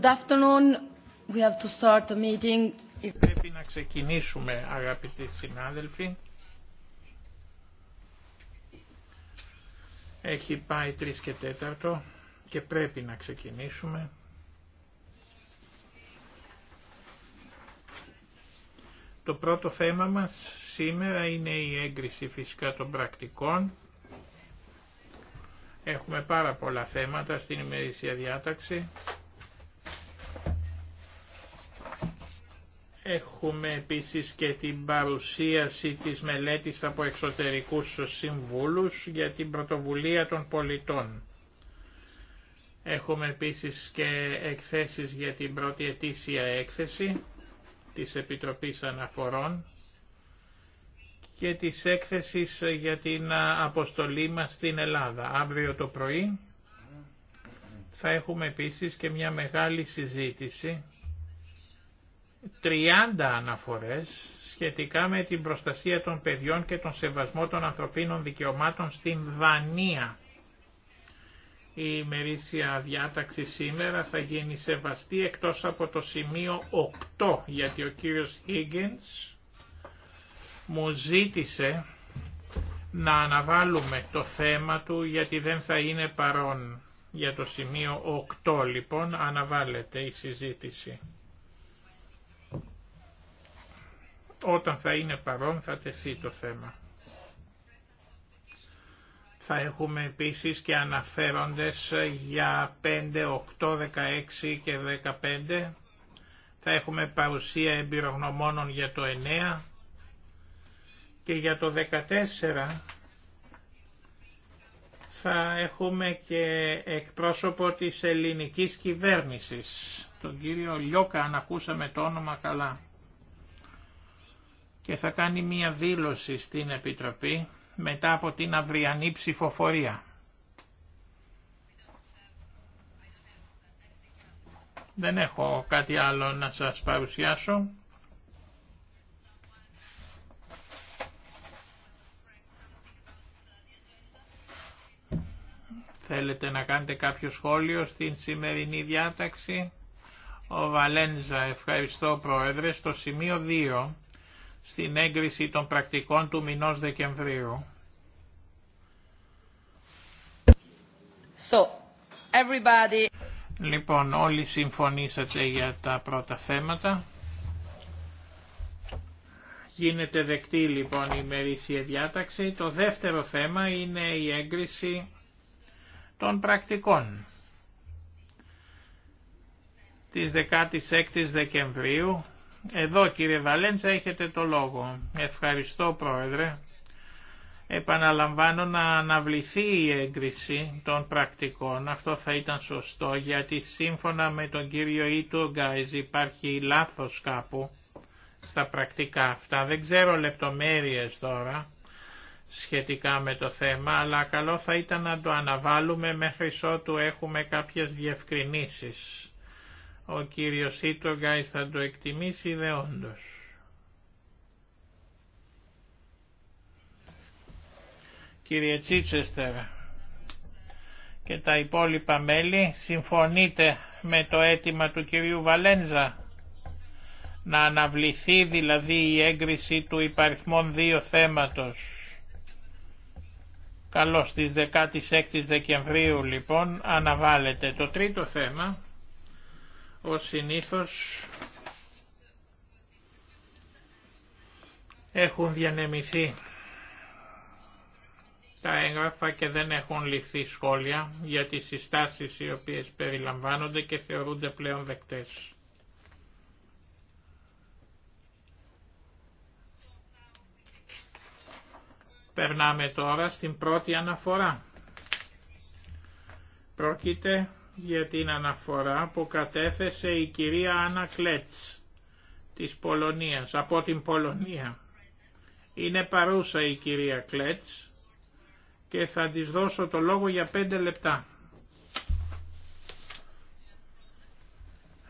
Πρέπει να ξεκινήσουμε αγαπητοί συνάδελφοι. Έχει πάει 3 και τέταρτο και πρέπει να ξεκινήσουμε. Το πρώτο θέμα μας σήμερα είναι η έγκριση φυσικά των πρακτικών. Έχουμε πάρα πολλά θέματα στην ημερήσια διάταξη. Έχουμε επίσης και την παρουσίαση της μελέτης από εξωτερικούς συμβούλους για την πρωτοβουλία των πολιτών. Έχουμε επίσης και εκθέσεις για την πρώτη ετήσια έκθεση της Επιτροπής Αναφορών και τις έκθεσης για την αποστολή μας στην Ελλάδα. Αύριο το πρωί θα έχουμε επίσης και μια μεγάλη συζήτηση 30 αναφορές σχετικά με την προστασία των παιδιών και τον σεβασμό των ανθρωπίνων δικαιωμάτων στην Δανία. Η ημερήσια διάταξη σήμερα θα γίνει σεβαστή εκτός από το σημείο 8 γιατί ο κύριος Higgins μου ζήτησε να αναβάλουμε το θέμα του γιατί δεν θα είναι παρόν. Για το σημείο 8 λοιπόν αναβάλλεται η συζήτηση. Όταν θα είναι παρόν θα τεθεί το θέμα. Θα έχουμε επίσης και αναφέροντες για 5, 8, 16 και 15. Θα έχουμε παρουσία εμπειρογνωμόνων για το 9 και για το 14 θα έχουμε και εκπρόσωπο της ελληνικής κυβέρνησης, τον κύριο Λιώκα, αν ακούσαμε το όνομα καλά και θα κάνει μία δήλωση στην Επιτροπή μετά από την αυριανή ψηφοφορία. Δεν έχω κάτι άλλο να σας παρουσιάσω. Θέλετε να κάνετε κάποιο σχόλιο στην σημερινή διάταξη. Ο Βαλένζα, ευχαριστώ Πρόεδρε, στο σημείο 2 στην έγκριση των πρακτικών του μηνός Δεκεμβρίου. So, everybody... Λοιπόν, όλοι συμφωνήσατε για τα πρώτα θέματα. Γίνεται δεκτή λοιπόν η μερίσια διάταξη. Το δεύτερο θέμα είναι η έγκριση των πρακτικών. Της 16ης Δεκεμβρίου εδώ κύριε Βαλέντσα έχετε το λόγο. Ευχαριστώ πρόεδρε. Επαναλαμβάνω να αναβληθεί η έγκριση των πρακτικών. Αυτό θα ήταν σωστό γιατί σύμφωνα με τον κύριο Ήτου Γκάιζ υπάρχει λάθος κάπου στα πρακτικά αυτά. Δεν ξέρω λεπτομέρειες τώρα σχετικά με το θέμα, αλλά καλό θα ήταν να το αναβάλουμε μέχρι ότου έχουμε κάποιες διευκρινήσεις. Ο κύριος Ίτογκάης θα το εκτιμήσει δεόντως. Κύριε Τσίτσεστερ και τα υπόλοιπα μέλη, συμφωνείτε με το αίτημα του κυρίου Βαλένζα να αναβληθεί δηλαδή η έγκριση του υπαριθμών δύο θέματος. Καλώς στις 16 Δεκεμβρίου λοιπόν αναβάλλεται το τρίτο θέμα ως συνήθως έχουν διανεμηθεί τα έγγραφα και δεν έχουν ληφθεί σχόλια για τις συστάσεις οι οποίες περιλαμβάνονται και θεωρούνται πλέον δεκτές. Περνάμε τώρα στην πρώτη αναφορά. Πρόκειται για την αναφορά που κατέθεσε η κυρία Άννα Κλέτς της Πολωνίας, από την Πολωνία. Είναι παρούσα η κυρία Κλέτς και θα της δώσω το λόγο για πέντε λεπτά.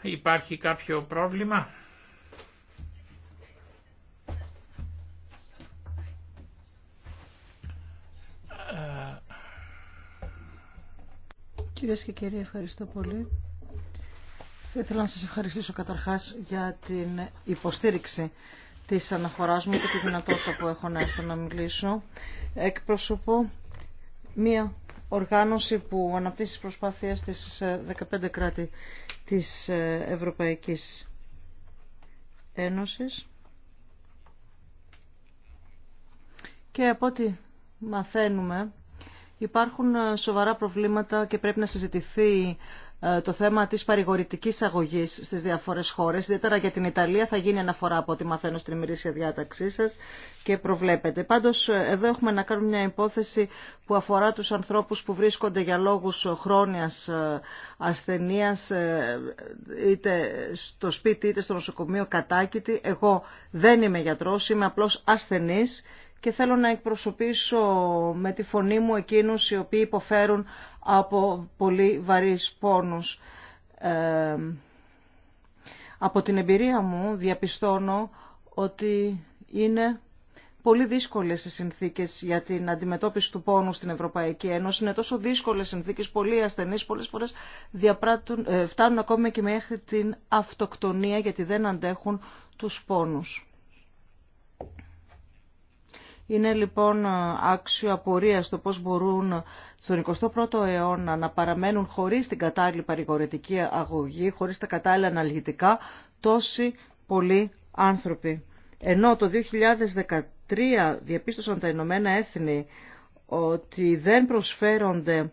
Υπάρχει κάποιο πρόβλημα. Κυρίες και κύριοι, ευχαριστώ πολύ. Θα ήθελα να σας ευχαριστήσω καταρχάς για την υποστήριξη της αναφοράς μου και τη δυνατότητα που έχω να έρθω να μιλήσω. Εκπροσωπώ μία οργάνωση που αναπτύσσει προσπάθειε προσπάθειες της 15 κράτη της Ευρωπαϊκής Ένωσης. Και από ό,τι μαθαίνουμε Υπάρχουν ε, σοβαρά προβλήματα και πρέπει να συζητηθεί ε, το θέμα της παρηγορητικής αγωγής στις διαφορές χώρες. Ιδιαίτερα για την Ιταλία θα γίνει αναφορά από ό,τι μαθαίνω στην ημερήσια διάταξή σας και προβλέπετε. Πάντως ε, εδώ έχουμε να κάνουμε μια υπόθεση που αφορά τους ανθρώπους που βρίσκονται για λόγους χρόνιας ασθενείας είτε στο σπίτι είτε στο νοσοκομείο κατάκητοι. Εγώ δεν είμαι γιατρός, είμαι απλώς ασθενής και θέλω να εκπροσωπήσω με τη φωνή μου εκείνους οι οποίοι υποφέρουν από πολύ βαρύς πόνους. Ε, από την εμπειρία μου διαπιστώνω ότι είναι πολύ δύσκολες οι συνθήκες για την αντιμετώπιση του πόνου στην Ευρωπαϊκή Ένωση. Είναι τόσο δύσκολες συνθήκες, πολλοί ασθενείς πολλές φορές διαπράττουν, ε, φτάνουν ακόμη και μέχρι την αυτοκτονία γιατί δεν αντέχουν τους πόνους. Είναι λοιπόν άξιο απορία το πώς μπορούν στον 21ο αιώνα να παραμένουν χωρίς την κατάλληλη παρηγορητική αγωγή, χωρίς τα κατάλληλα αναλγητικά, τόσοι πολλοί άνθρωποι. Ενώ το 2013 διαπίστωσαν τα Ηνωμένα Έθνη ότι δεν προσφέρονται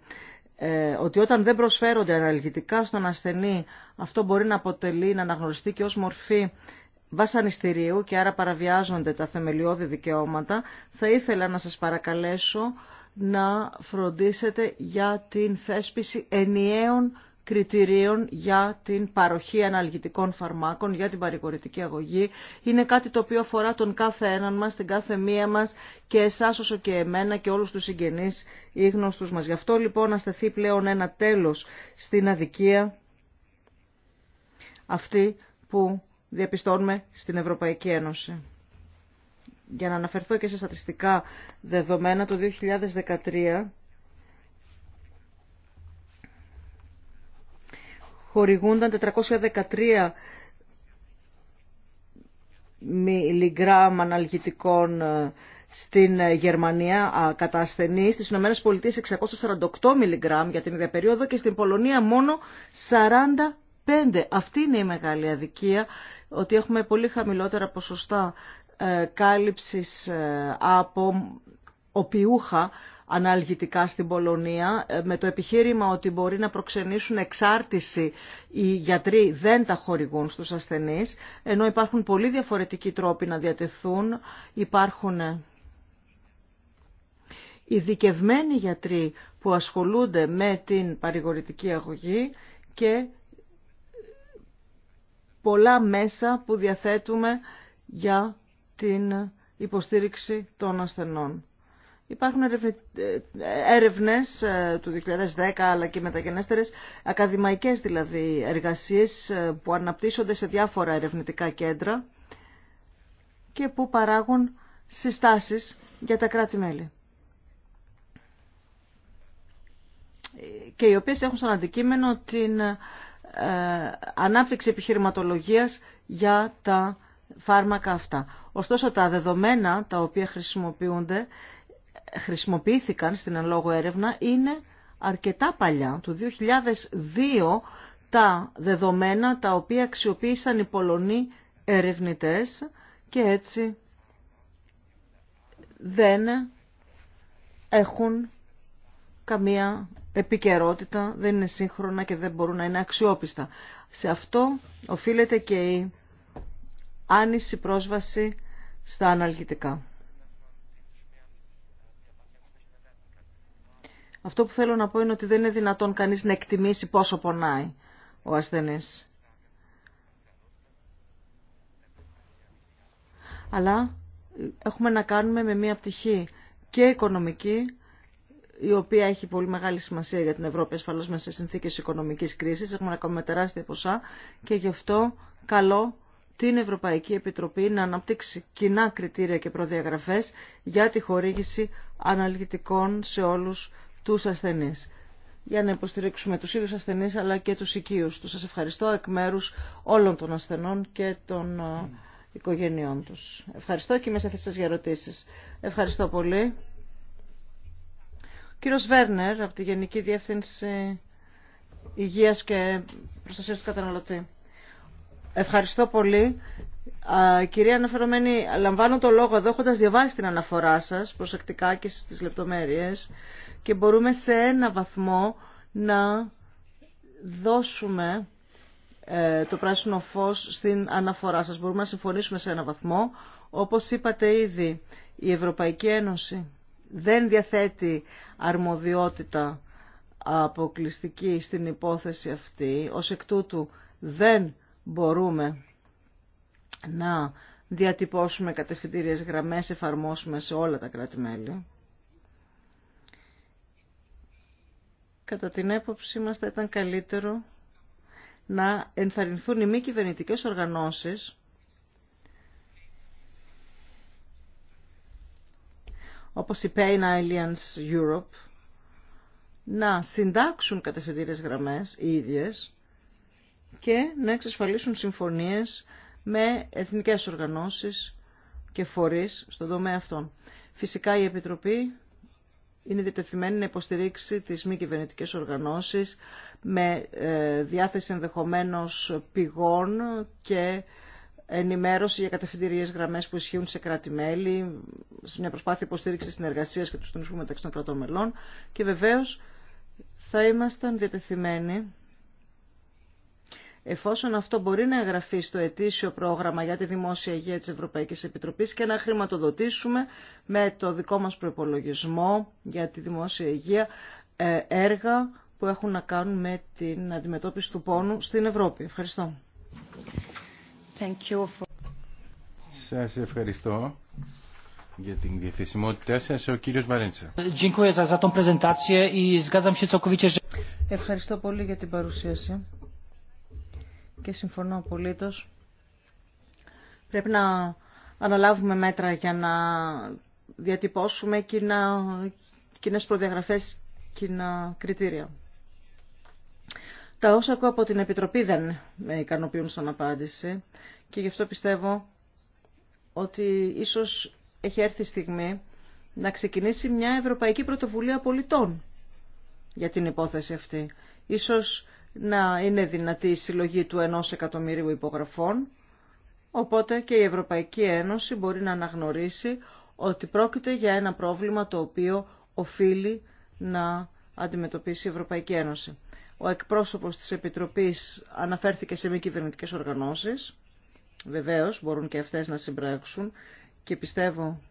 ε, ότι όταν δεν προσφέρονται αναλγητικά στον ασθενή αυτό μπορεί να αποτελεί να αναγνωριστεί και ως μορφή βασανιστηρίου και άρα παραβιάζονται τα θεμελιώδη δικαιώματα, θα ήθελα να σας παρακαλέσω να φροντίσετε για την θέσπιση ενιαίων κριτηρίων για την παροχή αναλγητικών φαρμάκων, για την παρηγορητική αγωγή. Είναι κάτι το οποίο αφορά τον κάθε έναν μας, την κάθε μία μας και εσάς όσο και εμένα και όλους τους συγγενείς ή γνωστούς μας. Γι' αυτό λοιπόν να στεθεί πλέον ένα τέλος στην αδικία αυτή που διαπιστώνουμε στην Ευρωπαϊκή Ένωση. Για να αναφερθώ και σε στατιστικά δεδομένα, το 2013 χορηγούνταν 413 μιλιγκράμμ αναλγητικών ε, στην ε, Γερμανία κατά ασθενή, στις ΗΠΑ 648 μιλιγκράμμ για την ίδια περίοδο και στην Πολωνία μόνο 40 Πέντε. Αυτή είναι η μεγάλη αδικία, ότι έχουμε πολύ χαμηλότερα ποσοστά ε, κάλυψης ε, από οποιούχα αναλγητικά στην Πολωνία ε, με το επιχείρημα ότι μπορεί να προξενήσουν εξάρτηση οι γιατροί δεν τα χορηγούν στους ασθενείς ενώ υπάρχουν πολύ διαφορετικοί τρόποι να διατεθούν υπάρχουν ειδικευμένοι γιατροί που ασχολούνται με την παρηγορητική αγωγή και πολλά μέσα που διαθέτουμε για την υποστήριξη των ασθενών. Υπάρχουν ε, έρευνες ε, του 2010 αλλά και μεταγενέστερες, ακαδημαϊκές δηλαδή εργασίες ε, που αναπτύσσονται σε διάφορα ερευνητικά κέντρα και που παράγουν συστάσεις για τα κράτη-μέλη. Και οι οποίες έχουν σαν αντικείμενο την ε, ανάπτυξη επιχειρηματολογίας για τα φάρμακα αυτά. Ωστόσο τα δεδομένα τα οποία χρησιμοποιούνται, χρησιμοποιήθηκαν στην εν έρευνα είναι αρκετά παλιά, του 2002 τα δεδομένα τα οποία αξιοποίησαν οι Πολωνοί ερευνητές και έτσι δεν έχουν καμία επικαιρότητα, δεν είναι σύγχρονα και δεν μπορούν να είναι αξιόπιστα. Σε αυτό οφείλεται και η άνηση πρόσβαση στα αναλγητικά. Αυτό που θέλω να πω είναι ότι δεν είναι δυνατόν κανείς να εκτιμήσει πόσο πονάει ο ασθενής. Αλλά έχουμε να κάνουμε με μία πτυχή και οικονομική η οποία έχει πολύ μεγάλη σημασία για την Ευρώπη ασφαλώς μέσα σε συνθήκες οικονομικής κρίσης. Έχουμε να κάνουμε τεράστια ποσά και γι' αυτό καλό την Ευρωπαϊκή Επιτροπή να αναπτύξει κοινά κριτήρια και προδιαγραφές για τη χορήγηση αναλυτικών σε όλους τους ασθενείς για να υποστηρίξουμε τους ίδιους ασθενείς αλλά και τους οικείους τους. Σας ευχαριστώ εκ μέρους όλων των ασθενών και των ε, οικογένειών τους. Ευχαριστώ και είμαι σε θέση σας για ερωτήσεις. Ευχαριστώ πολύ. Κύριος Βέρνερ από τη Γενική Διεύθυνση Υγείας και Προστασίας του Καταναλωτή. Ευχαριστώ πολύ. Κυρία Αναφερομένη, λαμβάνω το λόγο εδώ έχοντας διαβάσει την αναφορά σας προσεκτικά και στις λεπτομέρειες και μπορούμε σε ένα βαθμό να δώσουμε ε, το πράσινο φως στην αναφορά σας. Μπορούμε να συμφωνήσουμε σε ένα βαθμό. Όπως είπατε ήδη, η Ευρωπαϊκή Ένωση δεν διαθέτει αρμοδιότητα αποκλειστική στην υπόθεση αυτή, ως εκ τούτου δεν μπορούμε να διατυπώσουμε κατευθυντήριες γραμμές, εφαρμόσουμε σε όλα τα κράτη-μέλη. Κατά την έποψή μας θα ήταν καλύτερο να ενθαρρυνθούν οι μη κυβερνητικέ οργανώσεις όπως η Pain Alliance Europe, να συντάξουν κατευθυντήρες γραμμές οι ίδιες και να εξασφαλίσουν συμφωνίες με εθνικές οργανώσεις και φορείς στον τομέα αυτών. Φυσικά η Επιτροπή είναι διτεθειμένη να υποστηρίξει τις μη κυβερνητικές οργανώσεις με ε, διάθεση ενδεχομένως πηγών και ενημέρωση για κατευθυντηρίες γραμμές που ισχύουν σε κράτη-μέλη, σε μια προσπάθεια υποστήριξη συνεργασίας και του συντονισμού μεταξύ των κρατών μελών και βεβαίως θα ήμασταν διατεθειμένοι εφόσον αυτό μπορεί να εγγραφεί στο ετήσιο πρόγραμμα για τη δημόσια υγεία της Ευρωπαϊκής Επιτροπής και να χρηματοδοτήσουμε με το δικό μας προϋπολογισμό για τη δημόσια υγεία ε, έργα που έχουν να κάνουν με την αντιμετώπιση του πόνου στην Ευρώπη. Ευχαριστώ. Thank Σας ευχαριστώ για την διαθεσιμότητά σας. Ο κύριος Βαρέντσα. Ευχαριστώ πολύ για την παρουσίαση και συμφωνώ απολύτως. Πρέπει να αναλάβουμε μέτρα για να διατυπώσουμε κοινέ κοινές προδιαγραφές, κοινά κριτήρια. Τα όσα ακούω από την Επιτροπή δεν με ικανοποιούν σαν απάντηση και γι' αυτό πιστεύω ότι ίσως έχει έρθει η στιγμή να ξεκινήσει μια Ευρωπαϊκή Πρωτοβουλία Πολιτών για την υπόθεση αυτή. Ίσως να είναι δυνατή η συλλογή του ενός εκατομμυρίου υπογραφών, οπότε και η Ευρωπαϊκή Ένωση μπορεί να αναγνωρίσει ότι πρόκειται για ένα πρόβλημα το οποίο οφείλει να αντιμετωπίσει η Ευρωπαϊκή Ένωση. Ο εκπρόσωπος της Επιτροπής αναφέρθηκε σε μη κυβερνητικέ οργανώσεις. Βεβαίως μπορούν και αυτές να συμπράξουν και πιστεύω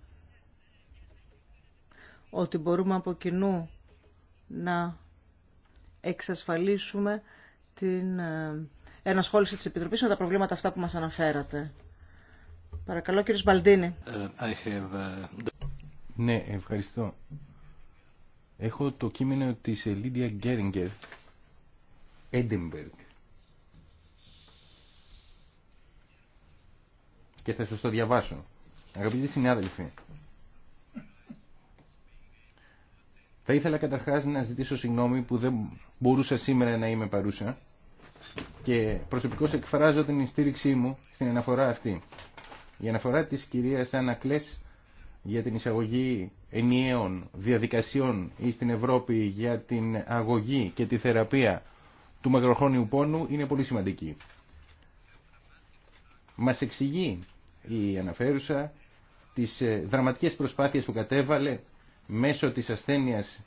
ότι μπορούμε από κοινού να εξασφαλίσουμε την ε, ενασχόληση της Επιτροπής με τα προβλήματα αυτά που μας αναφέρατε. Παρακαλώ κύριε Μπαλντίνη. Ε, ε, ναι, ευχαριστώ. Έχω το κείμενο της Λίδια Γκέριγκερ και θα σα το διαβάσω. Αγαπητοί συνάδελφοι, θα ήθελα καταρχά να ζητήσω συγγνώμη που δεν μπορούσα σήμερα να είμαι παρούσα και προσωπικώ εκφράζω την στήριξή μου στην αναφορά αυτή. Η αναφορά της κυρίας Ανακλές για την εισαγωγή ενιαίων διαδικασιών στην Ευρώπη για την αγωγή και τη θεραπεία του μακροχρόνιου πόνου είναι πολύ σημαντική. Μας εξηγεί η αναφέρουσα τις ε, δραματικές προσπάθειες που κατέβαλε μέσω της ασθένειας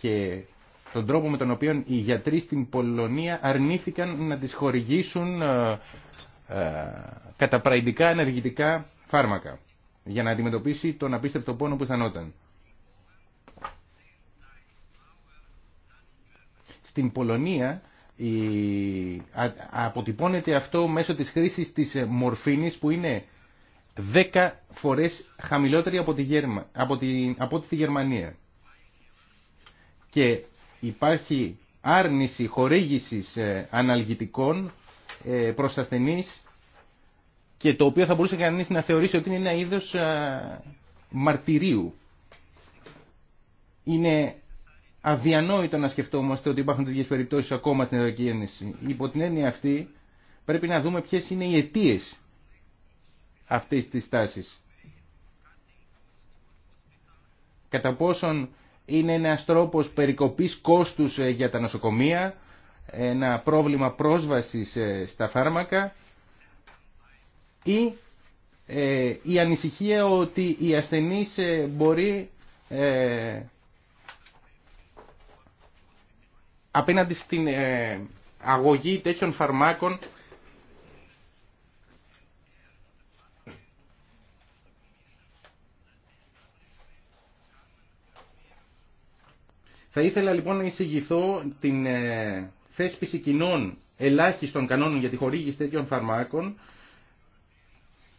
και τον τρόπο με τον οποίο οι γιατροί στην Πολωνία αρνήθηκαν να τις χορηγήσουν ε, ε, καταπραϊντικά ενεργητικά φάρμακα για να αντιμετωπίσει τον απίστευτο πόνο που αισθανόταν. στην Πολωνία αποτυπώνεται αυτό μέσω της χρήσης της ε, μορφήνης που είναι 10 φορές χαμηλότερη από τη, από τη... από Γερμανία. Και υπάρχει άρνηση χορήγησης ε, αναλγητικών ε, προς ασθενείς και το οποίο θα μπορούσε κανείς να θεωρήσει ότι είναι ένα είδος μαρτυρίου. Είναι αδιανόητο να σκεφτόμαστε ότι υπάρχουν τέτοιε περιπτώσει ακόμα στην Ευρωπαϊκή Ένωση. Υπό την έννοια αυτή, πρέπει να δούμε ποιε είναι οι αιτίε αυτή τη τάση. Κατά πόσον είναι ένας τρόπος περικοπής κόστους ε, για τα νοσοκομεία, ένα πρόβλημα πρόσβασης ε, στα φάρμακα ή ε, η ανησυχία ότι η ασθενείς μπορεί απέναντι στην ε, αγωγή τέτοιων φαρμάκων Θα ήθελα λοιπόν να εισηγηθώ την ε, θέσπιση κοινών ελάχιστων κανόνων για τη χορήγηση τέτοιων φαρμάκων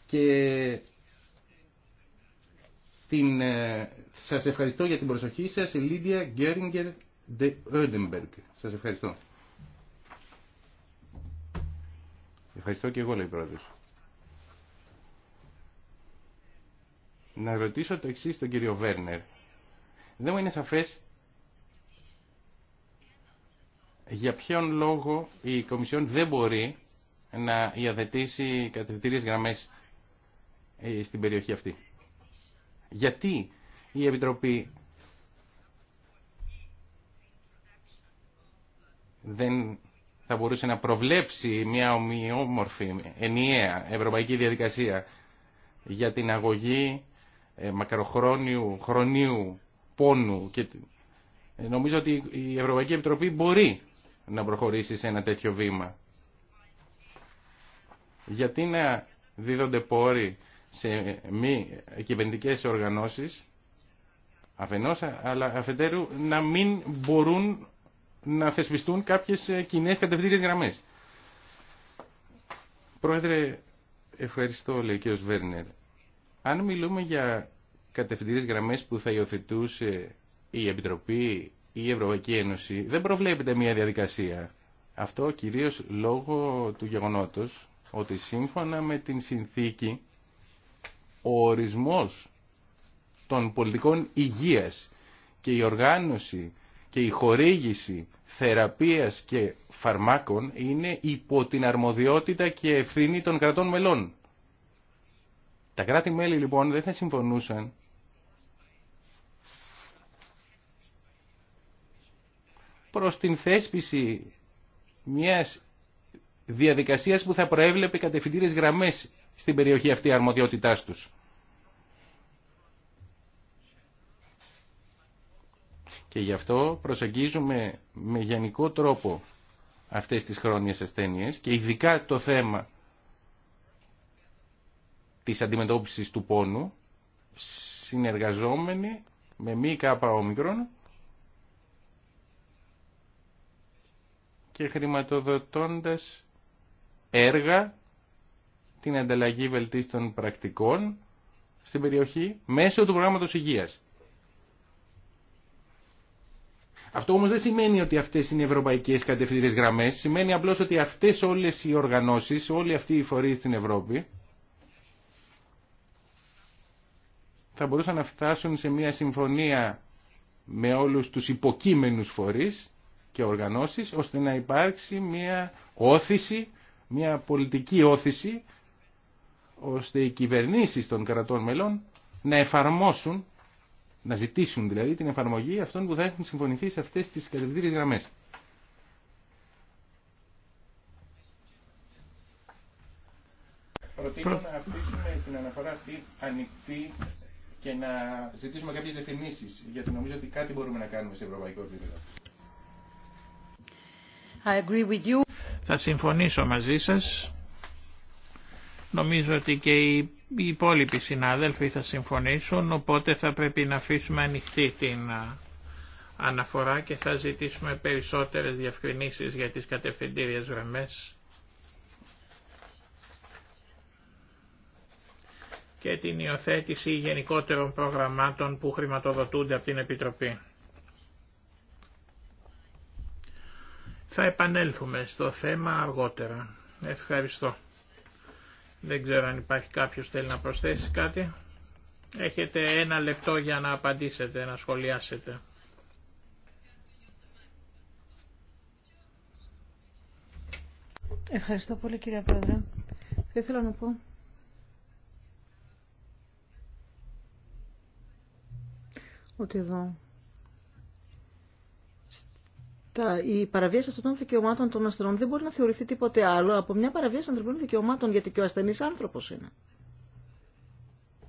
και την, ε, σας ευχαριστώ για την προσοχή σας, η Λίδια Γκέρινγκερ de Ödenberg. Σας ευχαριστώ. Ευχαριστώ και εγώ, λέει πρόεδρος. Να ρωτήσω το εξής τον κύριο Βέρνερ. Δεν μου είναι σαφές για ποιον λόγο η Κομισιόν δεν μπορεί να υιοθετήσει κατευθυντήριες γραμμές ε, στην περιοχή αυτή. Γιατί η Επιτροπή δεν θα μπορούσε να προβλέψει μια ομοιόμορφη, ενιαία ευρωπαϊκή διαδικασία για την αγωγή ε, μακροχρόνιου, χρονίου, πόνου. Και ε, νομίζω ότι η Ευρωπαϊκή Επιτροπή μπορεί να προχωρήσει σε ένα τέτοιο βήμα. Γιατί να δίδονται πόροι σε μη κυβερνητικέ οργανώσεις αφενός, αλλά αφετέρου να μην μπορούν να θεσπιστούν κάποιες ε, κοινέ κατευθύνες γραμμές. Πρόεδρε, ευχαριστώ, λέει ο κ. Βέρνερ. Αν μιλούμε για κατευθυντήρες γραμμές που θα υιοθετούσε η Επιτροπή ή η Ευρωπαϊκή Ένωση, δεν προβλέπεται μια διαδικασία. Αυτό κυρίως λόγω του γεγονότος ότι σύμφωνα με την συνθήκη ο ορισμός των πολιτικών υγείας και η οργάνωση και η χορήγηση θεραπείας και φαρμάκων είναι υπό την αρμοδιότητα και ευθύνη των κρατών μελών. Τα κράτη-μέλη λοιπόν δεν θα συμφωνούσαν προς την θέσπιση μιας διαδικασίας που θα προέβλεπε κατευθυντήρες γραμμές στην περιοχή αυτή αρμοδιότητάς τους. Και γι' αυτό προσεγγίζουμε με γενικό τρόπο αυτές τις χρόνιες ασθένειες και ειδικά το θέμα της αντιμετώπισης του πόνου συνεργαζόμενοι με μη κάπα όμικρον και χρηματοδοτώντας έργα την ανταλλαγή βελτίστων πρακτικών στην περιοχή μέσω του προγράμματος υγείας. Αυτό όμως δεν σημαίνει ότι αυτές είναι οι ευρωπαϊκές κατευθυντήρε γραμμές, σημαίνει απλώς ότι αυτές όλες οι οργανώσεις, όλοι αυτοί οι φορεί στην Ευρώπη θα μπορούσαν να φτάσουν σε μια συμφωνία με όλους τους υποκείμενους φορείς και οργανώσεις ώστε να υπάρξει μια όθηση, μια πολιτική όθηση ώστε οι κυβερνήσει των κρατών μελών να εφαρμόσουν να ζητήσουν δηλαδή την εφαρμογή αυτών που θα έχουν συμφωνηθεί σε αυτές τις κατευθύνες γραμμές. Προτείνω να αφήσουμε την αναφορά αυτή ανοιχτή και να ζητήσουμε κάποιες definitions, γιατί νομίζω ότι κάτι μπορούμε να κάνουμε σε ευρωπαϊκό επίπεδο. Θα συμφωνήσω μαζί σας. Νομίζω ότι και οι υπόλοιποι συνάδελφοι θα συμφωνήσουν, οπότε θα πρέπει να αφήσουμε ανοιχτή την αναφορά και θα ζητήσουμε περισσότερες διευκρινήσεις για τις κατευθυντήριες γραμμές και την υιοθέτηση γενικότερων προγραμμάτων που χρηματοδοτούνται από την Επιτροπή. Θα επανέλθουμε στο θέμα αργότερα. Ευχαριστώ. Δεν ξέρω αν υπάρχει κάποιος θέλει να προσθέσει κάτι. Έχετε ένα λεπτό για να απαντήσετε, να σχολιάσετε. Ευχαριστώ πολύ κύριε Πρόεδρε. Θα θέλω να πω ότι εδώ τα, η παραβίαση αυτών των δικαιωμάτων των ασθενών δεν μπορεί να θεωρηθεί τίποτε άλλο από μια παραβίαση ανθρωπίνων δικαιωμάτων, γιατί και ο ασθενή άνθρωπο είναι.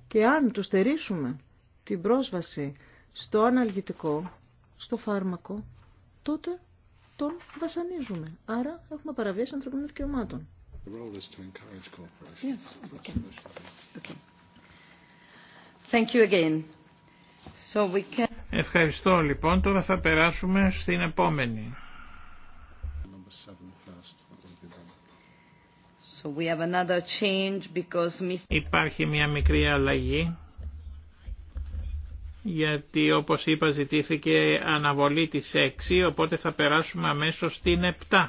Και αν του στερήσουμε την πρόσβαση στο αναλγητικό, στο φάρμακο, τότε τον βασανίζουμε. Άρα έχουμε παραβίαση ανθρωπίνων δικαιωμάτων. Thank you again. So we Ευχαριστώ λοιπόν. Τώρα θα περάσουμε στην επόμενη. So we have another change because... Υπάρχει μια μικρή αλλαγή γιατί όπως είπα ζητήθηκε αναβολή της 6 οπότε θα περάσουμε αμέσως στην 7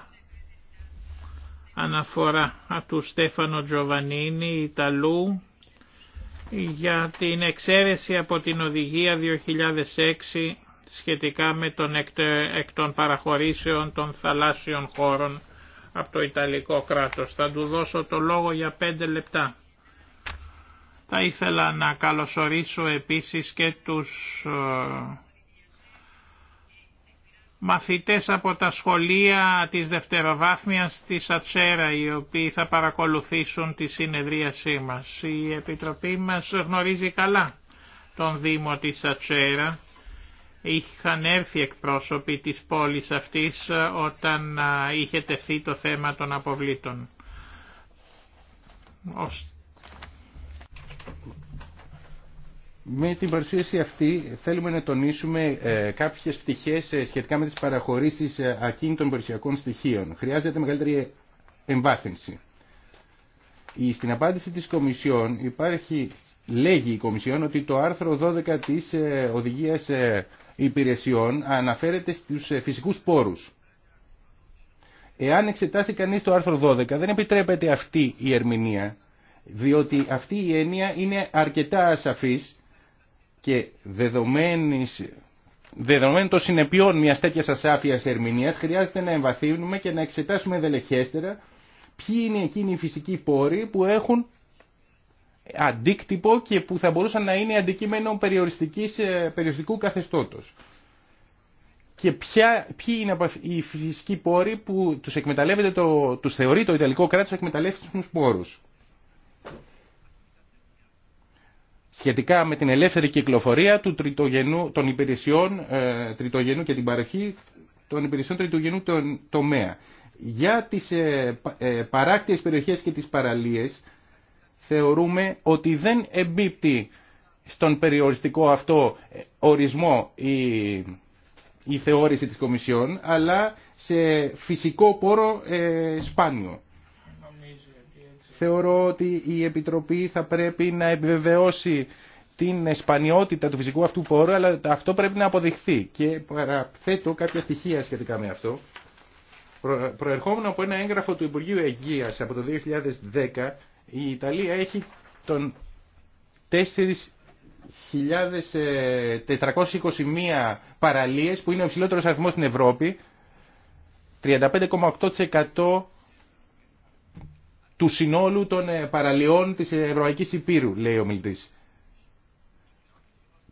αναφορά του Στέφανο Τζοβανίνη Ιταλού για την εξαίρεση από την Οδηγία 2006 σχετικά με τον εκ των παραχωρήσεων των θαλάσσιων χώρων από το Ιταλικό κράτος. Θα του δώσω το λόγο για πέντε λεπτά. Θα ήθελα να καλωσορίσω επίσης και τους ε, μαθητές από τα σχολεία της δευτεροβάθμιας της Ατσέρα οι οποίοι θα παρακολουθήσουν τη συνεδρίασή μας. Η Επιτροπή μας γνωρίζει καλά τον Δήμο της Ατσέρα. Είχαν έρθει εκπρόσωποι της πόλης αυτής ε, όταν ε, είχε τεθεί το θέμα των αποβλήτων. Με την παρουσίαση αυτή θέλουμε να τονίσουμε ε, κάποιες πτυχές ε, σχετικά με τις παραχωρήσεις ε, ακίνητων περιουσιακών στοιχείων. Χρειάζεται μεγαλύτερη εμβάθυνση. Στην απάντηση της Κομισιόν υπάρχει, λέγει η Κομισιόν ότι το άρθρο 12 της Οδηγίας Υπηρεσιών αναφέρεται στους φυσικούς πόρους. Εάν εξετάσει κανείς το άρθρο 12 δεν επιτρέπεται αυτή η ερμηνεία, διότι αυτή η έννοια είναι αρκετά ασαφής και δεδομένης Δεδομένου των συνεπειών μια τέτοια ασάφεια ερμηνεία, χρειάζεται να εμβαθύνουμε και να εξετάσουμε δελεχέστερα ποιοι είναι εκείνοι οι φυσικοί πόροι που έχουν αντίκτυπο και που θα μπορούσαν να είναι αντικείμενο ε, περιοριστικού καθεστώτος. Και ποια, ποιοι είναι οι φυσικοί πόροι που τους, το, θεωρεί το Ιταλικό κράτος εκμεταλλεύσει τους πόρους. σχετικά με την ελεύθερη κυκλοφορία του τριτογενού, των υπηρεσιών ε, τριτογενού και την παροχή των υπηρεσιών τριτογενού τομέα. Για τις ε, ε, περιοχές και τις παραλίες θεωρούμε ότι δεν εμπίπτει στον περιοριστικό αυτό ε, ορισμό η, η θεώρηση της Κομισιόν, αλλά σε φυσικό πόρο ε, σπάνιο θεωρώ ότι η Επιτροπή θα πρέπει να επιβεβαιώσει την σπανιότητα του φυσικού αυτού πόρου, αλλά αυτό πρέπει να αποδειχθεί. Και παραθέτω κάποια στοιχεία σχετικά με αυτό. Προερχόμενο από ένα έγγραφο του Υπουργείου Αιγείας από το 2010, η Ιταλία έχει τον 4.421 ε, παραλίες που είναι ο υψηλότερος αριθμός στην Ευρώπη 35,8% του συνόλου των ε, παραλιών της Ευρωπαϊκής Υπήρου, λέει ο μιλτής.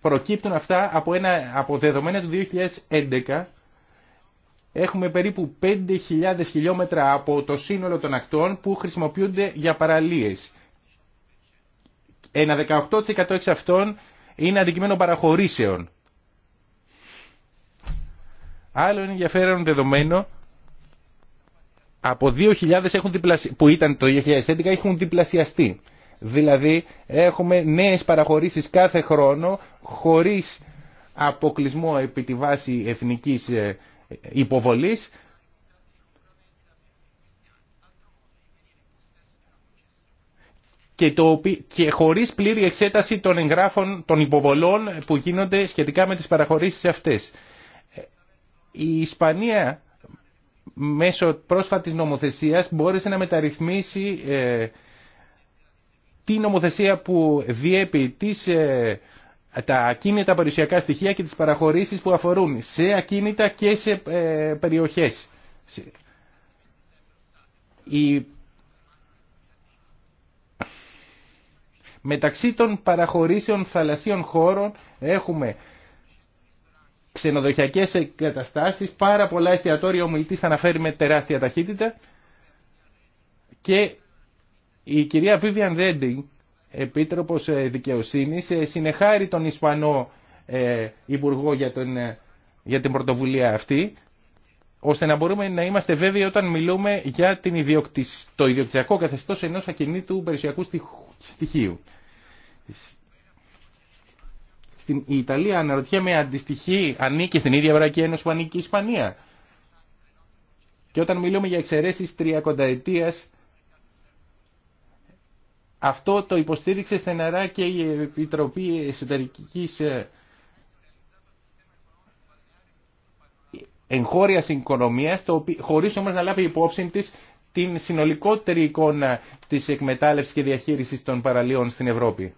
Προκύπτουν αυτά από, ένα, από δεδομένα του 2011. Έχουμε περίπου 5.000 χιλιόμετρα από το σύνολο των ακτών που χρησιμοποιούνται για παραλίες. Ένα 18% εξ αυτών είναι αντικείμενο παραχωρήσεων. Άλλο ενδιαφέρον δεδομένο από 2.000 έχουν διπλασια... που ήταν το 2011 έχουν διπλασιαστεί. Δηλαδή έχουμε νέες παραχωρήσεις κάθε χρόνο χωρίς αποκλεισμό επί τη βάση εθνικής ε, υποβολής και, το, και χωρίς πλήρη εξέταση των εγγράφων των υποβολών που γίνονται σχετικά με τις παραχωρήσεις αυτές. Ε, η Ισπανία μέσω πρόσφατης νομοθεσίας μπόρεσε να μεταρρυθμίσει ε, τη νομοθεσία που διέπει τις, ε, τα ακίνητα περιουσιακά στοιχεία και τις παραχωρήσεις που αφορούν σε ακίνητα και σε ε, περιοχές. Μεταξύ των παραχωρήσεων θαλασσίων χώρων έχουμε ξενοδοχειακέ εγκαταστάσει, πάρα πολλά εστιατόρια ο μιλητής αναφέρει με τεράστια ταχύτητα και η κυρία Βίβιαν Redding, Επίτροπος ε, Δικαιοσύνης, ε, συνεχάρει τον Ισπανό ε, Υπουργό για, τον, για την πρωτοβουλία αυτή, ώστε να μπορούμε να είμαστε βέβαιοι όταν μιλούμε για την το ιδιοκτησιακό καθεστώς ενός ακινήτου περιουσιακού στοιχείου. Στην η Ιταλία αναρωτιέμαι αντιστοιχεί, ανήκει στην ίδια Ευρωπαϊκή Ένωση που ανήκει η Ισπανία. Και όταν μιλούμε για εξαιρέσεις τριακονταετία, αυτό το υποστήριξε στεναρά και η Επιτροπή εσωτερική ε, εγχώρια οικονομία, χωρί όμω να λάβει υπόψη τη την συνολικότερη εικόνα της εκμετάλλευσης και διαχείρισης των παραλίων στην Ευρώπη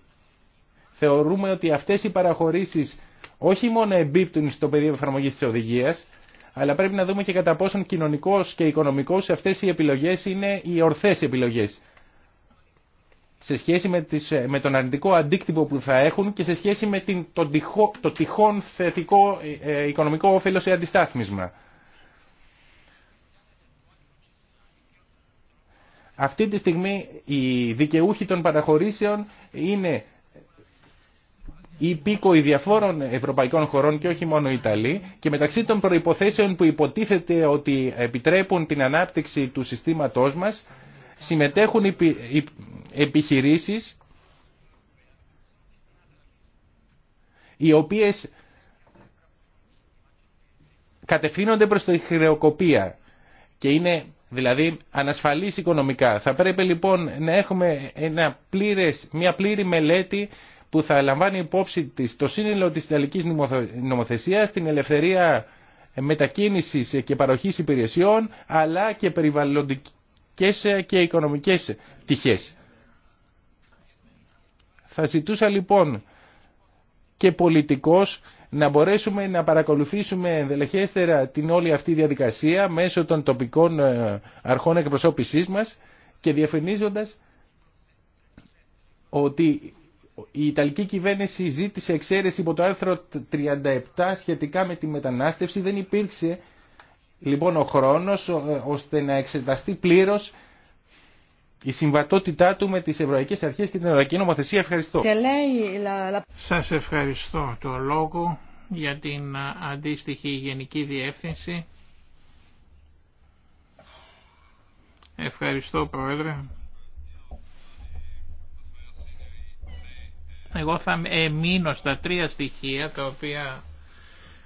θεωρούμε ότι αυτές οι παραχωρήσεις όχι μόνο εμπίπτουν στο πεδίο εφαρμογής της οδηγίας, αλλά πρέπει να δούμε και κατά πόσον κοινωνικός και οικονομικός αυτές οι επιλογές είναι οι ορθές επιλογές. Σε σχέση με, τις, με τον αρνητικό αντίκτυπο που θα έχουν και σε σχέση με το, τυχόν θετικό ε, ε, οικονομικό όφελο ή αντιστάθμισμα. Αυτή τη στιγμή οι δικαιούχοι των παραχωρήσεων είναι υπήκοοι διαφόρων ευρωπαϊκών χωρών και όχι μόνο Ιταλοί και μεταξύ των προϋποθέσεων που υποτίθεται ότι επιτρέπουν την ανάπτυξη του συστήματός μας συμμετέχουν επιχειρήσεις οι οποίες κατευθύνονται προς τη χρεοκοπία και είναι δηλαδή ανασφαλής οικονομικά. Θα πρέπει λοιπόν να έχουμε ένα μια πλήρη μελέτη που θα λαμβάνει υπόψη της το σύνολο της Ιταλικής νομοθεσίας, την ελευθερία ε, μετακίνησης ε, και παροχής υπηρεσιών, αλλά και περιβαλλοντικές ε, και οικονομικές πτυχές. Θα ζητούσα λοιπόν και πολιτικός να μπορέσουμε να παρακολουθήσουμε ενδελεχέστερα την όλη αυτή διαδικασία μέσω των τοπικών αρχών εκπροσώπησής μας και διαφημίζοντας ότι η Ιταλική κυβέρνηση ζήτησε εξαίρεση υπό το άρθρο 37 σχετικά με τη μετανάστευση. Δεν υπήρξε λοιπόν ο χρόνος ε, ώστε να εξεταστεί πλήρως η συμβατότητά του με τις Ευρωπαϊκές Αρχές και την Ευρωπαϊκή Νομοθεσία. Ευχαριστώ. Σας ευχαριστώ το λόγο για την αντίστοιχη Γενική Διεύθυνση. Ευχαριστώ Πρόεδρε. Εγώ θα εμείνω στα τρία στοιχεία τα οποία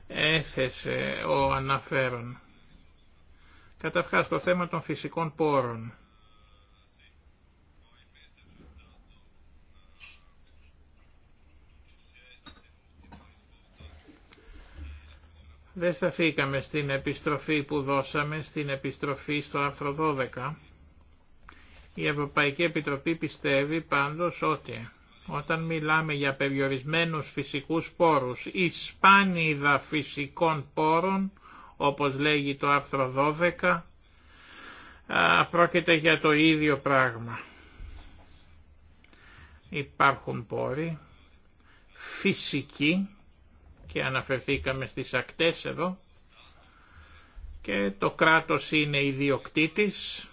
έθεσε ο αναφέρον. Καταρχάς το θέμα των φυσικών πόρων. Δεν σταθήκαμε στην επιστροφή που δώσαμε, στην επιστροφή στο άρθρο 12. Η Ευρωπαϊκή Επιτροπή πιστεύει πάντως ότι όταν μιλάμε για περιορισμένους φυσικούς πόρους ή σπάνιδα φυσικών πόρων, όπως λέγει το άρθρο 12, πρόκειται για το ίδιο πράγμα. Υπάρχουν πόροι φυσικοί και αναφερθήκαμε στις ακτές εδώ και το κράτος είναι ιδιοκτήτης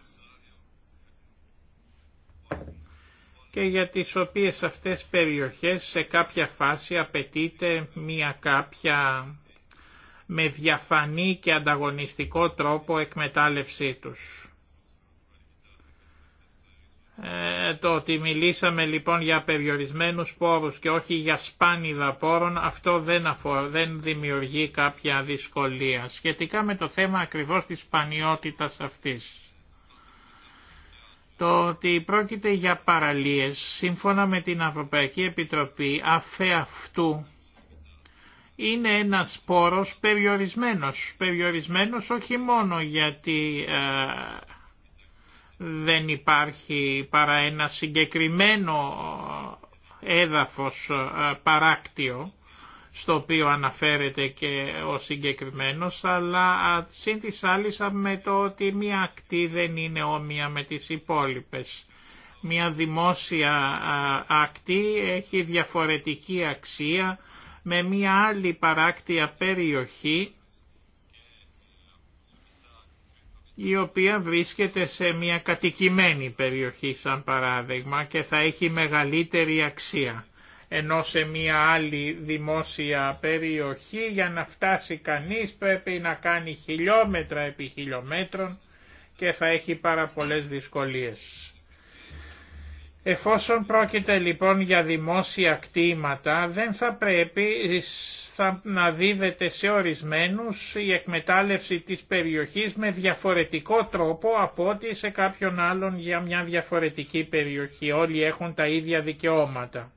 και για τις οποίες αυτές περιοχές σε κάποια φάση απαιτείται μια κάποια με διαφανή και ανταγωνιστικό τρόπο εκμετάλλευσή τους. Ε, το ότι μιλήσαμε λοιπόν για περιορισμένους πόρους και όχι για σπάνιδα πόρων, αυτό δεν, αφορά, δεν δημιουργεί κάποια δυσκολία. Σχετικά με το θέμα ακριβώς της σπανιότητας αυτής το ότι πρόκειται για παραλίες σύμφωνα με την Ευρωπαϊκή Επιτροπή αφεαυτού είναι ένας πόρος περιορισμένος. Περιορισμένος όχι μόνο γιατί ε, δεν υπάρχει παρά ένα συγκεκριμένο ε, έδαφος ε, παράκτιο στο οποίο αναφέρεται και ο συγκεκριμένος, αλλά σύν με το ότι μία ακτή δεν είναι όμοια με τις υπόλοιπες. Μία δημόσια ακτή έχει διαφορετική αξία με μία άλλη παράκτια περιοχή η οποία βρίσκεται σε μια κατοικημένη περιοχή σαν παράδειγμα και θα έχει μεγαλύτερη αξία ενώ σε μια άλλη δημόσια περιοχή για να φτάσει κανείς πρέπει να κάνει χιλιόμετρα επί χιλιόμετρων και θα έχει πάρα πολλές δυσκολίες. Εφόσον πρόκειται λοιπόν για δημόσια κτήματα δεν θα πρέπει να δίδεται σε ορισμένους η εκμετάλλευση της περιοχής με διαφορετικό τρόπο από ό,τι σε κάποιον άλλον για μια διαφορετική περιοχή. Όλοι έχουν τα ίδια δικαιώματα.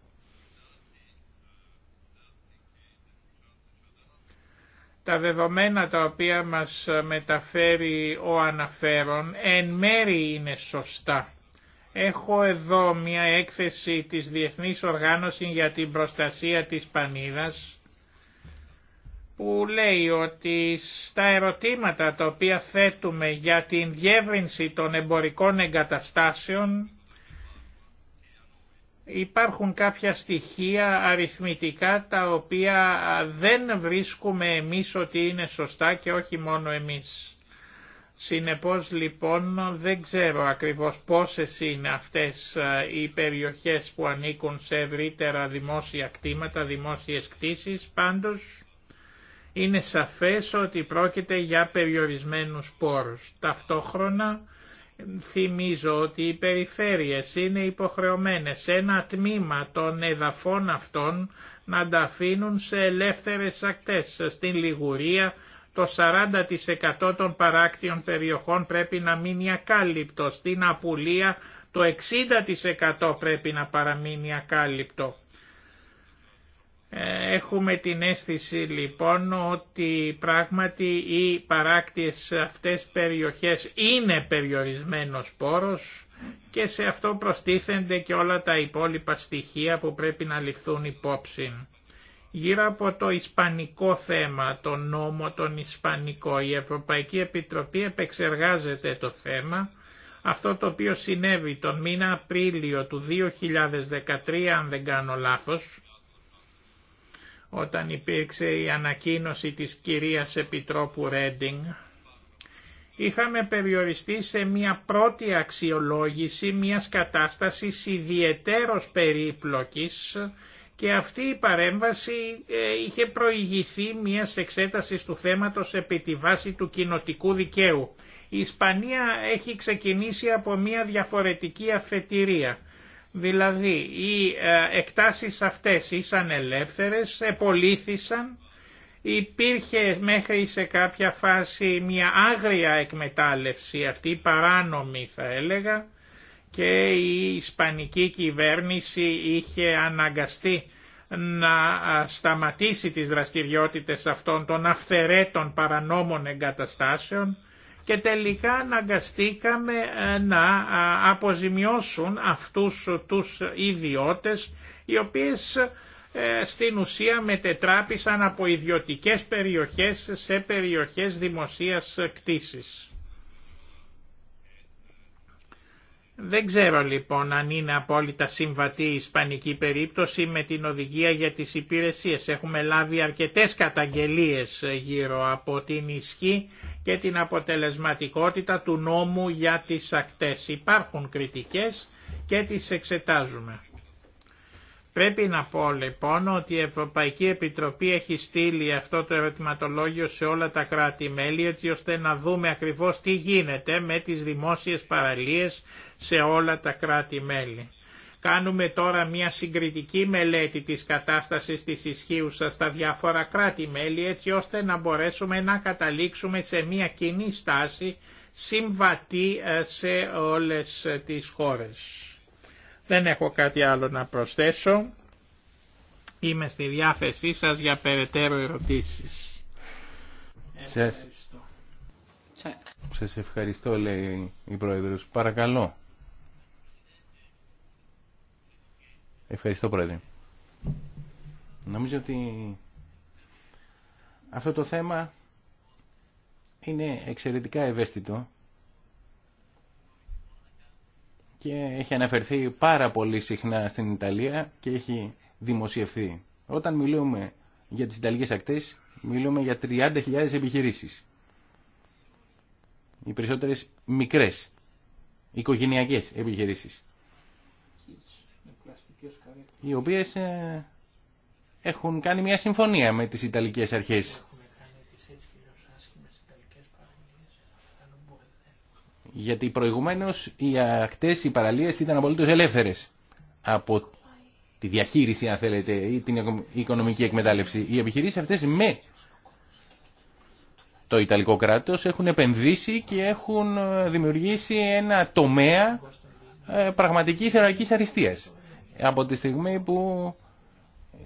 Τα δεδομένα τα οποία μας μεταφέρει ο αναφέρον εν μέρη είναι σωστά. Έχω εδώ μια έκθεση της Διεθνής Οργάνωσης για την Προστασία της Πανίδας που λέει ότι στα ερωτήματα τα οποία θέτουμε για την διεύρυνση των εμπορικών εγκαταστάσεων Υπάρχουν κάποια στοιχεία αριθμητικά τα οποία δεν βρίσκουμε εμείς ότι είναι σωστά και όχι μόνο εμείς. Συνεπώς λοιπόν δεν ξέρω ακριβώς πόσες είναι αυτές οι περιοχές που ανήκουν σε ευρύτερα δημόσια κτήματα, δημόσιες κτήσεις, πάντως είναι σαφές ότι πρόκειται για περιορισμένους πόρους. Ταυτόχρονα Θυμίζω ότι οι περιφέρειες είναι υποχρεωμένες ένα τμήμα των εδαφών αυτών να τα αφήνουν σε ελεύθερες ακτές. Στην Λιγουρία το 40% των παράκτιων περιοχών πρέπει να μείνει ακάλυπτο, στην Απουλία το 60% πρέπει να παραμείνει ακάλυπτο. Ε, έχουμε την αίσθηση λοιπόν ότι πράγματι οι παράκτιες αυτές περιοχές είναι περιορισμένος πόρος και σε αυτό προστίθενται και όλα τα υπόλοιπα στοιχεία που πρέπει να ληφθούν υπόψη. Γύρω από το ισπανικό θέμα, το νόμο τον ισπανικό, η Ευρωπαϊκή Επιτροπή επεξεργάζεται το θέμα. Αυτό το οποίο συνέβη τον μήνα Απρίλιο του 2013, αν δεν κάνω λάθος, όταν υπήρξε η ανακοίνωση της κυρίας Επιτρόπου Ρέντινγκ, είχαμε περιοριστεί σε μια πρώτη αξιολόγηση μιας κατάστασης ιδιαιτέρως περίπλοκης και αυτή η παρέμβαση ε, είχε προηγηθεί μιας εξέτασης του θέματος επί τη βάση του κοινοτικού δικαίου. Η Ισπανία έχει ξεκινήσει από μια διαφορετική αφετηρία. Δηλαδή οι ε, εκτάσεις αυτές ήσαν ελεύθερες, επολύθησαν, υπήρχε μέχρι σε κάποια φάση μια άγρια εκμετάλλευση αυτή, παράνομη θα έλεγα, και η ισπανική κυβέρνηση είχε αναγκαστεί να σταματήσει τις δραστηριότητες αυτών των αυθερέτων παρανόμων εγκαταστάσεων και τελικά αναγκαστήκαμε ε, να αποζημιώσουν αυτούς τους ιδιώτες οι οποίες ε, στην ουσία μετετράπησαν από ιδιωτικές περιοχές σε περιοχές δημοσίας κτήσης. Δεν ξέρω λοιπόν αν είναι απόλυτα συμβατή η ισπανική περίπτωση με την οδηγία για τις υπηρεσίες. Έχουμε λάβει αρκετές καταγγελίες ε, γύρω από την ισχύ και την αποτελεσματικότητα του νόμου για τις ακτές. Υπάρχουν κριτικές και τις εξετάζουμε. Πρέπει να πω λοιπόν ότι η Ευρωπαϊκή Επιτροπή έχει στείλει αυτό το ερωτηματολόγιο σε όλα τα κράτη-μέλη έτσι ώστε να δούμε ακριβώς τι γίνεται με τις δημόσιες παραλίες σε όλα τα κράτη-μέλη. Κάνουμε τώρα μια συγκριτική μελέτη της κατάστασης της σα στα διάφορα κράτη-μέλη έτσι ώστε να μπορέσουμε να καταλήξουμε σε μια κοινή στάση συμβατή ε, σε όλες τις χώρες. Δεν έχω κάτι άλλο να προσθέσω. Είμαι στη διάθεσή σας για περαιτέρω ερωτήσεις. Ευχαριστώ. Σας ευχαριστώ λέει η Πρόεδρος. Παρακαλώ. Ευχαριστώ Πρόεδρε. Νομίζω ότι αυτό το θέμα είναι εξαιρετικά ευαίσθητο και έχει αναφερθεί πάρα πολύ συχνά στην Ιταλία και έχει δημοσιευθεί. Όταν μιλούμε για τις Ιταλικές ακτές, μιλούμε για 30.000 επιχειρήσεις. Οι περισσότερες μικρές, οικογενειακές επιχειρήσεις. Οι οποίες ε, έχουν κάνει μια συμφωνία με τις Ιταλικές αρχές Γιατί προηγουμένως οι ακτές, οι παραλίε ήταν απολύτω ελεύθερες από τη διαχείριση, αν θέλετε, ή την οικονομική εκμετάλλευση. Οι επιχειρήσει αυτές με το Ιταλικό κράτος έχουν επενδύσει και έχουν ε, δημιουργήσει ένα τομέα ε, πραγματική ερωτική αριστεία. Από τη στιγμή που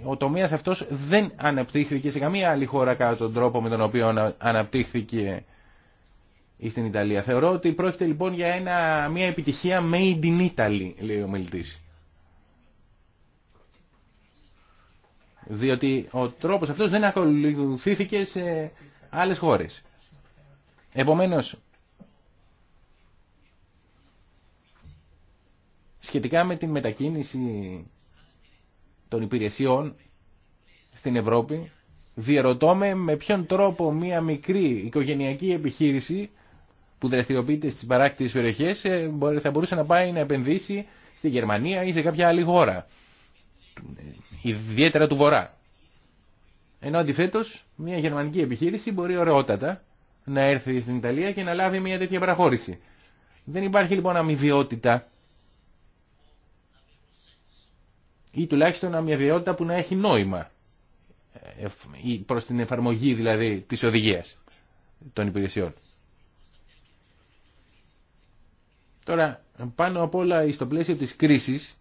ο τομέας αυτός δεν αναπτύχθηκε σε καμία άλλη χώρα κατά τον τρόπο με τον οποίο αναπτύχθηκε στην Ιταλία. Θεωρώ ότι πρόκειται λοιπόν για ένα, μια επιτυχία made in Italy, λέει ο μιλητής. Διότι ο τρόπος αυτός δεν ακολουθήθηκε σε άλλες χώρες. Επομένως, σχετικά με την μετακίνηση των υπηρεσιών στην Ευρώπη, διαρωτώ με ποιον τρόπο μια μικρή οικογενειακή επιχείρηση που δραστηριοποιείται στι παράκτητε περιοχέ, ε, θα μπορούσε να πάει να επενδύσει στη Γερμανία ή σε κάποια άλλη χώρα, ιδιαίτερα του Βορρά. Ενώ αντιθέτω, μια γερμανική επιχείρηση μπορεί ωραιότατα να έρθει στην Ιταλία και να λάβει μια τέτοια παραχώρηση. Δεν υπάρχει λοιπόν αμοιβιότητα ή τουλάχιστον αμοιβιότητα που να έχει νόημα ε, προς την εφαρμογή δηλαδή της οδηγίας των υπηρεσιών. Τώρα, πάνω απ' όλα στο πλαίσιο της κρίσης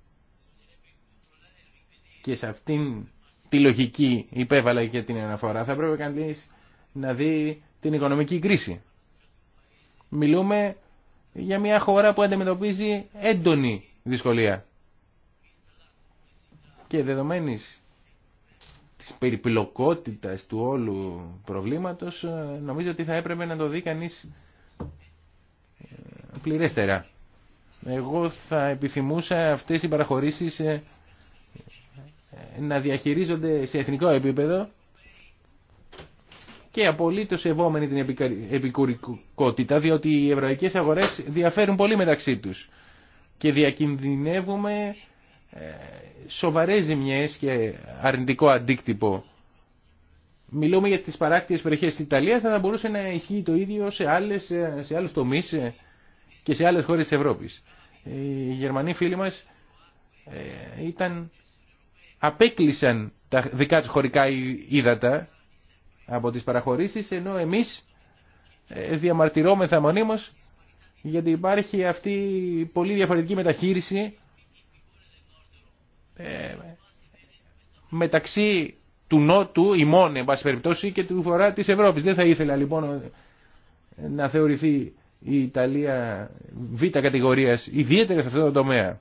και σε αυτήν τη λογική υπέβαλα και την αναφορά, θα πρέπει κανείς να δει την οικονομική κρίση. Μιλούμε για μια χώρα που αντιμετωπίζει έντονη δυσκολία. Και δεδομένης της περιπλοκότητας του όλου προβλήματος, νομίζω ότι θα έπρεπε να το δει κανείς ε, πληρέστερα. Εγώ θα επιθυμούσα αυτές οι παραχωρήσεις ε, να διαχειρίζονται σε εθνικό επίπεδο και απολύτως ευόμενη την επικουρικότητα, διότι οι ευρωπαϊκές αγορές διαφέρουν πολύ μεταξύ τους και διακινδυνεύουμε ε, σοβαρές ζημιές και αρνητικό αντίκτυπο. Μιλούμε για τις παράκτιες περιοχές της Ιταλίας, θα μπορούσε να ισχύει το ίδιο σε, άλλες, σε άλλους τομείς ε, και σε άλλες χώρες της Ευρώπης. Ε, οι Γερμανοί φίλοι μας ε, ήταν, απέκλεισαν τα δικά τους χωρικά ύδατα από τις παραχωρήσεις, ενώ εμείς ε, διαμαρτυρόμεθα μονίμως γιατί υπάρχει αυτή η πολύ διαφορετική μεταχείριση μεταξύ του Νότου, ημών, εν πάση περιπτώσει, και του φορά της Ευρώπης. Δεν θα ήθελα λοιπόν να θεωρηθεί η Ιταλία β' κατηγορίας, ιδιαίτερα σε αυτό το τομέα,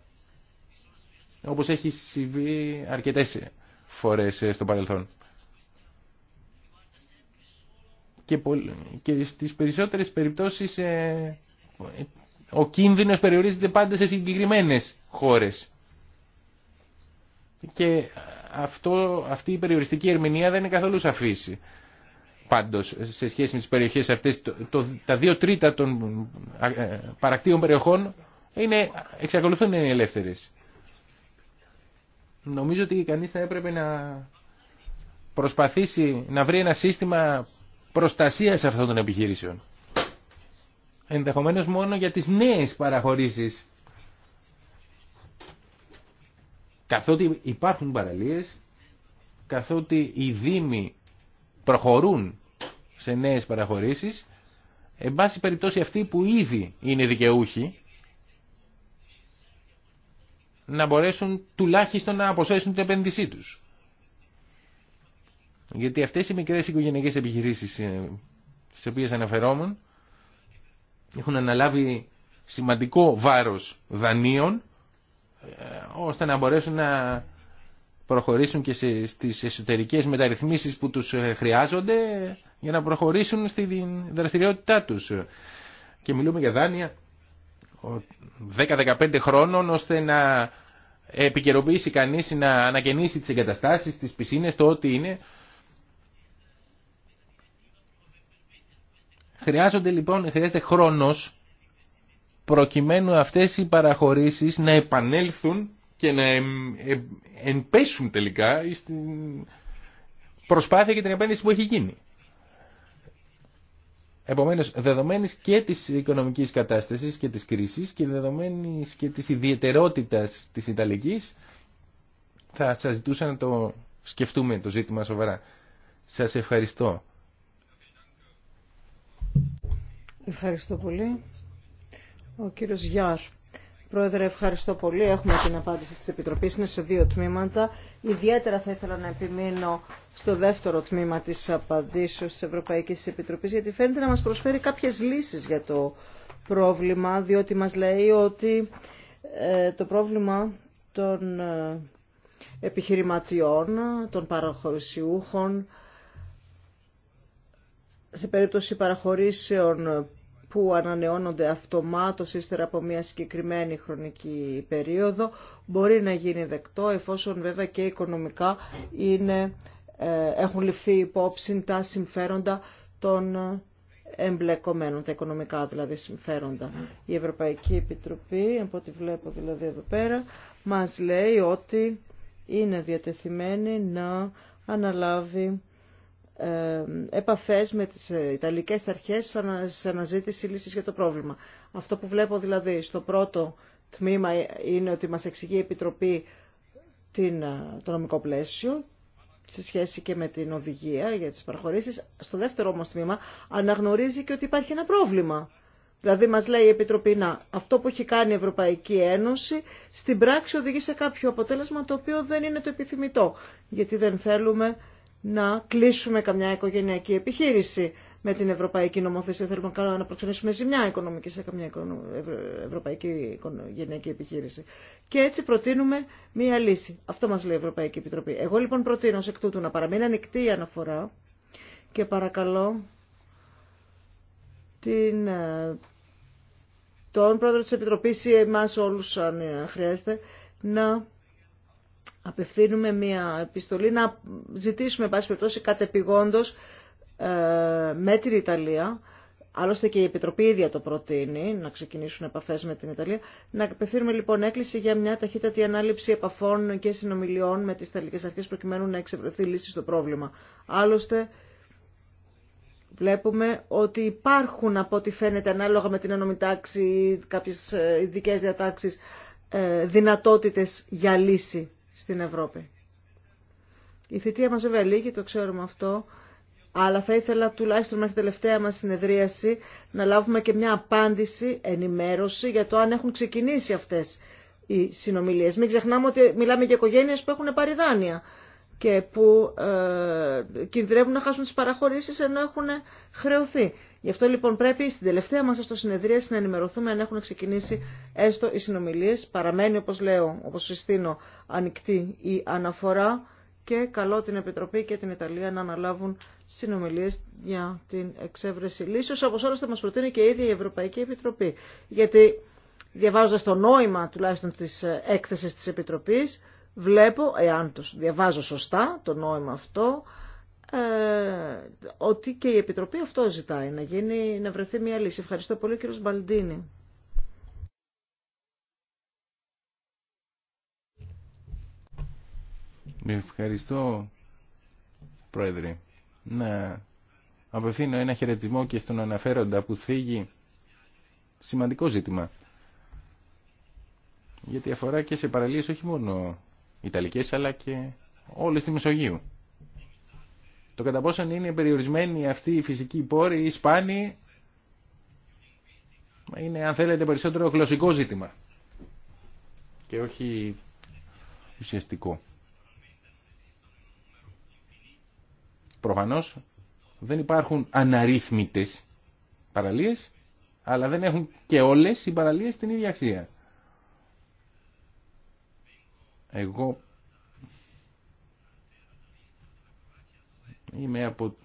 όπως έχει συμβεί αρκετές φορές ε, στο παρελθόν. Και, και στις περισσότερες περιπτώσεις ε, ο κίνδυνος περιορίζεται πάντα σε συγκεκριμένες χώρες. Και αυτό, αυτή η περιοριστική ερμηνεία δεν είναι καθόλου σαφής πάντως σε σχέση με τις περιοχές αυτές τα δύο τρίτα των ε, παρακτήρων περιοχών είναι, εξακολουθούν να είναι ελεύθερες. Νομίζω ότι κανείς θα έπρεπε να προσπαθήσει να βρει ένα σύστημα προστασίας αυτών των επιχειρήσεων. Ενδεχομένως μόνο για τις νέες παραχωρήσεις. Καθότι υπάρχουν παραλίες, καθότι οι δήμοι προχωρούν σε νέες παραχωρήσεις, εν πάση περιπτώσει αυτοί που ήδη είναι δικαιούχοι, να μπορέσουν τουλάχιστον να αποσέσουν την επένδυσή τους. Γιατί αυτές οι μικρές οικογενειακές επιχειρήσεις ε, στις οποίες αναφερόμουν έχουν αναλάβει σημαντικό βάρος δανείων ε, ώστε να μπορέσουν να προχωρήσουν και στις εσωτερικές μεταρρυθμίσεις που τους ε, χρειάζονται για να προχωρήσουν στη δραστηριότητά τους. Και μιλούμε για δάνεια 10-15 χρόνων ώστε να επικαιροποιήσει κανείς, να ανακαινήσει τις εγκαταστάσεις, τις πισίνες, το ό,τι είναι. Χρειάζονται λοιπόν, χρειάζεται χρόνος προκειμένου αυτές οι παραχωρήσεις να επανέλθουν και να εμπέσουν τελικά στην προσπάθεια και την επένδυση που έχει γίνει. Επομένως, δεδομένης και της οικονομικής κατάστασης και της κρίσης και δεδομένης και της ιδιαιτερότητας της Ιταλικής, θα σας ζητούσα να το σκεφτούμε το ζήτημα σοβαρά. Σας ευχαριστώ. Ευχαριστώ πολύ. Ο κύριος Γιάρ. Πρόεδρε, ευχαριστώ πολύ. Έχουμε την απάντηση της Επιτροπής. Είναι σε δύο τμήματα. Ιδιαίτερα θα ήθελα να επιμείνω στο δεύτερο τμήμα της απαντήσεως της Ευρωπαϊκής Επιτροπής, γιατί φαίνεται να μας προσφέρει κάποιες λύσεις για το πρόβλημα, διότι μας λέει ότι ε, το πρόβλημα των ε, επιχειρηματιών, των παραχωρησιούχων, σε περίπτωση παραχωρήσεων που ανανεώνονται αυτομάτως ύστερα από μια συγκεκριμένη χρονική περίοδο μπορεί να γίνει δεκτό εφόσον βέβαια και οικονομικά είναι, ε, έχουν ληφθεί υπόψη τα συμφέροντα των ε, εμπλεκομένων, τα οικονομικά δηλαδή συμφέροντα. Η Ευρωπαϊκή Επιτροπή, από ό,τι βλέπω δηλαδή εδώ πέρα, μας λέει ότι είναι διατεθειμένη να αναλάβει ε, επαφές με τις ε, Ιταλικές αρχές σε αναζήτηση λύσης για το πρόβλημα. Αυτό που βλέπω δηλαδή στο πρώτο τμήμα είναι ότι μας εξηγεί η Επιτροπή την, ε, το νομικό πλαίσιο σε σχέση και με την οδηγία για τις παραχωρήσεις. Στο δεύτερο όμως τμήμα αναγνωρίζει και ότι υπάρχει ένα πρόβλημα. Δηλαδή μας λέει η Επιτροπή να αυτό που έχει κάνει η Ευρωπαϊκή Ένωση στην πράξη οδηγεί σε κάποιο αποτέλεσμα το οποίο δεν είναι το επιθυμητό. Γιατί δεν θέλουμε να κλείσουμε καμιά οικογενειακή επιχείρηση με την ευρωπαϊκή νομοθεσία. Θέλουμε να προξενήσουμε ζημιά οικονομική σε καμιά ευρωπαϊκή οικογενειακή επιχείρηση. Και έτσι προτείνουμε μία λύση. Αυτό μα λέει η Ευρωπαϊκή Επιτροπή. Εγώ λοιπόν προτείνω σε εκ τούτου να παραμείνει ανοιχτή η αναφορά και παρακαλώ την, ε, τον πρόεδρο της Επιτροπής ή εμάς όλους αν χρειάζεται να απευθύνουμε μια επιστολή να ζητήσουμε, πάση περιπτώσει, κατεπηγόντως ε, με την Ιταλία, άλλωστε και η Επιτροπή ίδια το προτείνει, να ξεκινήσουν επαφές με την Ιταλία, να απευθύνουμε λοιπόν έκκληση για μια ταχύτατη ανάληψη επαφών και συνομιλιών με τις Ιταλικές Αρχές προκειμένου να εξευρεθεί λύση στο πρόβλημα. Άλλωστε, Βλέπουμε ότι υπάρχουν από ό,τι φαίνεται ανάλογα με την ανομή τάξη, κάποιες ε, ειδικές διατάξεις, ε, δυνατότητες για λύση στην Ευρώπη. Η θητεία μας βέβαια λίγη, το ξέρουμε αυτό, αλλά θα ήθελα τουλάχιστον μέχρι τελευταία μας συνεδρίαση να λάβουμε και μια απάντηση, ενημέρωση για το αν έχουν ξεκινήσει αυτές οι συνομιλίες. Μην ξεχνάμε ότι μιλάμε για οικογένειες που έχουν πάρει δάνεια και που ε, κινδυνεύουν να χάσουν τις παραχωρήσεις ενώ έχουν χρεωθεί. Γι' αυτό λοιπόν πρέπει στην τελευταία μας στο συνεδρία να ενημερωθούμε αν έχουν ξεκινήσει έστω οι συνομιλίες. Παραμένει όπως λέω, όπως συστήνω, ανοιχτή η αναφορά και καλώ την Επιτροπή και την Ιταλία να αναλάβουν συνομιλίες για την εξέβρεση λύσεως, όπως θα μας προτείνει και η ίδια η Ευρωπαϊκή Επιτροπή. Γιατί διαβάζοντας το νόημα τουλάχιστον της έκθεσης της Επιτροπής, βλέπω, εάν το διαβάζω σωστά το νόημα αυτό, ε, ότι και η Επιτροπή αυτό ζητάει, να, γίνει, να βρεθεί μια λύση. Ευχαριστώ πολύ κύριο Μπαλντίνη. Ευχαριστώ, Πρόεδρε. Να απευθύνω ένα χαιρετισμό και στον αναφέροντα που θίγει σημαντικό ζήτημα. Γιατί αφορά και σε παραλίες όχι μόνο Ιταλικές αλλά και όλες τη Μεσογείου. Το κατά πόσον είναι περιορισμένοι αυτή η φυσική πόροι ή σπάνιοι είναι αν θέλετε περισσότερο γλωσσικό ζήτημα και όχι ουσιαστικό. Προφανώς δεν υπάρχουν αναρρύθμιτες παραλίες αλλά δεν έχουν και όλες οι παραλίες την ίδια αξία. Εγώ είμαι από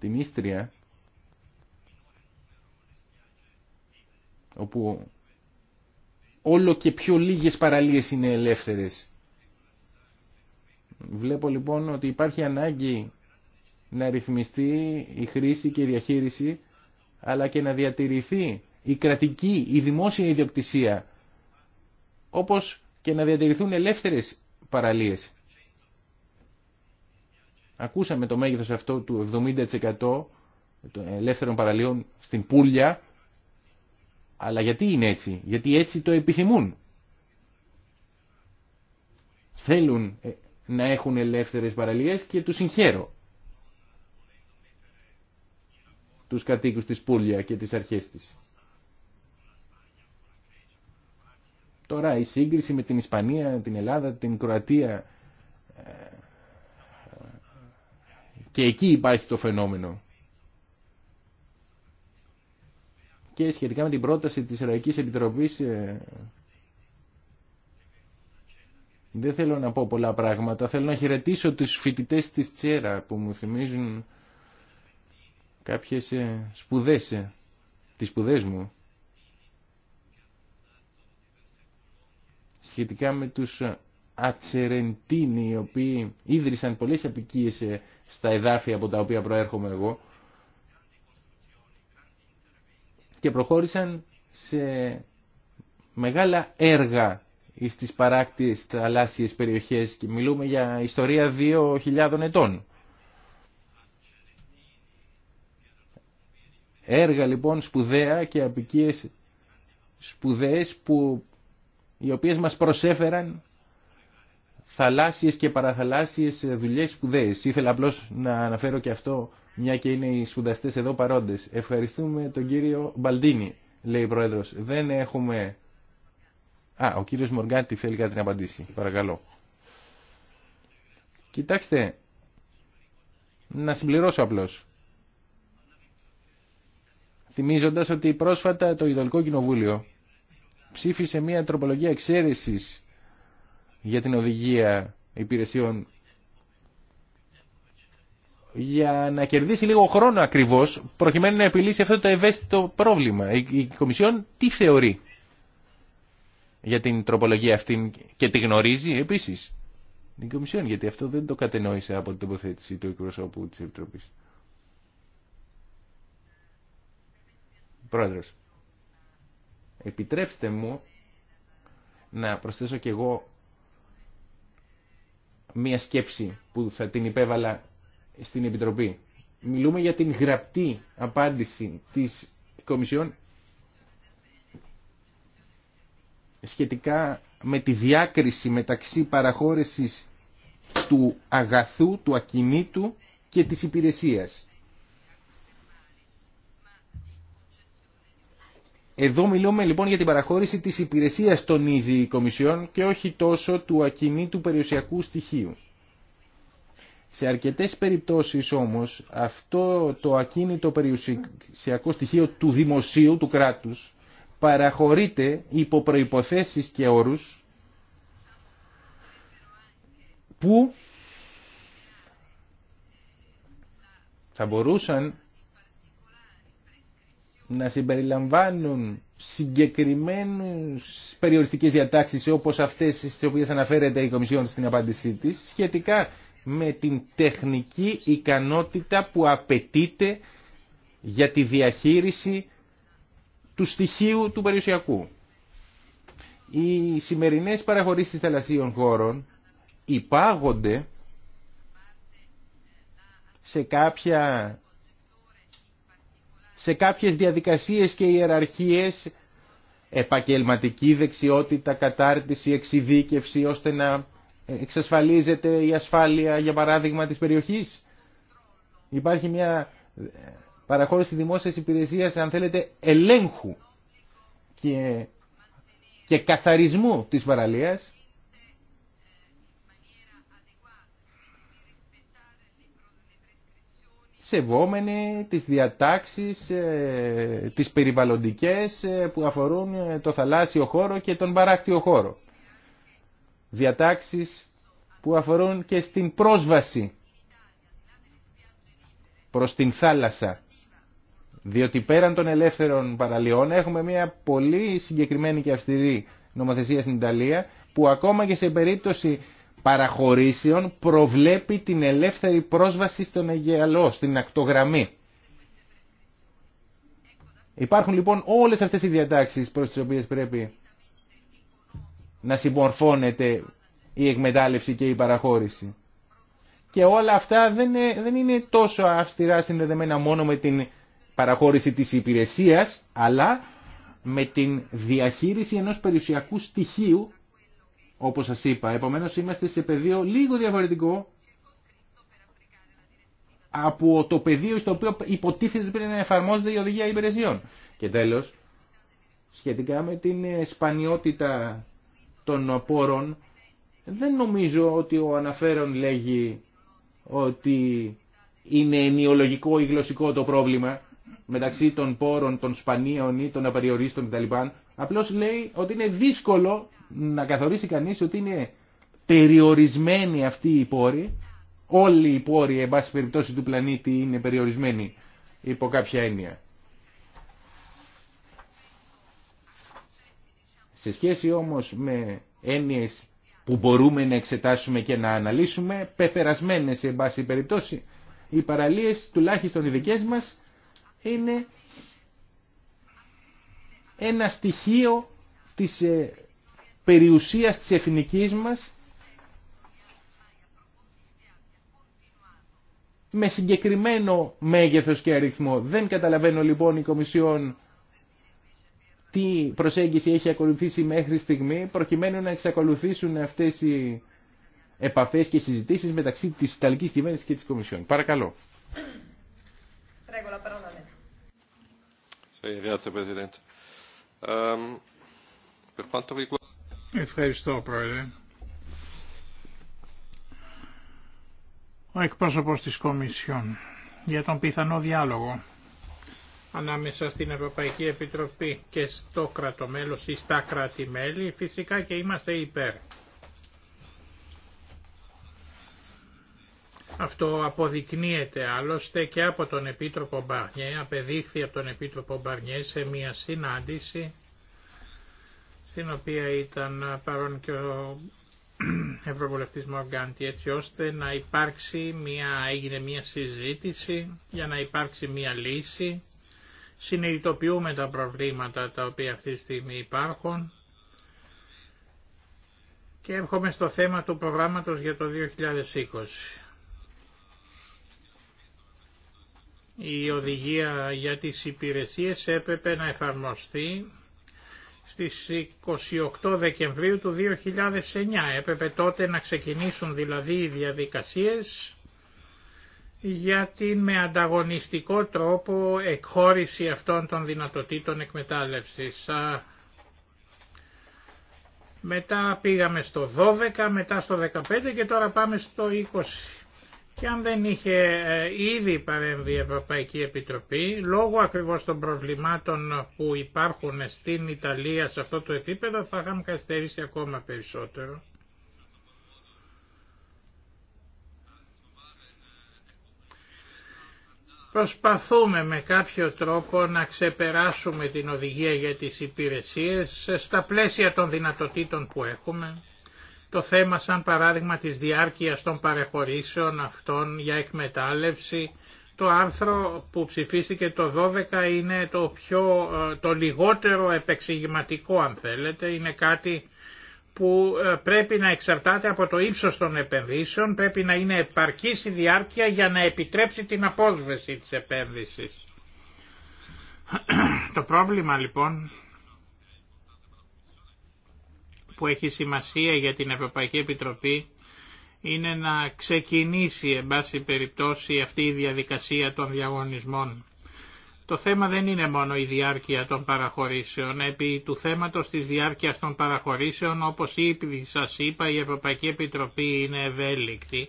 την Ίστρια όπου όλο και πιο λίγες παραλίες είναι ελεύθερες. Βλέπω λοιπόν ότι υπάρχει ανάγκη να ρυθμιστεί η χρήση και η διαχείριση αλλά και να διατηρηθεί η κρατική, η δημόσια ιδιοκτησία, όπως και να διατηρηθούν ελεύθερες παραλίες. Ακούσαμε το μέγεθος αυτό του 70% των ελεύθερων παραλίων στην Πούλια, αλλά γιατί είναι έτσι, γιατί έτσι το επιθυμούν. Θέλουν ε, να έχουν ελεύθερες παραλίες και τους συγχαίρω τους κατοίκους της Πούλια και τις αρχές της. Τώρα η σύγκριση με την Ισπανία, την Ελλάδα, την Κροατία ε, και εκεί υπάρχει το φαινόμενο. Και σχετικά με την πρόταση της Ευρωπαϊκής Επιτροπής ε, δεν θέλω να πω πολλά πράγματα. Θέλω να χαιρετήσω τους φοιτητές της Τσέρα που μου θυμίζουν κάποιες ε, σπουδές, τις σπουδές μου. σχετικά με τους Ατσερεντίνοι οι οποίοι ίδρυσαν πολλές απικίες ε, στα εδάφη από τα οποία προέρχομαι εγώ και προχώρησαν σε μεγάλα έργα στις παράκτιες θαλάσσιες περιοχές και μιλούμε για ιστορία 2.000 ετών. Έργα λοιπόν σπουδαία και απικίες σπουδαίες που οι οποίες μας προσέφεραν θαλάσσιες και παραθαλάσσιες δουλειές σπουδαίες. Ήθελα απλώς να αναφέρω και αυτό, μια και είναι οι σπουδαστές εδώ παρόντες. Ευχαριστούμε τον κύριο Μπαλτίνη, λέει η Πρόεδρος. Δεν έχουμε... Α, ο κύριος Μοργάτη θέλει κάτι να απαντήσει. Παρακαλώ. Κοιτάξτε, να συμπληρώσω απλώς. Θυμίζοντας ότι πρόσφατα το Ιδωλικό Κοινοβούλιο ψήφισε μια τροπολογία εξαίρεσης για την οδηγία υπηρεσιών για να κερδίσει λίγο χρόνο ακριβώς προκειμένου να επιλύσει αυτό το ευαίσθητο πρόβλημα. Η Κομισιόν τι θεωρεί για την τροπολογία αυτή και τη γνωρίζει επίσης την Κομισιόν γιατί αυτό δεν το κατενόησε από την τοποθέτηση του εκπροσώπου της Επιτροπής. Πρόεδρος. Επιτρέψτε μου να προσθέσω κι εγώ μία σκέψη που θα την υπέβαλα στην Επιτροπή. Μιλούμε για την γραπτή απάντηση της Κομισιόν σχετικά με τη διάκριση μεταξύ παραχώρησης του αγαθού, του ακινήτου και της υπηρεσίας. Εδώ μιλούμε λοιπόν για την παραχώρηση της υπηρεσίας τονίζει η Κομισιόν και όχι τόσο του ακινήτου περιουσιακού στοιχείου. Σε αρκετές περιπτώσεις όμως αυτό το ακίνητο περιουσιακό στοιχείο του δημοσίου, του κράτους, παραχωρείται υπό προϋποθέσεις και όρους που θα μπορούσαν να συμπεριλαμβάνουν συγκεκριμένους περιοριστικές διατάξεις όπως αυτές στις οποίες αναφέρεται η Κομισιόν στην απάντησή της σχετικά με την τεχνική ικανότητα που απαιτείται για τη διαχείριση του στοιχείου του περιουσιακού. Οι σημερινές παραχωρήσεις θαλασσίων χώρων υπάγονται σε κάποια σε κάποιες διαδικασίες και ιεραρχίες επαγγελματική δεξιότητα, κατάρτιση, εξειδίκευση ώστε να εξασφαλίζεται η ασφάλεια για παράδειγμα της περιοχής. Υπάρχει μια ε, παραχώρηση δημόσιας υπηρεσίας αν θέλετε ελέγχου και, και καθαρισμού της παραλίας σεβόμενοι τις διατάξεις, ε, τις περιβαλλοντικές ε, που αφορούν ε, το θαλάσσιο χώρο και τον παράκτιο χώρο. Διατάξεις που αφορούν και στην πρόσβαση προς την θάλασσα. Διότι πέραν των ελεύθερων παραλιών έχουμε μια πολύ συγκεκριμένη και αυστηρή νομοθεσία στην Ιταλία που ακόμα και σε περίπτωση παραχωρήσεων προβλέπει την ελεύθερη πρόσβαση στον Αιγαλό, στην ακτογραμμή. Υπάρχουν λοιπόν όλες αυτές οι διατάξεις προς τις οποίες πρέπει να συμπορφώνεται η εκμετάλλευση και η παραχώρηση. Και όλα αυτά δεν είναι, δεν είναι τόσο αυστηρά συνδεδεμένα μόνο με την παραχώρηση της υπηρεσίας, αλλά με την διαχείριση ενός περιουσιακού στοιχείου όπως σας είπα. Επομένως είμαστε σε πεδίο λίγο διαφορετικό από το πεδίο στο οποίο υποτίθεται πρέπει να εφαρμόζεται η οδηγία υπηρεσιών. Και τέλος, σχετικά με την σπανιότητα των πόρων, δεν νομίζω ότι ο αναφέρον λέγει ότι είναι ενιολογικό ή γλωσσικό το πρόβλημα μεταξύ των πόρων, των σπανίων ή των απεριορίστων κτλ. Απλώς λέει ότι είναι δύσκολο να καθορίσει κανείς ότι είναι περιορισμένη αυτή η πόρη. Όλοι οι πόροι, εν περιπτώσει, του πλανήτη είναι περιορισμένοι υπό κάποια έννοια. Σε σχέση όμως με έννοιες που μπορούμε να εξετάσουμε και να αναλύσουμε, πεπερασμένες σε περιπτώσει, οι παραλίες, τουλάχιστον οι δικές μας, είναι ένα στοιχείο της ε, περιουσίας της εθνικής μας με συγκεκριμένο μέγεθος και αριθμό. Δεν καταλαβαίνω λοιπόν η Κομισιόν τι προσέγγιση έχει ακολουθήσει μέχρι στιγμή προκειμένου να εξακολουθήσουν αυτές οι επαφές και συζητήσεις μεταξύ της Ιταλικής κυβέρνησης και της Κομισιόν. Παρακαλώ. Presidente. Ευχαριστώ, Πρόεδρε. Ο εκπρόσωπος της Κομισιόν για τον πιθανό διάλογο ανάμεσα στην Ευρωπαϊκή Επιτροπή και στο κρατομέλος ή στα κράτη-μέλη, φυσικά και είμαστε υπέρ. Αυτό αποδεικνύεται άλλωστε και από τον Επίτροπο Μπαρνιέ, απεδείχθη από τον Επίτροπο Μπαρνιέ σε μια συνάντηση στην οποία ήταν παρόν και ο Ευρωβουλευτής Μοργκάντη έτσι ώστε να υπάρξει μια, έγινε μια συζήτηση για να υπάρξει μια λύση. Συνειδητοποιούμε τα προβλήματα τα οποία αυτή τη στιγμή υπάρχουν και έρχομαι στο θέμα του προγράμματος για το 2020. Η οδηγία για τις υπηρεσίες έπρεπε να εφαρμοστεί στις 28 Δεκεμβρίου του 2009. Έπρεπε τότε να ξεκινήσουν δηλαδή οι διαδικασίες για την με ανταγωνιστικό τρόπο εκχώρηση αυτών των δυνατοτήτων εκμετάλλευσης. Μετά πήγαμε στο 12, μετά στο 15 και τώρα πάμε στο 20. Και αν δεν είχε ε, ήδη παρέμβει η Ευρωπαϊκή Επιτροπή, λόγω ακριβώς των προβλημάτων που υπάρχουν στην Ιταλία σε αυτό το επίπεδο, θα είχαμε καθυστερήσει ακόμα περισσότερο. Προσπαθούμε με κάποιο τρόπο να ξεπεράσουμε την οδηγία για τις υπηρεσίες στα πλαίσια των δυνατοτήτων που έχουμε το θέμα σαν παράδειγμα της διάρκειας των παρεχωρήσεων αυτών για εκμετάλλευση. Το άρθρο που ψηφίστηκε το 12 είναι το, πιο, ε, το λιγότερο επεξηγηματικό αν θέλετε, είναι κάτι που ε, πρέπει να εξαρτάται από το ύψος των επενδύσεων, πρέπει να είναι επαρκής η διάρκεια για να επιτρέψει την απόσβεση της επένδυσης. το πρόβλημα λοιπόν που έχει σημασία για την Ευρωπαϊκή Επιτροπή είναι να ξεκινήσει εν περιπτώσει αυτή η διαδικασία των διαγωνισμών. Το θέμα δεν είναι μόνο η διάρκεια των παραχωρήσεων. Επί του θέματος της διάρκειας των παραχωρήσεων, όπως ήδη σας είπα, η Ευρωπαϊκή Επιτροπή είναι ευέλικτη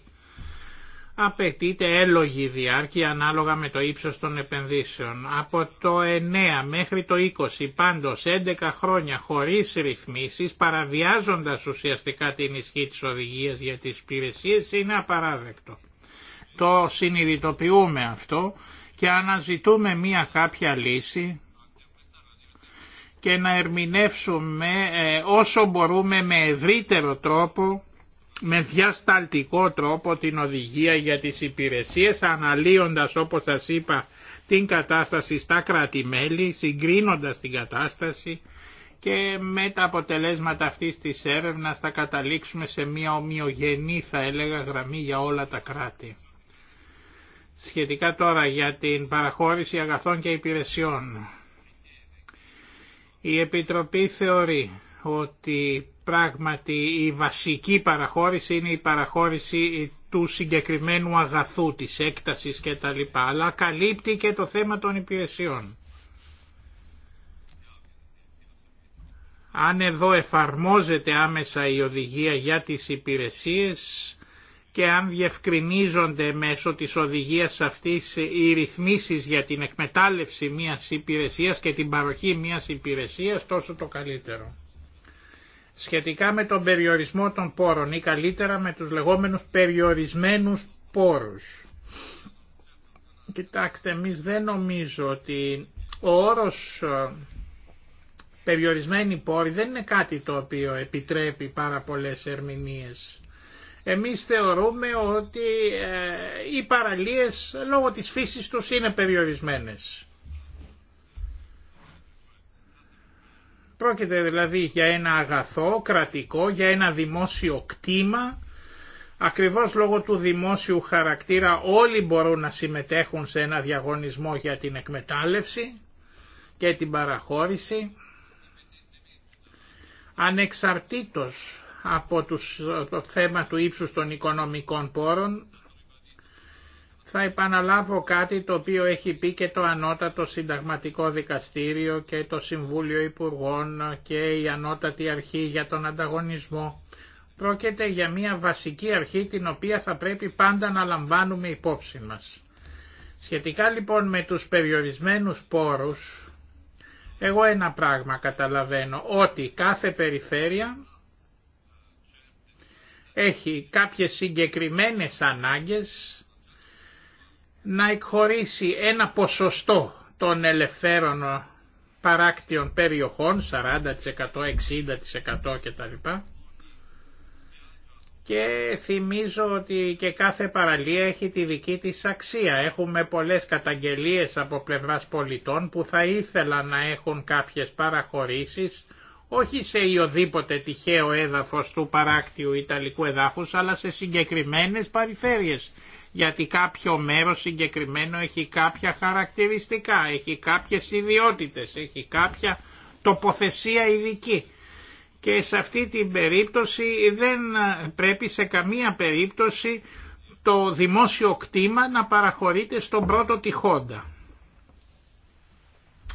απαιτείται έλογη διάρκεια ανάλογα με το ύψος των επενδύσεων. Από το 9 μέχρι το 20 πάντως 11 χρόνια χωρίς ρυθμίσεις παραβιάζοντας ουσιαστικά την ισχύ της οδηγίας για τις υπηρεσίε είναι απαράδεκτο. Το συνειδητοποιούμε αυτό και αναζητούμε μία κάποια λύση και να ερμηνεύσουμε ε, όσο μπορούμε με ευρύτερο τρόπο με διασταλτικό τρόπο την οδηγία για τις υπηρεσίες αναλύοντας όπως σας είπα την κατάσταση στα κράτη-μέλη, συγκρίνοντας την κατάσταση και με τα αποτελέσματα αυτής της έρευνας θα καταλήξουμε σε μια ομοιογενή θα έλεγα γραμμή για όλα τα κράτη. Σχετικά τώρα για την παραχώρηση αγαθών και υπηρεσιών. Η Επιτροπή θεωρεί ότι Πράγματι η βασική παραχώρηση είναι η παραχώρηση του συγκεκριμένου αγαθού, της έκτασης και λοιπά Αλλά καλύπτει και το θέμα των υπηρεσιών. Αν εδώ εφαρμόζεται άμεσα η οδηγία για τις υπηρεσίες και αν διευκρινίζονται μέσω της οδηγίας αυτής οι ρυθμίσεις για την εκμετάλλευση μιας υπηρεσίας και την παροχή μιας υπηρεσίας τόσο το καλύτερο σχετικά με τον περιορισμό των πόρων ή καλύτερα με τους λεγόμενους περιορισμένους πόρους. Κοιτάξτε, εμείς δεν νομίζω ότι ο όρος ε, περιορισμένη πόρη, δεν είναι κάτι το οποίο επιτρέπει πάρα πολλές ερμηνείες. Εμείς θεωρούμε ότι ε, οι παραλίες λόγω της φύσης τους είναι περιορισμένες. Πρόκειται δηλαδή για ένα αγαθό κρατικό, για ένα δημόσιο κτήμα. Ακριβώς λόγω του δημόσιου χαρακτήρα όλοι μπορούν να συμμετέχουν σε ένα διαγωνισμό για την εκμετάλλευση και την παραχώρηση. Ανεξαρτήτως από το θέμα του ύψους των οικονομικών πόρων θα επαναλάβω κάτι το οποίο έχει πει και το Ανώτατο Συνταγματικό Δικαστήριο και το Συμβούλιο Υπουργών και η Ανώτατη Αρχή για τον Ανταγωνισμό. Πρόκειται για μια βασική αρχή την οποία θα πρέπει πάντα να λαμβάνουμε υπόψη μας. Σχετικά λοιπόν με τους περιορισμένους πόρους, εγώ ένα πράγμα καταλαβαίνω, ότι κάθε περιφέρεια έχει κάποιες συγκεκριμένες ανάγκες να εκχωρήσει ένα ποσοστό των ελευθέρων παράκτιων περιοχών, 40%, 60% κτλ. Και θυμίζω ότι και κάθε παραλία έχει τη δική της αξία. Έχουμε πολλές καταγγελίες από πλευράς πολιτών που θα ήθελα να έχουν κάποιες παραχωρήσεις, όχι σε οδήποτε τυχαίο έδαφος του παράκτιου Ιταλικού εδάφους, αλλά σε συγκεκριμένες περιφέρειες γιατί κάποιο μέρος συγκεκριμένο έχει κάποια χαρακτηριστικά, έχει κάποιες ιδιότητες, έχει κάποια τοποθεσία ειδική. Και σε αυτή την περίπτωση δεν πρέπει σε καμία περίπτωση το δημόσιο κτήμα να παραχωρείται στον πρώτο τυχόντα.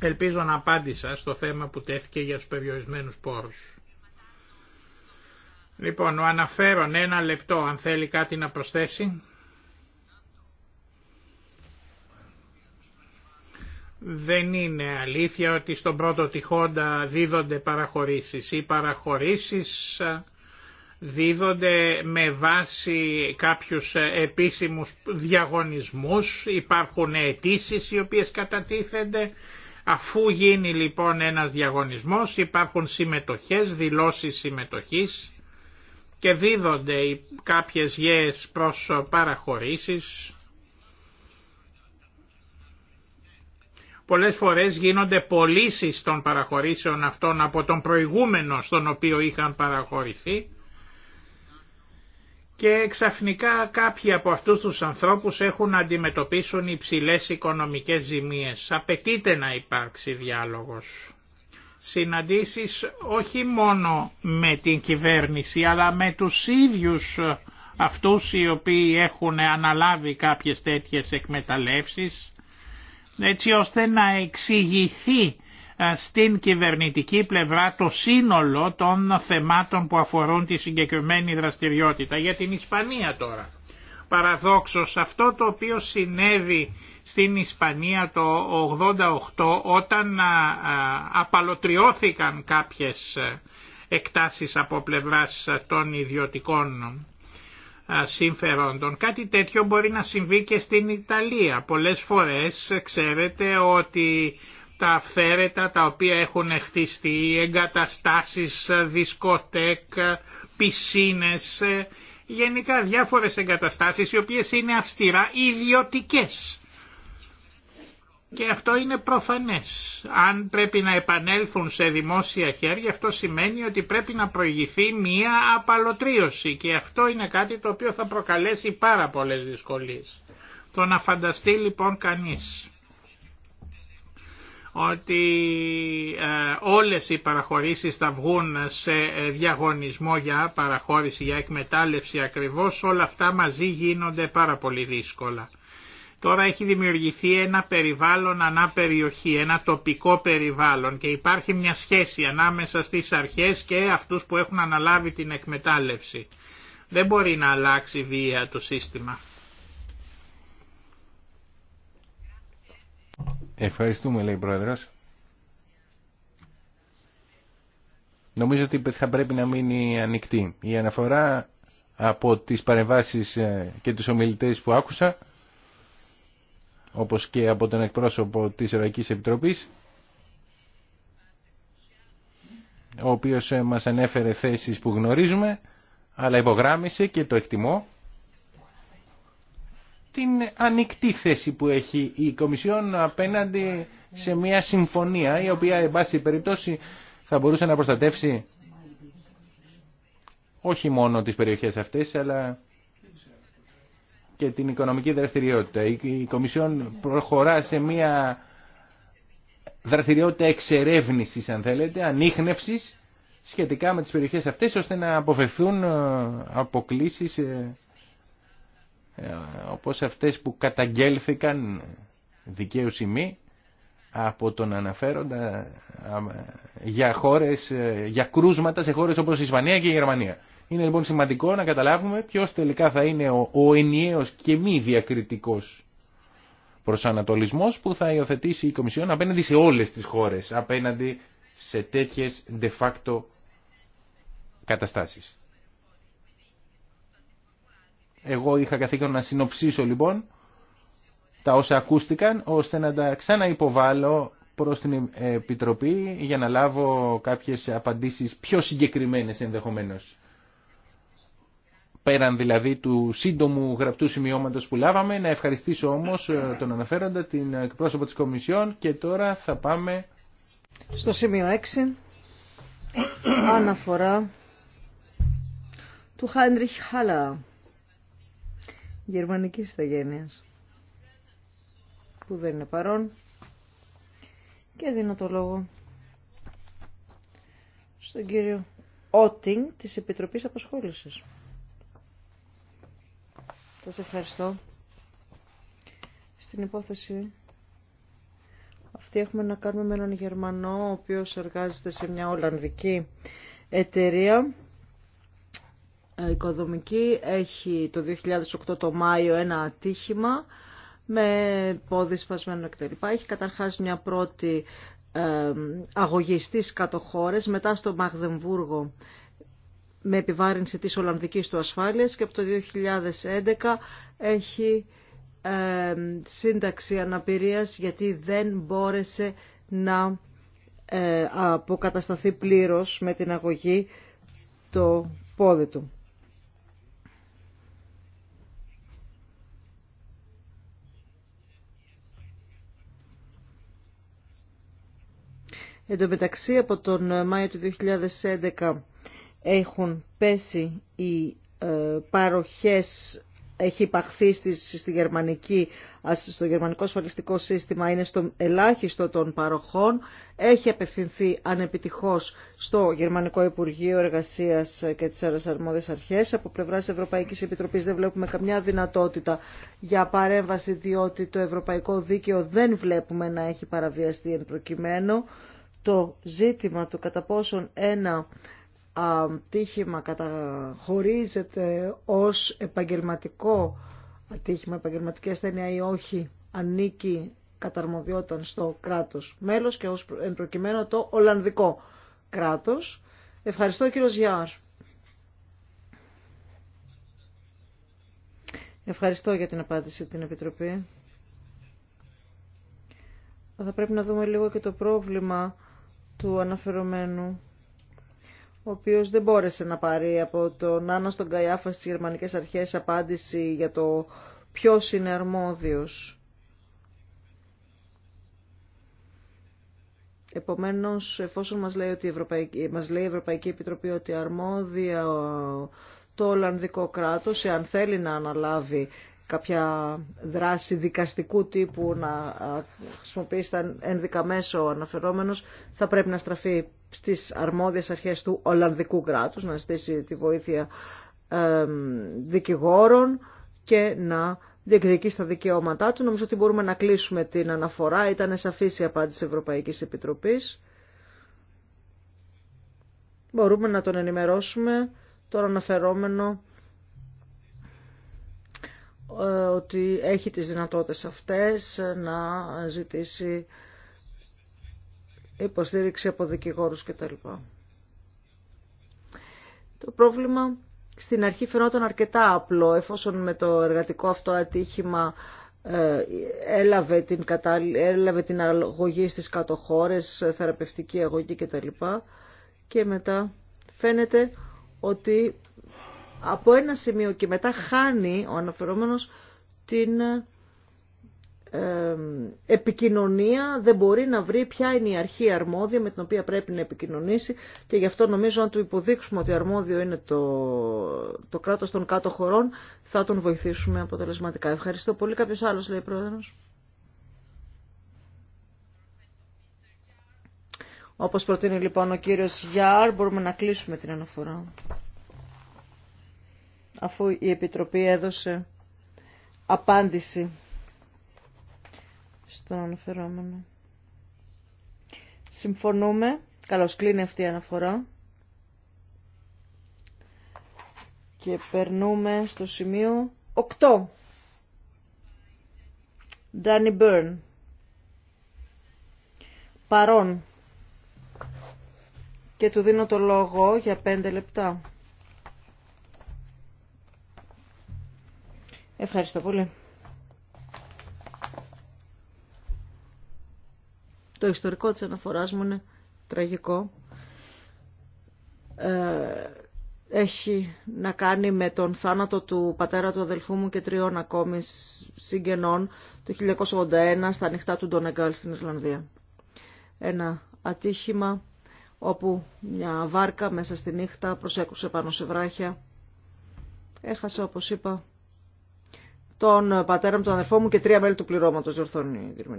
Ελπίζω να απάντησα στο θέμα που τέθηκε για τους περιορισμένους πόρους. Λοιπόν, ο αναφέρον ένα λεπτό αν θέλει κάτι να προσθέσει. Δεν είναι αλήθεια ότι στον πρώτο τυχόντα δίδονται παραχωρήσεις. Οι παραχωρήσεις ε, δίδονται με βάση κάποιους ε, επίσημους διαγωνισμούς, υπάρχουν αιτήσει οι οποίες κατατίθενται. Αφού γίνει λοιπόν ένας διαγωνισμός υπάρχουν συμμετοχές, δηλώσεις συμμετοχής και δίδονται κάποιες γέες προς παραχωρήσεις Πολλές φορές γίνονται πωλήσει των παραχωρήσεων αυτών από τον προηγούμενο στον οποίο είχαν παραχωρηθεί και ξαφνικά κάποιοι από αυτούς τους ανθρώπους έχουν να αντιμετωπίσουν υψηλές οικονομικές ζημίες. Απαιτείται να υπάρξει διάλογος. Συναντήσεις όχι μόνο με την κυβέρνηση αλλά με τους ίδιους αυτούς οι οποίοι έχουν αναλάβει κάποιες τέτοιες εκμεταλλεύσεις έτσι ώστε να εξηγηθεί στην κυβερνητική πλευρά το σύνολο των θεμάτων που αφορούν τη συγκεκριμένη δραστηριότητα. Για την Ισπανία τώρα. Παραδόξως αυτό το οποίο συνέβη στην Ισπανία το 88 όταν απαλωτριώθηκαν κάποιες ε, εκτάσεις από πλευράς ε, των ιδιωτικών συμφερόντων. Κάτι τέτοιο μπορεί να συμβεί και στην Ιταλία. Πολλές φορές ξέρετε ότι τα αυθαίρετα τα οποία έχουν χτιστεί, εγκαταστάσεις, δισκοτέκ, πισίνες, ε, γενικά διάφορες εγκαταστάσεις οι οποίες είναι αυστηρά ιδιωτικές. Και αυτό είναι προφανές. Αν πρέπει να επανέλθουν σε δημόσια χέρια αυτό σημαίνει ότι πρέπει να προηγηθεί μία απαλωτρίωση και αυτό είναι κάτι το οποίο θα προκαλέσει πάρα πολλές δυσκολίες. Το να φανταστεί λοιπόν κανείς ότι ε, όλες οι παραχωρήσεις θα βγουν σε διαγωνισμό για παραχώρηση, για εκμετάλλευση ακριβώς, όλα αυτά μαζί γίνονται πάρα πολύ δύσκολα. Τώρα έχει δημιουργηθεί ένα περιβάλλον ανά περιοχή, ένα τοπικό περιβάλλον και υπάρχει μια σχέση ανάμεσα στις αρχές και αυτούς που έχουν αναλάβει την εκμετάλλευση. Δεν μπορεί να αλλάξει βία το σύστημα. Ευχαριστούμε λέει Πρόεδρος. Νομίζω ότι θα πρέπει να μείνει ανοιχτή. Η αναφορά από τις παρεμβάσεις ε, και τους ομιλητές που άκουσα όπως και από τον εκπρόσωπο της Ευρωπαϊκής Επιτροπής, ο οποίος ε, μας ανέφερε θέσεις που γνωρίζουμε, αλλά υπογράμμισε και το εκτιμώ, την ανοιχτή θέση που έχει η Κομισιόν απέναντι σε μια συμφωνία η οποία, εν πάση περιπτώσει, θα μπορούσε να προστατεύσει όχι μόνο τις περιοχές αυτές, αλλά και την οικονομική δραστηριότητα. Η Κομισιόν προχωρά σε μια δραστηριότητα εξερεύνησης, αν θέλετε, ανείχνευσης σχετικά με τις περιοχές αυτές, ώστε να αποφευθούν ε, αποκλήσεις ε, ε, όπως αυτές που καταγγέλθηκαν δικαίου σημεί από τον αναφέροντα για, χώρες, για κρούσματα σε χώρες όπως η Ισπανία και η Γερμανία. Είναι λοιπόν σημαντικό να καταλάβουμε ποιος τελικά θα είναι ο, ο ενιαίος και μη διακριτικός προσανατολισμός που θα υιοθετήσει η Κομισιόν απέναντι σε όλες τις χώρες, απέναντι σε τέτοιες de facto καταστάσεις. Εγώ είχα καθήκον να συνοψίσω λοιπόν τα όσα ακούστηκαν ώστε να τα ξαναυποβάλω προς την Επιτροπή για να λάβω κάποιες απαντήσεις πιο συγκεκριμένες ενδεχομένως πέραν δηλαδή του σύντομου γραπτού σημειώματος που λάβαμε. Να ευχαριστήσω όμως ε, τον αναφέροντα, την εκπρόσωπο της Κομισιόν και τώρα θα πάμε... Στο σημείο 6, αναφορά του Χαντριχ Χάλα, γερμανικής ηθαγένειας, που δεν είναι παρόν. Και δίνω το λόγο στον κύριο Ότινγκ της Επιτροπής Απασχόλησης. Σα ευχαριστώ. Στην υπόθεση αυτή έχουμε να κάνουμε με έναν Γερμανό, ο οποίος εργάζεται σε μια Ολλανδική εταιρεία ε, οικοδομική. Έχει το 2008 το Μάιο ένα ατύχημα με πόδι σπασμένο κτλ. Έχει καταρχάς μια πρώτη ε, αγωγή στι μετά στο Μαγδεμβούργο με επιβάρυνση της Ολλανδικής του ασφάλειας και από το 2011 έχει ε, σύνταξη αναπηρίας γιατί δεν μπόρεσε να ε, αποκατασταθεί πλήρως με την αγωγή το πόδι του. Εν τω μεταξύ από τον Μάιο του 2011 έχουν πέσει οι ε, παροχές έχει υπαχθεί στη, στο γερμανικό ασφαλιστικό σύστημα, είναι στο ελάχιστο των παροχών, έχει απευθυνθεί ανεπιτυχώς στο Γερμανικό Υπουργείο Εργασίας και τις άλλες αρχές. Από πλευράς Ευρωπαϊκής Επιτροπής δεν βλέπουμε καμιά δυνατότητα για παρέμβαση, διότι το ευρωπαϊκό δίκαιο δεν βλέπουμε να έχει παραβιαστεί εν προκειμένου. Το ζήτημα του κατά πόσον ένα ατύχημα καταχωρίζεται ως επαγγελματικό ατύχημα, επαγγελματική ασθένεια ή όχι, ανήκει καταρμοδιόταν στο κράτος μέλος και ως εν προκειμένου το Ολλανδικό κράτος. Ευχαριστώ κύριο Γιάρ. Ευχαριστώ για την απάντηση την Επιτροπή. Θα πρέπει να δούμε λίγο και το πρόβλημα του αναφερομένου ο οποίος δεν μπόρεσε να πάρει από τον Άννα στον Καϊάφα στις γερμανικές αρχές απάντηση για το ποιος είναι αρμόδιος. Επομένως, εφόσον μας λέει, ότι η Ευρωπαϊκή, μας λέει η Ευρωπαϊκή Επιτροπή ότι αρμόδια το Ολλανδικό κράτος, εάν θέλει να αναλάβει κάποια δράση δικαστικού τύπου να χρησιμοποιήσει τα ένδικα μέσο αναφερόμενος, θα πρέπει να στραφεί στις αρμόδιες αρχές του Ολλανδικού κράτους, να στήσει τη βοήθεια δικηγόρων και να διεκδικεί στα δικαιώματά του. Νομίζω ότι μπορούμε να κλείσουμε την αναφορά. Ήταν σαφής η απάντηση της Ευρωπαϊκής Επιτροπής. Μπορούμε να τον ενημερώσουμε. Τώρα αναφερόμενο ε, ότι έχει τις δυνατότητες αυτές να ζητήσει υποστήριξη από δικηγόρους κτλ. Το πρόβλημα στην αρχή φαινόταν αρκετά απλό, εφόσον με το εργατικό αυτό ατύχημα ε, έλαβε, την κατα... έλαβε την αγωγή στις κατοχώρες, θεραπευτική αγωγή κτλ. Και μετά φαίνεται ότι από ένα σημείο και μετά χάνει ο αναφερόμενος την επικοινωνία δεν μπορεί να βρει ποια είναι η αρχή αρμόδια με την οποία πρέπει να επικοινωνήσει και γι' αυτό νομίζω αν του υποδείξουμε ότι αρμόδιο είναι το, το κράτος των κάτω χωρών θα τον βοηθήσουμε αποτελεσματικά. Ευχαριστώ πολύ. Κάποιος άλλος λέει πρόεδρος. Όπως προτείνει λοιπόν ο κύριος Γιάρ μπορούμε να κλείσουμε την αναφορά αφού η Επιτροπή έδωσε απάντηση στον αναφερόμενο. Συμφωνούμε. Καλώς κλείνει αυτή η αναφορά. Και περνούμε στο σημείο 8. Danny Byrne. Παρόν. Και του δίνω το λόγο για 5 λεπτά. Ευχαριστώ πολύ. Το ιστορικό της αναφοράς μου είναι τραγικό. Ε, έχει να κάνει με τον θάνατο του πατέρα του αδελφού μου και τριών ακόμη συγγενών το 1981 στα νυχτά του Ντονεγκάλ στην Ιρλανδία. Ένα ατύχημα όπου μια βάρκα μέσα στη νύχτα προσέκουσε πάνω σε βράχια. Έχασα, όπως είπα, τον πατέρα μου, τον αδερφό μου και τρία μέλη του πληρώματος, διορθώνει η μου.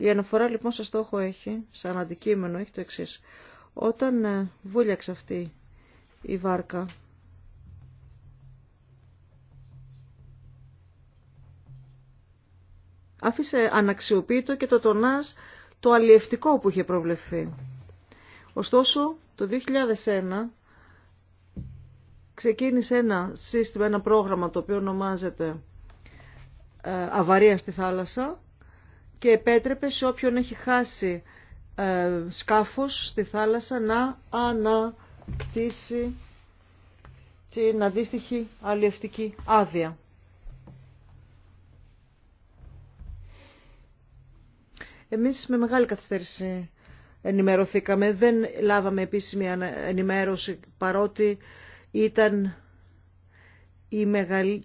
Η αναφορά λοιπόν σε στόχο έχει, σαν αντικείμενο έχει το εξή. Όταν ε, βούλιαξε αυτή η βάρκα άφησε αναξιοποιητό και το τονάζ το αλλιευτικό που είχε προβλεφθεί. Ωστόσο, το 2001 ξεκίνησε ένα σύστημα, ένα πρόγραμμα το οποίο ονομάζεται ε, «Αβαρία στη θάλασσα» και επέτρεπε σε όποιον έχει χάσει ε, σκάφος στη θάλασσα να ανακτήσει την αντίστοιχη αλλιευτική άδεια. Εμείς με μεγάλη καθυστέρηση ενημερωθήκαμε, δεν λάβαμε επίσημη ενημέρωση παρότι ήταν η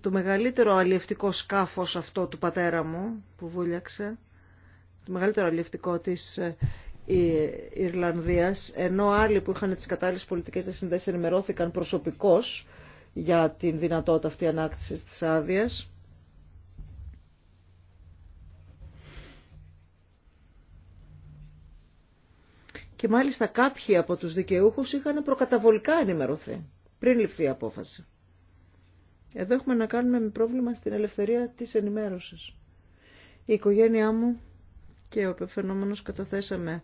το μεγαλύτερο αλλιευτικό σκάφος αυτό του πατέρα μου που βούλιαξε το μεγαλύτερο αλληλευτικό της ε, Ιρλανδίας, ενώ άλλοι που είχαν τις κατάλληλες πολιτικές συνδέσεις ενημερώθηκαν προσωπικώς για την δυνατότητα αυτή ανάκτησης της άδεια. Και μάλιστα κάποιοι από τους δικαιούχους είχαν προκαταβολικά ενημερωθεί πριν ληφθεί η απόφαση. Εδώ έχουμε να κάνουμε με πρόβλημα στην ελευθερία της ενημέρωσης. Η οικογένειά μου και ο φαινόμενος καταθέσαμε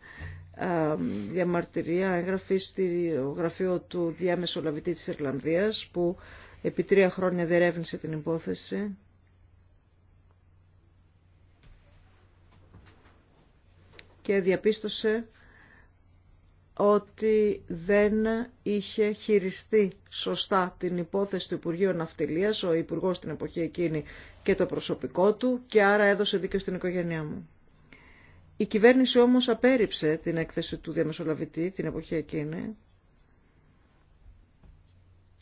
διαμαρτυρία έγγραφη στη γραφείο του διαμεσολαβητή της Ιρλανδίας που επί τρία χρόνια διερεύνησε την υπόθεση. και διαπίστωσε ότι δεν είχε χειριστεί σωστά την υπόθεση του Υπουργείου Ναυτιλίας, ο Υπουργός την εποχή εκείνη και το προσωπικό του και άρα έδωσε δίκαιο στην οικογένειά μου. Η κυβέρνηση όμως απέρριψε την έκθεση του διαμεσολαβητή την εποχή εκείνη.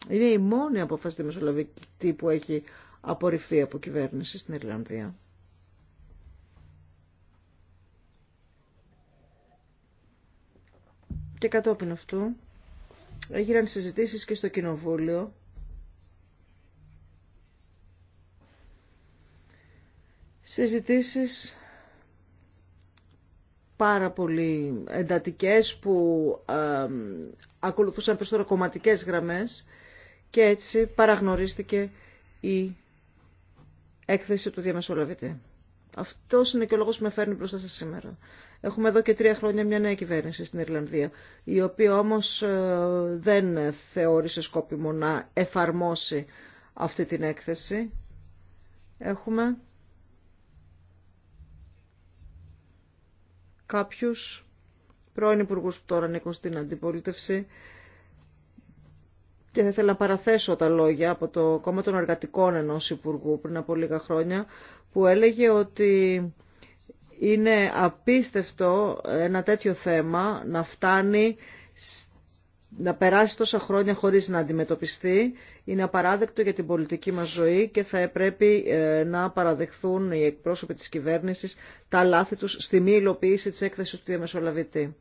Είναι η μόνη απόφαση διαμεσολαβητή που έχει απορριφθεί από κυβέρνηση στην Ιρλανδία. Και κατόπιν αυτού έγιναν συζητήσεις και στο Κοινοβούλιο συζητήσεις πάρα πολύ εντατικές που ε, ακολουθούσαν περισσότερο κομματικές γραμμές και έτσι παραγνωρίστηκε η έκθεση του διαμεσολαβητή. Αυτό είναι και ο λόγος που με φέρνει μπροστά σας σήμερα. Έχουμε εδώ και τρία χρόνια μια νέα κυβέρνηση στην Ιρλανδία, η οποία όμως ε, δεν θεώρησε σκόπιμο να εφαρμόσει αυτή την έκθεση. Έχουμε κάποιους πρώην υπουργού που τώρα ανήκουν στην αντιπολίτευση και θα ήθελα να παραθέσω τα λόγια από το κόμμα των εργατικών ενός υπουργού πριν από λίγα χρόνια που έλεγε ότι είναι απίστευτο ένα τέτοιο θέμα να φτάνει να περάσει τόσα χρόνια χωρίς να αντιμετωπιστεί είναι απαράδεκτο για την πολιτική μας ζωή και θα πρέπει ε, να παραδεχθούν οι εκπρόσωποι της κυβέρνησης τα λάθη τους στη μη υλοποίηση της έκθεσης του διαμεσολαβητή.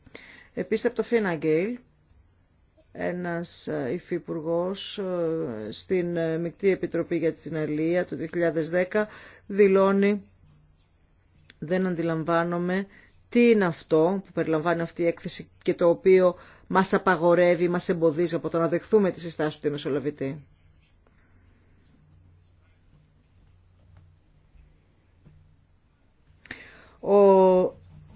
Επίσης από το Φίνα Γκέιλ, ένας ε, υφυπουργός ε, στην Μικτή Επιτροπή για την Αλία το 2010 δηλώνει «Δεν αντιλαμβάνομαι τι είναι αυτό που περιλαμβάνει αυτή η έκθεση και το οποίο μας απαγορεύει, μας εμποδίζει από το να δεχθούμε τη συστάση του διαμεσολαβητή. Ο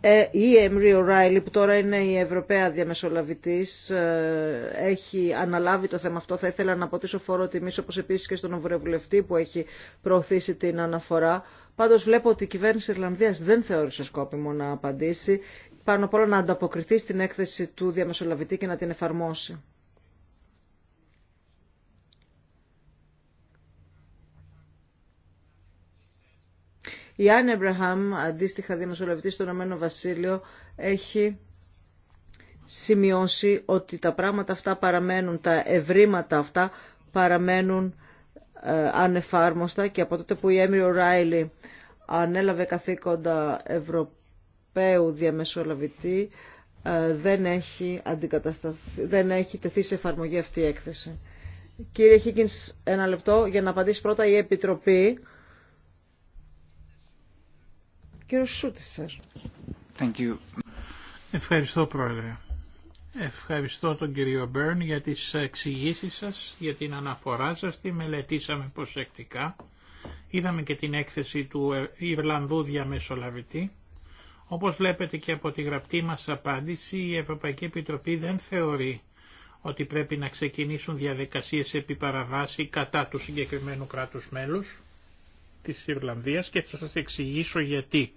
ε, η Εμρή O'Reilly που τώρα είναι η Ευρωπαία Διαμεσολαβητής ε, έχει αναλάβει το θέμα αυτό. Θα ήθελα να αποτίσω φορό τιμής όπως επίσης και στον Ευρωβουλευτή που έχει προωθήσει την αναφορά. Πάντως βλέπω ότι η κυβέρνηση Ιρλανδίας δεν θεώρησε σκόπιμο να απαντήσει πάνω απ' όλα να ανταποκριθεί στην έκθεση του διαμεσολαβητή και να την εφαρμόσει. Η Άννα Εμπραχάμ, αντίστοιχα διαμεσολαβητή στο Ηνωμένο Βασίλειο, έχει σημειώσει ότι τα πράγματα αυτά παραμένουν, τα ευρήματα αυτά παραμένουν ε, ανεφάρμοστα και από τότε που η Έμιρο Ράιλι ανέλαβε καθήκοντα Ευρωπαϊκή Ευρωπαίου διαμεσολαβητή ε, δεν έχει, αντικατασταθεί, δεν έχει τεθεί σε εφαρμογή αυτή η έκθεση. Κύριε Χίκινς, ένα λεπτό για να απαντήσει πρώτα η Επιτροπή. Κύριο Σούτισερ. Thank you. Ευχαριστώ Πρόεδρε. Ευχαριστώ τον κύριο Μπέρν για τις εξηγήσεις σας, για την αναφορά σας, τη μελετήσαμε προσεκτικά. Είδαμε και την έκθεση του Ιρλανδού διαμεσολαβητή όπως βλέπετε και από τη γραπτή μας απάντηση, η Ευρωπαϊκή Επιτροπή δεν θεωρεί ότι πρέπει να ξεκινήσουν διαδικασίες επί παραβάση κατά του συγκεκριμένου κράτους μέλους της Ιρλανδίας και θα σας εξηγήσω γιατί.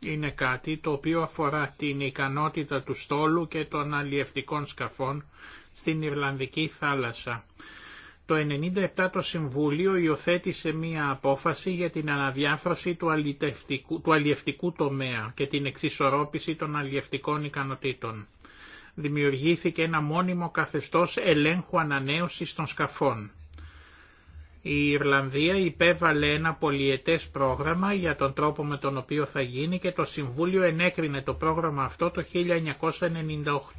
Είναι κάτι το οποίο αφορά την ικανότητα του στόλου και των αλλιευτικών σκαφών στην Ιρλανδική θάλασσα. Το 97 το Συμβούλιο υιοθέτησε μία απόφαση για την αναδιάφρωση του, του αλλιευτικού τομέα και την εξισορρόπηση των αλλιευτικών ικανοτήτων. Δημιουργήθηκε ένα μόνιμο καθεστώς ελέγχου ανανέωσης των σκαφών. Η Ιρλανδία υπέβαλε ένα πολιετές πρόγραμμα για τον τρόπο με τον οποίο θα γίνει και το Συμβούλιο ενέκρινε το πρόγραμμα αυτό το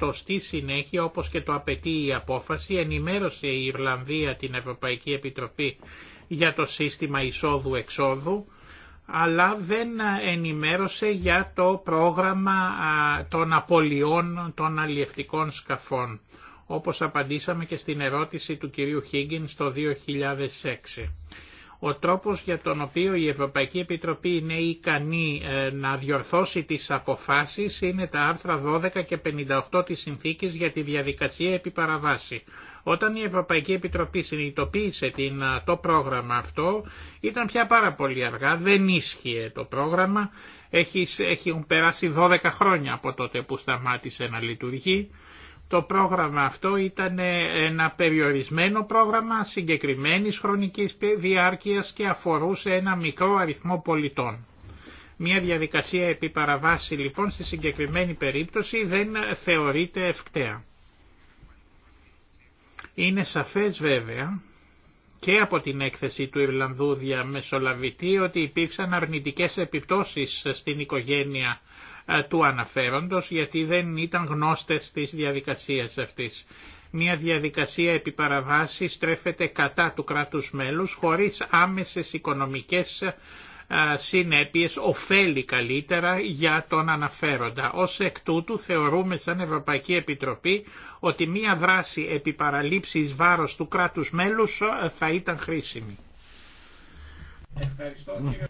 1998. Στη συνέχεια, όπως και το απαιτεί η απόφαση, ενημέρωσε η Ιρλανδία την Ευρωπαϊκή Επιτροπή για το σύστημα εισόδου-εξόδου, αλλά δεν ενημέρωσε για το πρόγραμμα των απολειών των αλλιευτικών σκαφών όπως απαντήσαμε και στην ερώτηση του κυρίου Χίγκιν στο 2006. Ο τρόπος για τον οποίο η Ευρωπαϊκή Επιτροπή είναι ικανή ε, να διορθώσει τις αποφάσεις είναι τα άρθρα 12 και 58 της Συνθήκης για τη διαδικασία επιπαραβάση. Όταν η Ευρωπαϊκή Επιτροπή συνειδητοποίησε την, ε, το πρόγραμμα αυτό, ήταν πια πάρα πολύ αργά, δεν ίσχυε το πρόγραμμα, έχει, έχουν περάσει 12 χρόνια από τότε που σταμάτησε να λειτουργεί το πρόγραμμα αυτό ήταν ε, ένα περιορισμένο πρόγραμμα συγκεκριμένης χρονικής διάρκειας και αφορούσε ένα μικρό αριθμό πολιτών. Μια διαδικασία επί παραβάση λοιπόν στη συγκεκριμένη περίπτωση δεν θεωρείται ευκταία. Είναι σαφές βέβαια και από την έκθεση του Ιρλανδού διαμεσολαβητή ότι υπήρξαν αρνητικές επιπτώσεις στην οικογένεια ε, του αναφέροντος γιατί δεν ήταν γνώστες της διαδικασίας αυτής. Μια διαδικασία επιπαραβάση στρέφεται κατά του κράτους μέλους χωρίς άμεσες οικονομικές ε, συνέπειες ωφέλει καλύτερα για τον αναφέροντα. Ως εκ τούτου θεωρούμε σαν Ευρωπαϊκή Επιτροπή ότι μία δράση παραλήψης βάρος του κράτους μέλους ε, θα ήταν χρήσιμη. Ευχαριστώ, κύριε.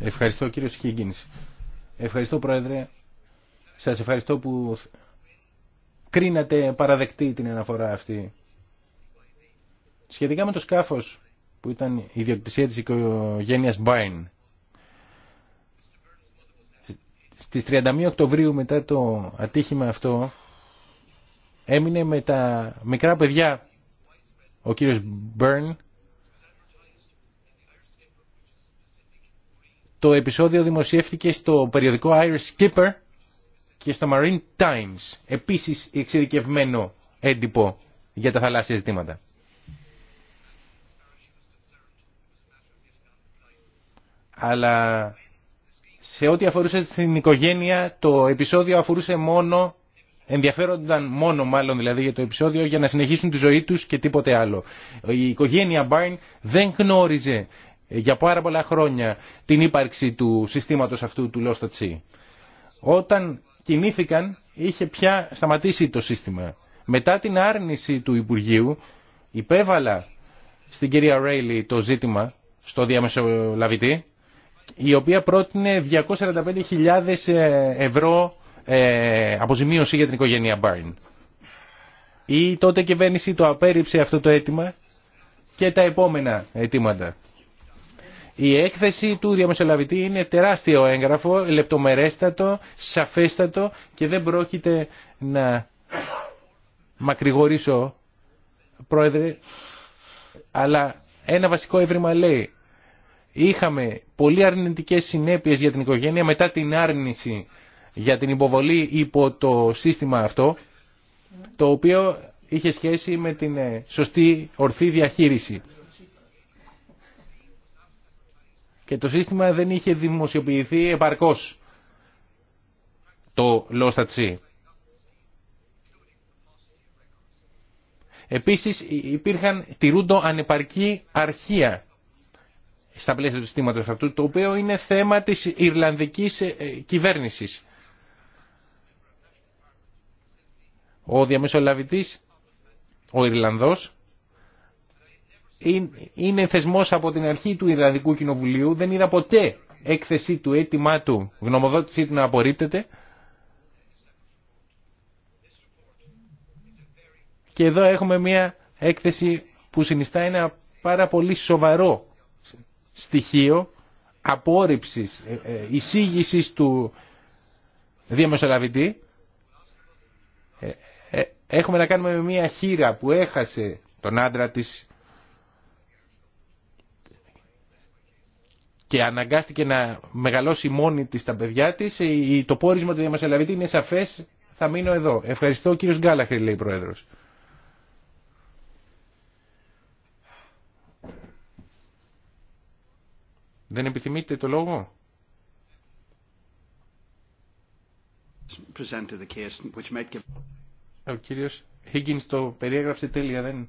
Ευχαριστώ κύριο Χίγκινς. Ευχαριστώ Πρόεδρε. Σας ευχαριστώ που κρίνατε παραδεκτή την αναφορά αυτή. Σχετικά με το σκάφος που ήταν η ιδιοκτησία της οικογένειας Μπάιν. Στις 31 Οκτωβρίου μετά το ατύχημα αυτό έμεινε με τα μικρά παιδιά ο κύριος Μπέρν Το επεισόδιο δημοσιεύτηκε στο περιοδικό Irish Skipper και στο Marine Times. Επίσης εξειδικευμένο έντυπο για τα θαλάσσια ζητήματα. Αλλά σε ό,τι αφορούσε την οικογένεια το επεισόδιο αφορούσε μόνο, ενδιαφέρονταν μόνο μάλλον δηλαδή για το επεισόδιο για να συνεχίσουν τη ζωή τους και τίποτε άλλο. Η οικογένεια Μπάρν δεν γνώριζε για πάρα πολλά χρόνια την ύπαρξη του συστήματος αυτού του Lost Όταν κινήθηκαν είχε πια σταματήσει το σύστημα. Μετά την άρνηση του Υπουργείου υπέβαλα στην κυρία Ρέιλι το ζήτημα στο διαμεσολαβητή η οποία πρότεινε 245.000 ε, ευρώ ε, αποζημίωση για την οικογένεια Μπάριν. Η τότε κυβέρνηση το απέρριψε αυτό το αίτημα και τα επόμενα αιτήματα. Η έκθεση του διαμεσολαβητή είναι τεράστιο έγγραφο, λεπτομερέστατο, σαφέστατο και δεν πρόκειται να μακρηγορήσω, πρόεδρε, αλλά ένα βασικό έβριμα λέει είχαμε πολύ αρνητικές συνέπειες για την οικογένεια μετά την άρνηση για την υποβολή υπό το σύστημα αυτό, το οποίο είχε σχέση με την ε, σωστή ορθή διαχείριση. και το σύστημα δεν είχε δημοσιοποιηθεί επαρκώς το Lost at Sea. Επίσης υπήρχαν ρούντο ανεπαρκή αρχεία στα πλαίσια του συστήματος αυτού, το οποίο είναι θέμα της Ιρλανδικής ε, κυβέρνησης. Ο διαμεσολαβητής, ο Ιρλανδός, είναι θεσμός από την αρχή του Ιρλανδικού Κοινοβουλίου, δεν είδα ποτέ έκθεσή του, αίτημά του, γνωμοδότησή του να απορρίπτεται. Και εδώ έχουμε μια έκθεση που συνιστά ένα πάρα πολύ σοβαρό στοιχείο απόρριψης, ε, ε, εισήγησης του διαμεσολαβητή. Ε, έχουμε να κάνουμε με μια χείρα που έχασε τον άντρα της και αναγκάστηκε να μεγαλώσει μόνη της τα παιδιά της, το πόρισμα του διαμεσολαβητή είναι σαφές, θα μείνω εδώ. Ευχαριστώ ο κύριος Γκάλαχρη, λέει η Πρόεδρος. Δεν επιθυμείτε το λόγο. Ο κύριος Higgins το περιέγραψε τέλεια, δεν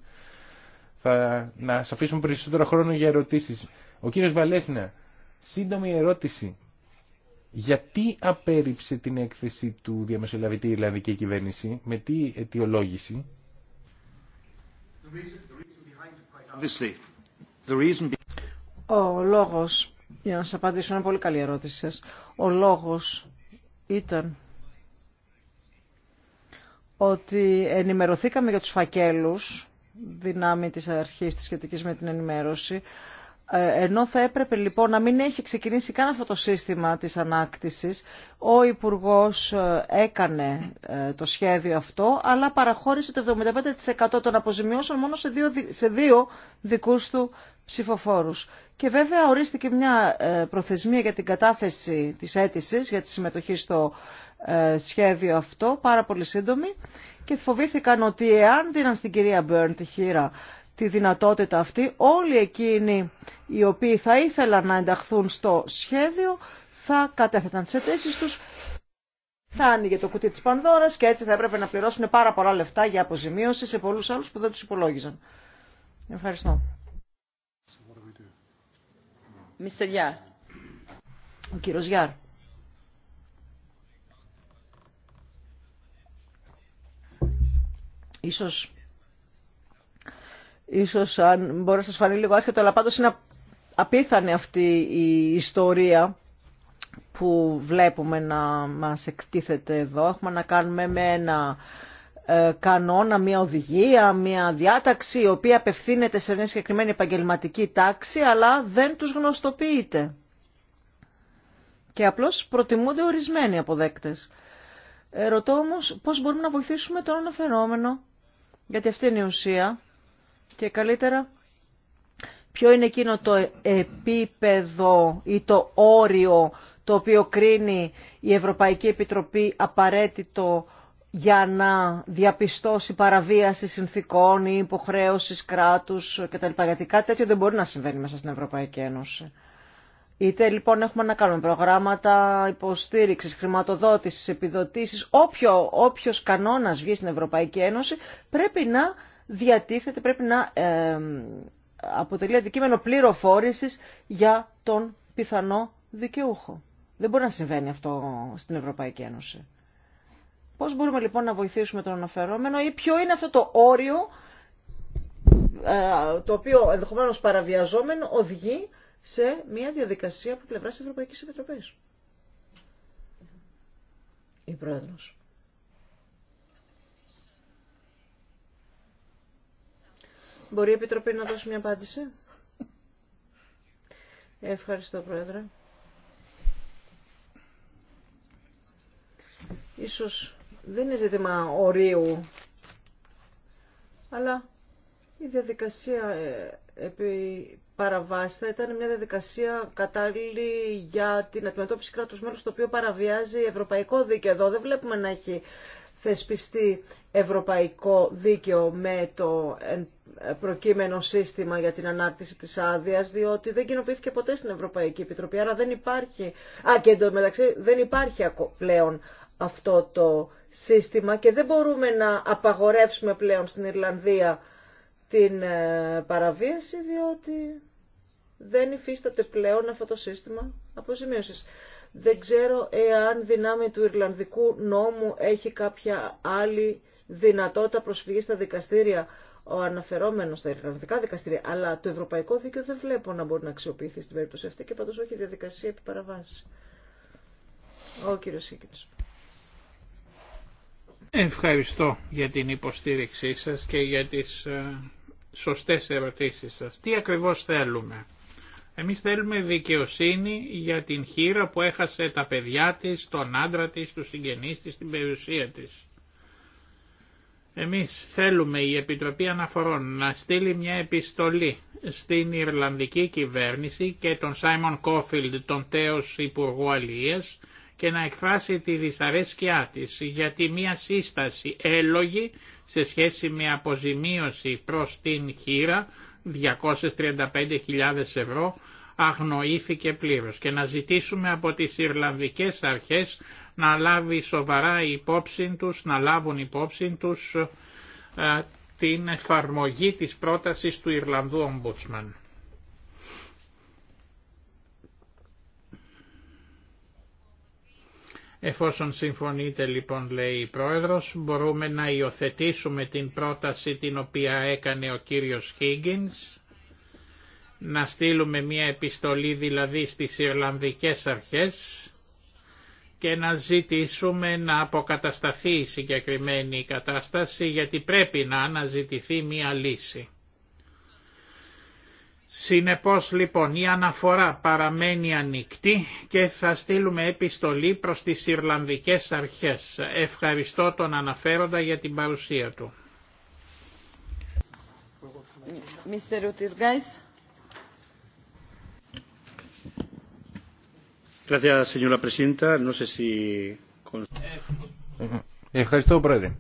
θα να σας αφήσουμε περισσότερο χρόνο για ερωτήσεις. Ο κύριος Βαλέσνα, Σύντομη ερώτηση. Γιατί απέρριψε την έκθεση του διαμεσολαβητή η Ιρλανδική κυβέρνηση, με τι αιτιολόγηση. Ο λόγος, για να σας απαντήσω, είναι πολύ καλή ερώτηση σας. Ο λόγος ήταν ότι ενημερωθήκαμε για τους φακέλους δυνάμει της αρχής της σχετικής με την ενημέρωση ε, ενώ θα έπρεπε λοιπόν να μην έχει ξεκινήσει καν αυτό το σύστημα της ανάκτησης, ο Υπουργός ε, έκανε ε, το σχέδιο αυτό, αλλά παραχώρησε το 75% των αποζημιώσεων μόνο σε δύο, σε δύο δικούς του ψηφοφόρους. Και βέβαια ορίστηκε μια προθεσμία για την κατάθεση της αίτηση για τη συμμετοχή στο σχέδιο αυτό, πάρα πολύ σύντομη, και φοβήθηκαν ότι εάν δίναν στην κυρία Μπέρν τη χείρα τη δυνατότητα αυτή. Όλοι εκείνοι οι οποίοι θα ήθελαν να ενταχθούν στο σχέδιο θα κατέθεταν τις αιτήσεις τους, θα άνοιγε το κουτί της Πανδώρας και έτσι θα έπρεπε να πληρώσουν πάρα πολλά λεφτά για αποζημίωση σε πολλούς άλλους που δεν τους υπολόγιζαν. Ευχαριστώ. Ο κύριος Γιάρ. Ίσως Ίσως αν μπορεί να σας φανεί λίγο άσχετο, αλλά πάντως είναι απίθανη αυτή η ιστορία που βλέπουμε να μας εκτίθεται εδώ. Έχουμε να κάνουμε με ένα ε, κανόνα, μια οδηγία, μια διάταξη η οποία απευθύνεται σε μια συγκεκριμένη επαγγελματική τάξη αλλά δεν τους γνωστοποιείται. Και απλώς προτιμούνται ορισμένοι αποδέκτες. Ε, ρωτώ όμως πώς μπορούμε να βοηθήσουμε τον αναφερόμενο, γιατί αυτή είναι η ουσία και καλύτερα ποιο είναι εκείνο το επίπεδο ή το όριο το οποίο κρίνει η Ευρωπαϊκή Επιτροπή απαραίτητο για να διαπιστώσει παραβίαση συνθήκων ή υποχρέωσης κράτους κτλ. Γιατί κάτι τέτοιο δεν μπορεί να συμβαίνει μέσα στην Ευρωπαϊκή Ένωση. Είτε λοιπόν έχουμε να κάνουμε προγράμματα υποστήριξη, χρηματοδότηση, επιδοτήσει, όποιο, όποιος κανόνας βγει στην Ευρωπαϊκή Ένωση πρέπει να διατίθεται πρέπει να ε, αποτελεί αντικείμενο πληροφόρησης για τον πιθανό δικαιούχο. Δεν μπορεί να συμβαίνει αυτό στην Ευρωπαϊκή Ένωση. Πώς μπορούμε λοιπόν να βοηθήσουμε τον αναφερόμενο ή ποιο είναι αυτό το όριο ε, το οποίο ενδεχομένως παραβιαζόμενο οδηγεί σε μια διαδικασία από πλευράς Ευρωπαϊκής Επιτροπής. Η Πρόεδρος. Μπορεί η Επιτροπή να δώσει μια απάντηση. Ευχαριστώ, Πρόεδρε. Ίσως δεν είναι ζήτημα ορίου, αλλά η διαδικασία ε, επί παραβάση θα ήταν μια διαδικασία κατάλληλη για την αντιμετώπιση κράτους μέλους το οποίο παραβιάζει ευρωπαϊκό δίκαιο. Εδώ δεν βλέπουμε να έχει θεσπιστεί ευρωπαϊκό δίκαιο με το εν προκείμενο σύστημα για την ανάπτυξη της άδεια, διότι δεν κοινοποιήθηκε ποτέ στην Ευρωπαϊκή Επιτροπή, άρα δεν υπάρχει, α, και εντωμεταξύ δεν υπάρχει πλέον αυτό το σύστημα και δεν μπορούμε να απαγορεύσουμε πλέον στην Ιρλανδία την ε, παραβίαση, διότι δεν υφίσταται πλέον αυτό το σύστημα αποζημίωσης. Δεν ξέρω εάν δυνάμει του Ιρλανδικού νόμου έχει κάποια άλλη δυνατότητα προσφυγής στα δικαστήρια ο αναφερόμένο στα Ιρλανδικά δικαστήρια, αλλά το ευρωπαϊκό δίκαιο δεν βλέπω να μπορεί να αξιοποιηθεί στην περίπτωση αυτή και πάντως όχι η διαδικασία επί Ο κύριος Σίκη. Ευχαριστώ για την υποστήριξή σας και για τις ε, σωστές ερωτήσεις σας. Τι ακριβώς θέλουμε. Εμείς θέλουμε δικαιοσύνη για την χείρα που έχασε τα παιδιά της, τον άντρα της, τους συγγενείς της, την περιουσία της. Εμείς θέλουμε η Επιτροπή Αναφορών να στείλει μια επιστολή στην Ιρλανδική κυβέρνηση και τον Σάιμον Κόφιλντ, τον τέος Υπουργό Αλίας, και να εκφράσει τη δυσαρέσκειά της γιατί μια σύσταση έλογη σε σχέση με αποζημίωση προς την χείρα 235.000 ευρώ αγνοήθηκε πλήρως και να ζητήσουμε από τις Ιρλανδικές αρχές να λάβει σοβαρά υπόψη τους, να λάβουν υπόψη τους ε, την εφαρμογή της πρότασης του Ιρλανδού Ομπούτσμαν. Εφόσον συμφωνείτε λοιπόν λέει η Πρόεδρος μπορούμε να υιοθετήσουμε την πρόταση την οποία έκανε ο κύριος Χίγκινς, να στείλουμε μια επιστολή δηλαδή στις Ιρλανδικές αρχές και να ζητήσουμε να αποκατασταθεί η συγκεκριμένη κατάσταση γιατί πρέπει να αναζητηθεί μία λύση. Συνεπώς λοιπόν η αναφορά παραμένει ανοιχτή και θα στείλουμε επιστολή προς τις Ιρλανδικές αρχές. Ευχαριστώ τον αναφέροντα για την παρουσία του. Mr. Ευχαριστώ, Πρόεδρε.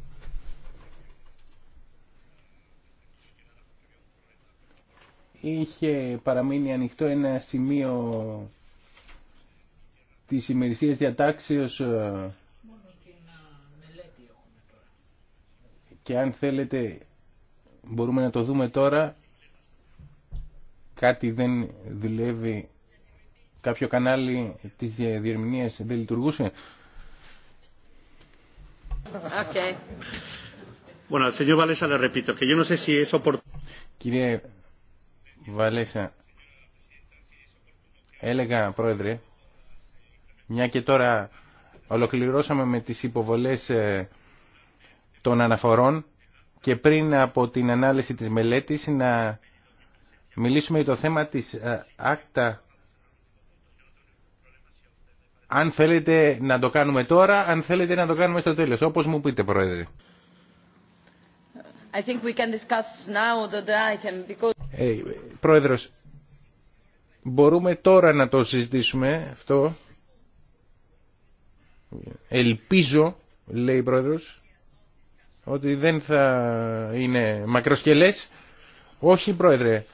Είχε παραμείνει ανοιχτό ένα σημείο της ημερησίας διατάξεως ε, και αν θέλετε μπορούμε να το δούμε τώρα κάτι δεν δουλεύει κάποιο κανάλι της διερμηνίας δεν λειτουργούσε. Κύριε Βαλέσα, έλεγα πρόεδρε, μια και τώρα ολοκληρώσαμε με τις υποβολές ε, των αναφορών και πριν από την ανάλυση της μελέτης να μιλήσουμε για το θέμα της ε, άκτα αν θέλετε να το κάνουμε τώρα, αν θέλετε να το κάνουμε στο τέλος, όπως μου πείτε Πρόεδρε. I think we can now the item because... hey, ε, πρόεδρος, μπορούμε τώρα να το συζητήσουμε αυτό. Ελπίζω, λέει η πρόεδρος, ότι δεν θα είναι μακροσκελές. Όχι πρόεδρε,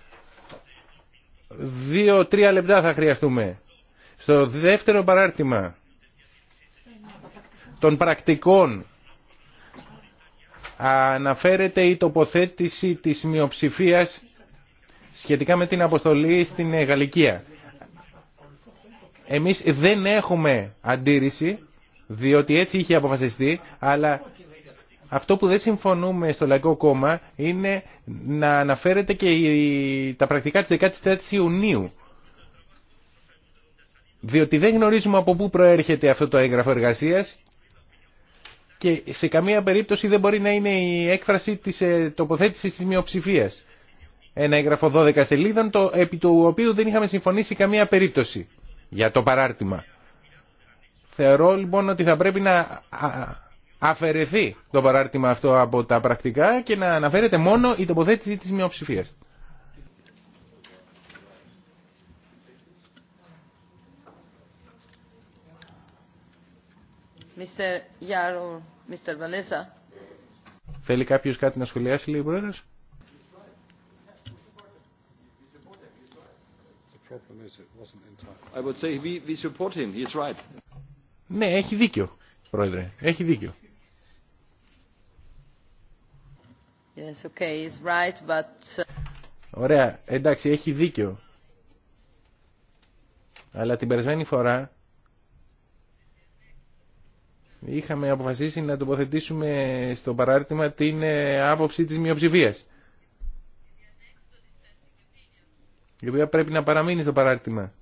δύο-τρία λεπτά θα χρειαστούμε στο δεύτερο παράρτημα των πρακτικών αναφέρεται η τοποθέτηση της μειοψηφίας σχετικά με την αποστολή στην Γαλλικία. Εμείς δεν έχουμε αντίρρηση, διότι έτσι είχε αποφασιστεί, αλλά αυτό που δεν συμφωνούμε στο Λαϊκό Κόμμα είναι να αναφέρεται και τα πρακτικά της 14 Ιουνίου διότι δεν γνωρίζουμε από πού προέρχεται αυτό το έγγραφο εργασίας και σε καμία περίπτωση δεν μπορεί να είναι η έκφραση της ε, τοποθέτησης της μειοψηφία. Ένα έγγραφο 12 σελίδων, το, επί του οποίου δεν είχαμε συμφωνήσει καμία περίπτωση για το παράρτημα. Θεωρώ λοιπόν ότι θα πρέπει να αφαιρεθεί το παράρτημα αυτό από τα πρακτικά και να αναφέρεται μόνο η τοποθέτηση της μειοψηφίας. Θέλει κάποιος κάτι να σχολιάσει, λέει ο πρόεδρος. Ναι, έχει δίκιο, πρόεδρε. Έχει δίκιο. Yes, okay, he's right, uh, Ωραία, εντάξει, έχει δίκιο. Αλλά την περασμένη φορά είχαμε αποφασίσει να τοποθετήσουμε στο παράρτημα την ε, άποψη της μειοψηφίας. Η οποία πρέπει να παραμείνει στο παράρτημα.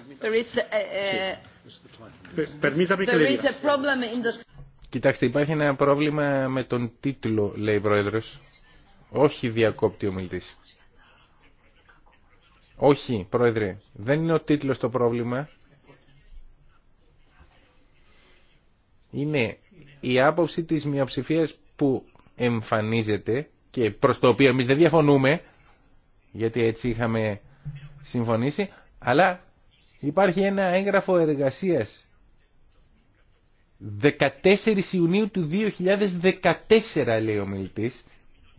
Eh, eh, eh, Κοιτάξτε, υπάρχει ένα πρόβλημα με τον τίτλο, λέει η Πρόεδρος. Όχι διακόπτει ο μιλητής. Όχι, Πρόεδρε, δεν είναι ο τίτλος το πρόβλημα. Είναι η άποψη της μειοψηφία που εμφανίζεται και προς το οποίο εμείς δεν διαφωνούμε, γιατί έτσι είχαμε συμφωνήσει, αλλά υπάρχει ένα έγγραφο εργασίας 14 Ιουνίου του 2014 λέει ο μιλητής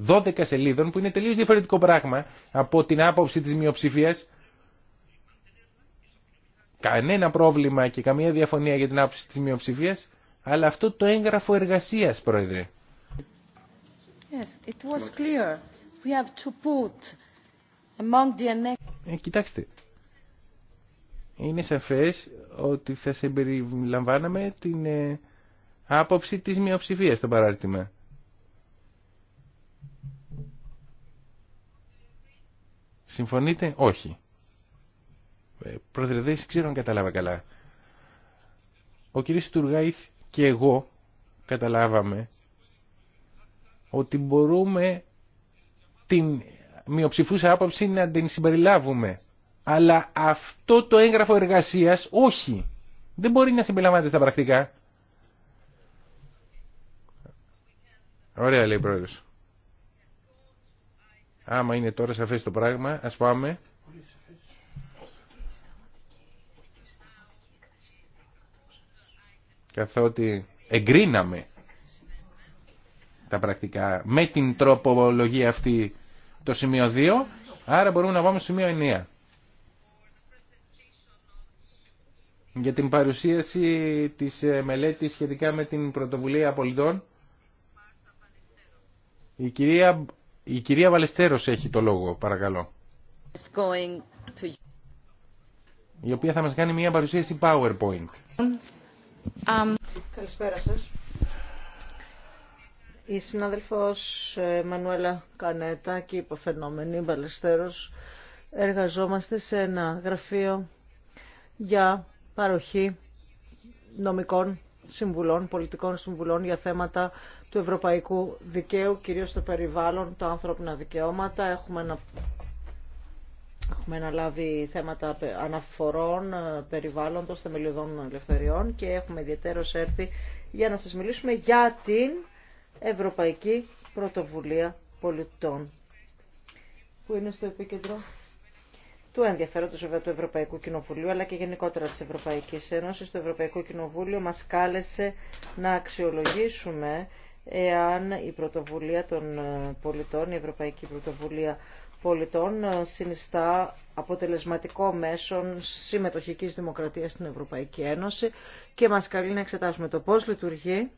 12 σελίδων που είναι τελείως διαφορετικό πράγμα από την άποψη της μειοψηφία. Κανένα πρόβλημα και καμία διαφωνία για την άποψη της μειοψηφία, αλλά αυτό το έγγραφο εργασίας, Πρόεδρε. Yes, it was clear. We have to put among the... ε, κοιτάξτε, είναι σαφές ότι θα συμπεριλαμβάναμε την ε, άποψη της μειοψηφίας στο παράρτημα. Συμφωνείτε? Όχι. Ε, πρόεδρε, δεν ξέρω αν καταλάβα καλά. Ο κύριος τουργάιθ και εγώ καταλάβαμε ότι μπορούμε την μειοψηφούσα άποψη να την συμπεριλάβουμε. Αλλά αυτό το έγγραφο εργασίας όχι. Δεν μπορεί να συμπεριλαμβάνεται στα πρακτικά. Ωραία λέει πρόεδρος. Άμα είναι τώρα σαφές το πράγμα, ας πάμε. Καθότι εγκρίναμε τα πρακτικά με την τροπολογία αυτή το σημείο 2, άρα μπορούμε να πάμε στο σημείο 9. για την παρουσίαση της ε, μελέτης σχετικά με την πρωτοβουλία πολιτών. Η κυρία η κυρία Βαλεστέρος έχει το λόγο, παρακαλώ. to... Η οποία θα μας κάνει μια παρουσίαση PowerPoint. Um... Καλησπέρα σας. Η συνάδελφος ε, Μανουέλα Κανέτα και η υποφαινόμενη Βαλεστέρος εργαζόμαστε σε ένα γραφείο για παροχή νομικών συμβουλών, πολιτικών συμβουλών για θέματα του ευρωπαϊκού δικαίου, κυρίως το περιβάλλον, τα ανθρώπινα δικαιώματα. Έχουμε, Έχουμε αναλάβει θέματα αναφορών, ε, περιβάλλοντος, θεμελιωδών ελευθεριών και έχουμε ιδιαίτερως έρθει για να σας μιλήσουμε για την Ευρωπαϊκή Πρωτοβουλία Πολιτών. Πού είναι στο επίκεντρο του ενδιαφέροντος βέβαια του Ευρωπαϊκού Κοινοβουλίου αλλά και γενικότερα της Ευρωπαϊκής Ένωσης. Το Ευρωπαϊκό Κοινοβούλιο μας κάλεσε να αξιολογήσουμε εάν η πρωτοβουλία των ε, πολιτών, η Ευρωπαϊκή Πρωτοβουλία Πολιτών ε, συνιστά αποτελεσματικό μέσον συμμετοχικής δημοκρατίας στην Ευρωπαϊκή Ένωση και μας καλεί να εξετάσουμε το πώς λειτουργεί,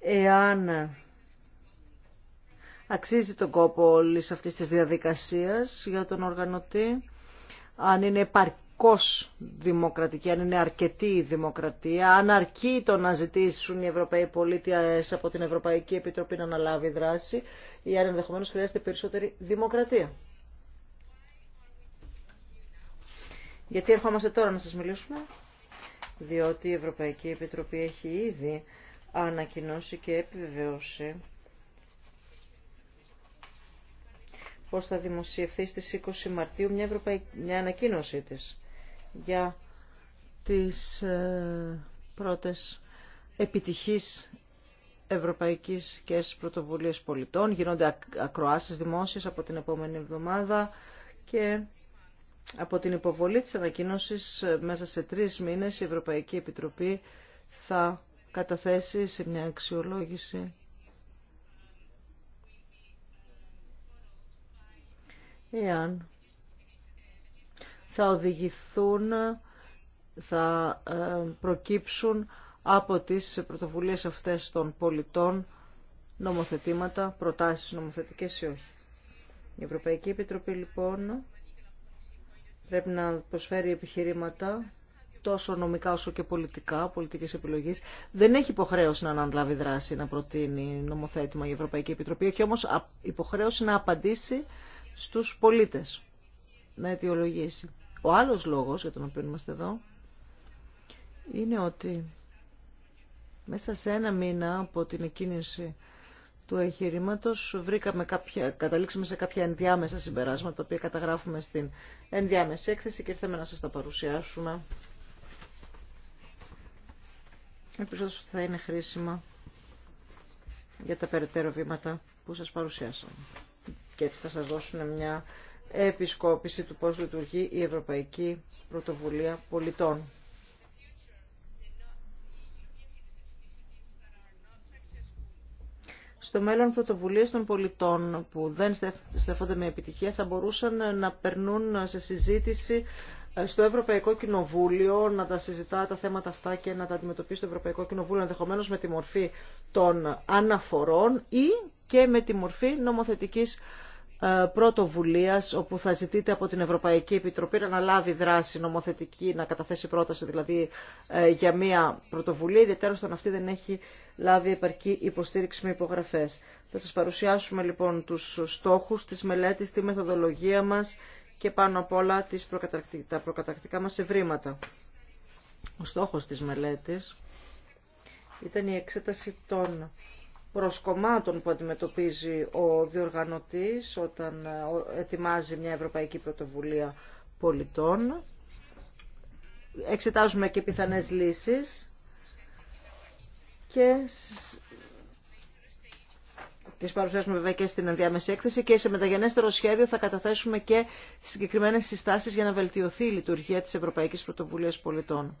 εάν Αξίζει τον κόπο όλης αυτής της διαδικασίας για τον οργανωτή. Αν είναι επαρκώς δημοκρατική, αν είναι αρκετή η δημοκρατία, αν αρκεί το να ζητήσουν οι Ευρωπαίοι πολίτες από την Ευρωπαϊκή Επιτροπή να αναλάβει δράση ή αν ενδεχομένω χρειάζεται περισσότερη δημοκρατία. Γιατί ερχόμαστε τώρα να σας μιλήσουμε. Διότι η Ευρωπαϊκή Επιτροπή έχει ήδη ανακοινώσει και επιβεβαιώσει πως θα δημοσιευθεί στις 20 Μαρτίου μια, Ευρωπαϊ... μια ανακοίνωσή της για τις ε, πρώτες επιτυχής ευρωπαϊκής και πρωτοβουλίες πολιτών. Γίνονται ακροάσεις δημόσιες από την επόμενη εβδομάδα και από την υποβολή της ανακοίνωση ε, μέσα σε τρεις μήνες η Ευρωπαϊκή Επιτροπή θα καταθέσει σε μια αξιολόγηση εάν θα οδηγηθούν, θα ε, προκύψουν από τις πρωτοβουλίες αυτές των πολιτών νομοθετήματα, προτάσεις νομοθετικές ή όχι. Η Ευρωπαϊκή Επιτροπή λοιπόν πρέπει να προσφέρει επιχειρήματα τόσο νομικά όσο και πολιτικά, πολιτικές επιλογές. Δεν έχει υποχρέωση να αναλάβει δράση, να προτείνει νομοθέτημα η Ευρωπαϊκή Επιτροπή, έχει όμως υποχρέωση να απαντήσει στους πολίτες να αιτιολογήσει. Ο άλλος λόγος για τον οποίο είμαστε εδώ είναι ότι μέσα σε ένα μήνα από την εκκίνηση του εγχειρήματο βρήκαμε κάποια, καταλήξαμε σε κάποια ενδιάμεσα συμπεράσματα τα οποία καταγράφουμε στην ενδιάμεση έκθεση και ήρθαμε να σας τα παρουσιάσουμε. Ελπίζω ότι θα είναι χρήσιμα για τα περαιτέρω βήματα που σας παρουσιάσαμε και έτσι θα σας δώσουν μια επισκόπηση του πώς λειτουργεί η Ευρωπαϊκή Πρωτοβουλία Πολιτών. στο μέλλον πρωτοβουλίε των πολιτών που δεν στεφόνται με επιτυχία θα μπορούσαν να περνούν σε συζήτηση ε, στο Ευρωπαϊκό Κοινοβούλιο, να τα συζητά τα θέματα αυτά και να τα αντιμετωπίσει το Ευρωπαϊκό Κοινοβούλιο ενδεχομένω με τη μορφή των αναφορών ή και με τη μορφή νομοθετικής ε, πρωτοβουλίας όπου θα ζητείτε από την Ευρωπαϊκή Επιτροπή να λάβει δράση νομοθετική, να καταθέσει πρόταση δηλαδή ε, για μια πρωτοβουλία, ιδιαίτερα όταν αυτή δεν έχει λάβει επαρκή υποστήριξη με υπογραφέ. Θα σας παρουσιάσουμε λοιπόν του στόχους της μελέτης, τη μεθοδολογία μας και πάνω απ' όλα τα προκαταρκτικά μας ευρήματα. Ο στόχος της μελέτης ήταν η εξέταση των προσκομμάτων που αντιμετωπίζει ο διοργανωτής όταν ε, ετοιμάζει μια Ευρωπαϊκή Πρωτοβουλία Πολιτών. Εξετάζουμε και πιθανές λύσεις και τις παρουσιάζουμε βέβαια και στην ενδιάμεση έκθεση και σε μεταγενέστερο σχέδιο θα καταθέσουμε και συγκεκριμένες συστάσεις για να βελτιωθεί η λειτουργία της Ευρωπαϊκής Πρωτοβουλίας Πολιτών.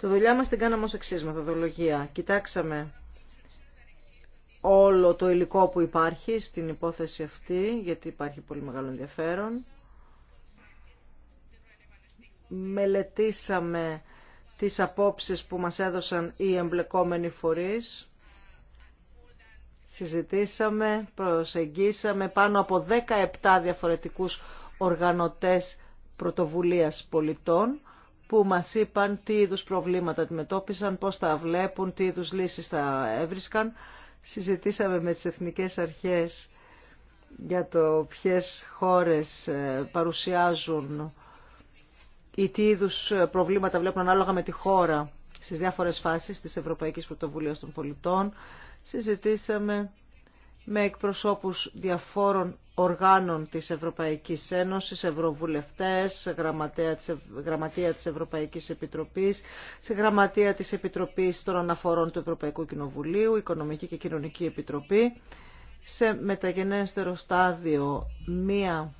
Το δουλειά μας την κάναμε ως εξής μεθοδολογία. Κοιτάξαμε όλο το υλικό που υπάρχει στην υπόθεση αυτή, γιατί υπάρχει πολύ μεγάλο ενδιαφέρον. Μελετήσαμε τις απόψεις που μας έδωσαν οι εμπλεκόμενοι φορείς. Συζητήσαμε, προσεγγίσαμε πάνω από 17 διαφορετικούς οργανωτές πρωτοβουλίας πολιτών που μας είπαν τι είδους προβλήματα αντιμετώπισαν, πώς τα βλέπουν, τι είδους λύσεις τα έβρισκαν. Συζητήσαμε με τις εθνικές αρχές για το ποιες χώρες ε, παρουσιάζουν ή τι είδους ε, προβλήματα βλέπουν ανάλογα με τη χώρα στις διάφορες φάσεις της Ευρωπαϊκής Πρωτοβουλίας των Πολιτών. Συζητήσαμε με εκπροσώπους διαφόρων οργάνων της Ευρωπαϊκής Ένωσης, ευρωβουλευτές, γραμματεία της, γραμματεία της Ευρωπαϊκής Επιτροπής, σε γραμματεία της Επιτροπής των Αναφορών του Ευρωπαϊκού Κοινοβουλίου, Οικονομική και Κοινωνική Επιτροπή. Σε μεταγενέστερο στάδιο μία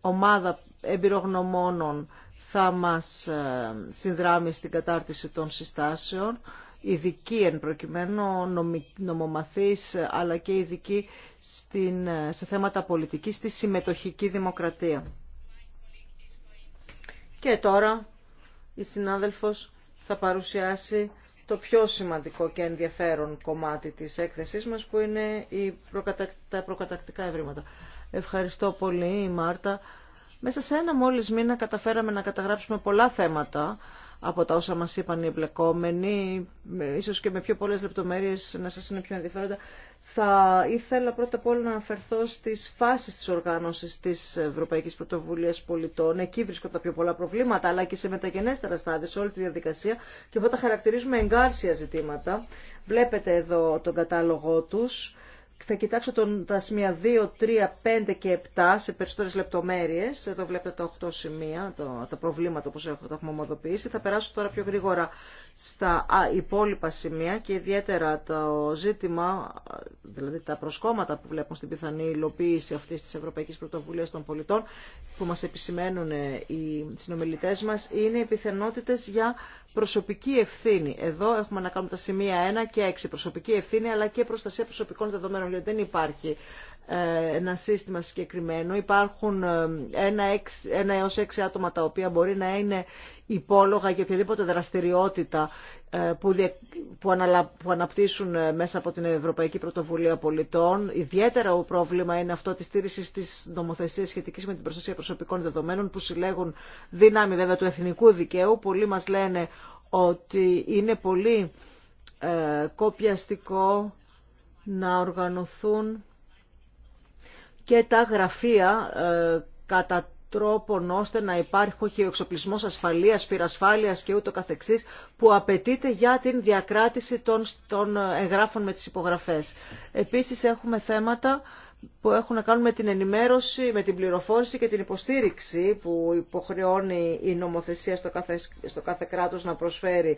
ομάδα εμπειρογνωμόνων θα μας ε, συνδράμει στην κατάρτιση των συστάσεων ειδικοί εν προκειμένου, νομομαθείς, αλλά και ειδικοί στην, σε θέματα πολιτικής, στη συμμετοχική δημοκρατία. Και τώρα η συνάδελφος θα παρουσιάσει το πιο σημαντικό και ενδιαφέρον κομμάτι της έκθεσής μας που είναι η τα προκατακτικά ευρήματα. Ευχαριστώ πολύ η Μάρτα. Μέσα σε ένα μόλις μήνα καταφέραμε να καταγράψουμε πολλά θέματα από τα όσα μας είπαν οι εμπλεκόμενοι, ίσως και με πιο πολλές λεπτομέρειες να σας είναι πιο ενδιαφέροντα. Θα ήθελα πρώτα απ' όλα να αναφερθώ στις φάσεις της οργάνωσης της Ευρωπαϊκής Πρωτοβουλίας Πολιτών. Εκεί βρίσκονται τα πιο πολλά προβλήματα, αλλά και σε μεταγενέστερα στάδια, σε όλη τη διαδικασία και από τα χαρακτηρίζουμε εγκάρσια ζητήματα. Βλέπετε εδώ τον κατάλογό τους. Θα κοιτάξω τον, τα σημεία 2, 3, 5 και 7 σε περισσότερες λεπτομέρειες. Εδώ βλέπετε τα 8 σημεία, τα προβλήματα όπως έχω, τα έχουμε ομοδοποιήσει. Θα περάσω τώρα πιο γρήγορα στα υπόλοιπα σημεία και ιδιαίτερα το ζήτημα, δηλαδή τα προσκόμματα που βλέπουν στην πιθανή υλοποίηση αυτής της Ευρωπαϊκής Πρωτοβουλίας των Πολιτών που μας επισημαίνουν ε, οι συνομιλητές μας είναι οι πιθανότητε για προσωπική ευθύνη. Εδώ έχουμε να κάνουμε τα σημεία 1 και 6, προσωπική ευθύνη αλλά και προστασία προσωπικών δεδομένων, γιατί δεν υπάρχει ε, ένα σύστημα συγκεκριμένο. Υπάρχουν ε, ένα, εξ, ένα έως έξι άτομα τα οποία μπορεί να είναι υπόλογα για οποιαδήποτε δραστηριότητα ε, που, που, αναλα, αναπτύσσουν μέσα από την Ευρωπαϊκή Πρωτοβουλία Πολιτών. Ιδιαίτερα ο πρόβλημα είναι αυτό της στήρησης της νομοθεσίας σχετικής με την προστασία προσωπικών δεδομένων που συλλέγουν δύναμη βέβαια του εθνικού δικαίου. Πολλοί μας λένε ότι είναι πολύ κοπιαστικό να οργανωθούν και τα γραφεία ε, κατά τρόπον ώστε να υπάρχει ο εξοπλισμός ασφαλείας, πυρασφάλειας και ούτω καθεξής που απαιτείται για την διακράτηση των, εγγράφων με τις υπογραφές. Επίσης έχουμε θέματα που έχουν να κάνουν με την ενημέρωση, με την πληροφόρηση και την υποστήριξη που υποχρεώνει η νομοθεσία στο κάθε, στο κάθε κράτος να προσφέρει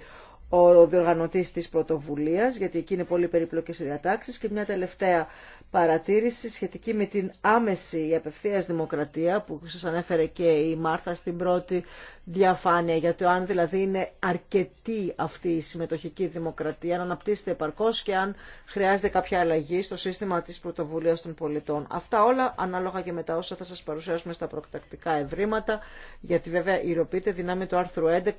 ο διοργανωτής της πρωτοβουλίας, γιατί εκεί είναι πολύ περίπλοκες οι διατάξεις. Και μια τελευταία παρατήρηση σχετική με την άμεση η απευθείας δημοκρατία που σας ανέφερε και η Μάρθα στην πρώτη διαφάνεια, γιατί αν δηλαδή είναι αρκετή αυτή η συμμετοχική δημοκρατία, να αναπτύσσεται επαρκώς και αν χρειάζεται κάποια αλλαγή στο σύστημα της πρωτοβουλίας των πολιτών. Αυτά όλα ανάλογα και με τα όσα θα σας παρουσιάσουμε στα προκτακτικά ευρήματα, γιατί βέβαια ηρωπείται δυνάμει του άρθρου 11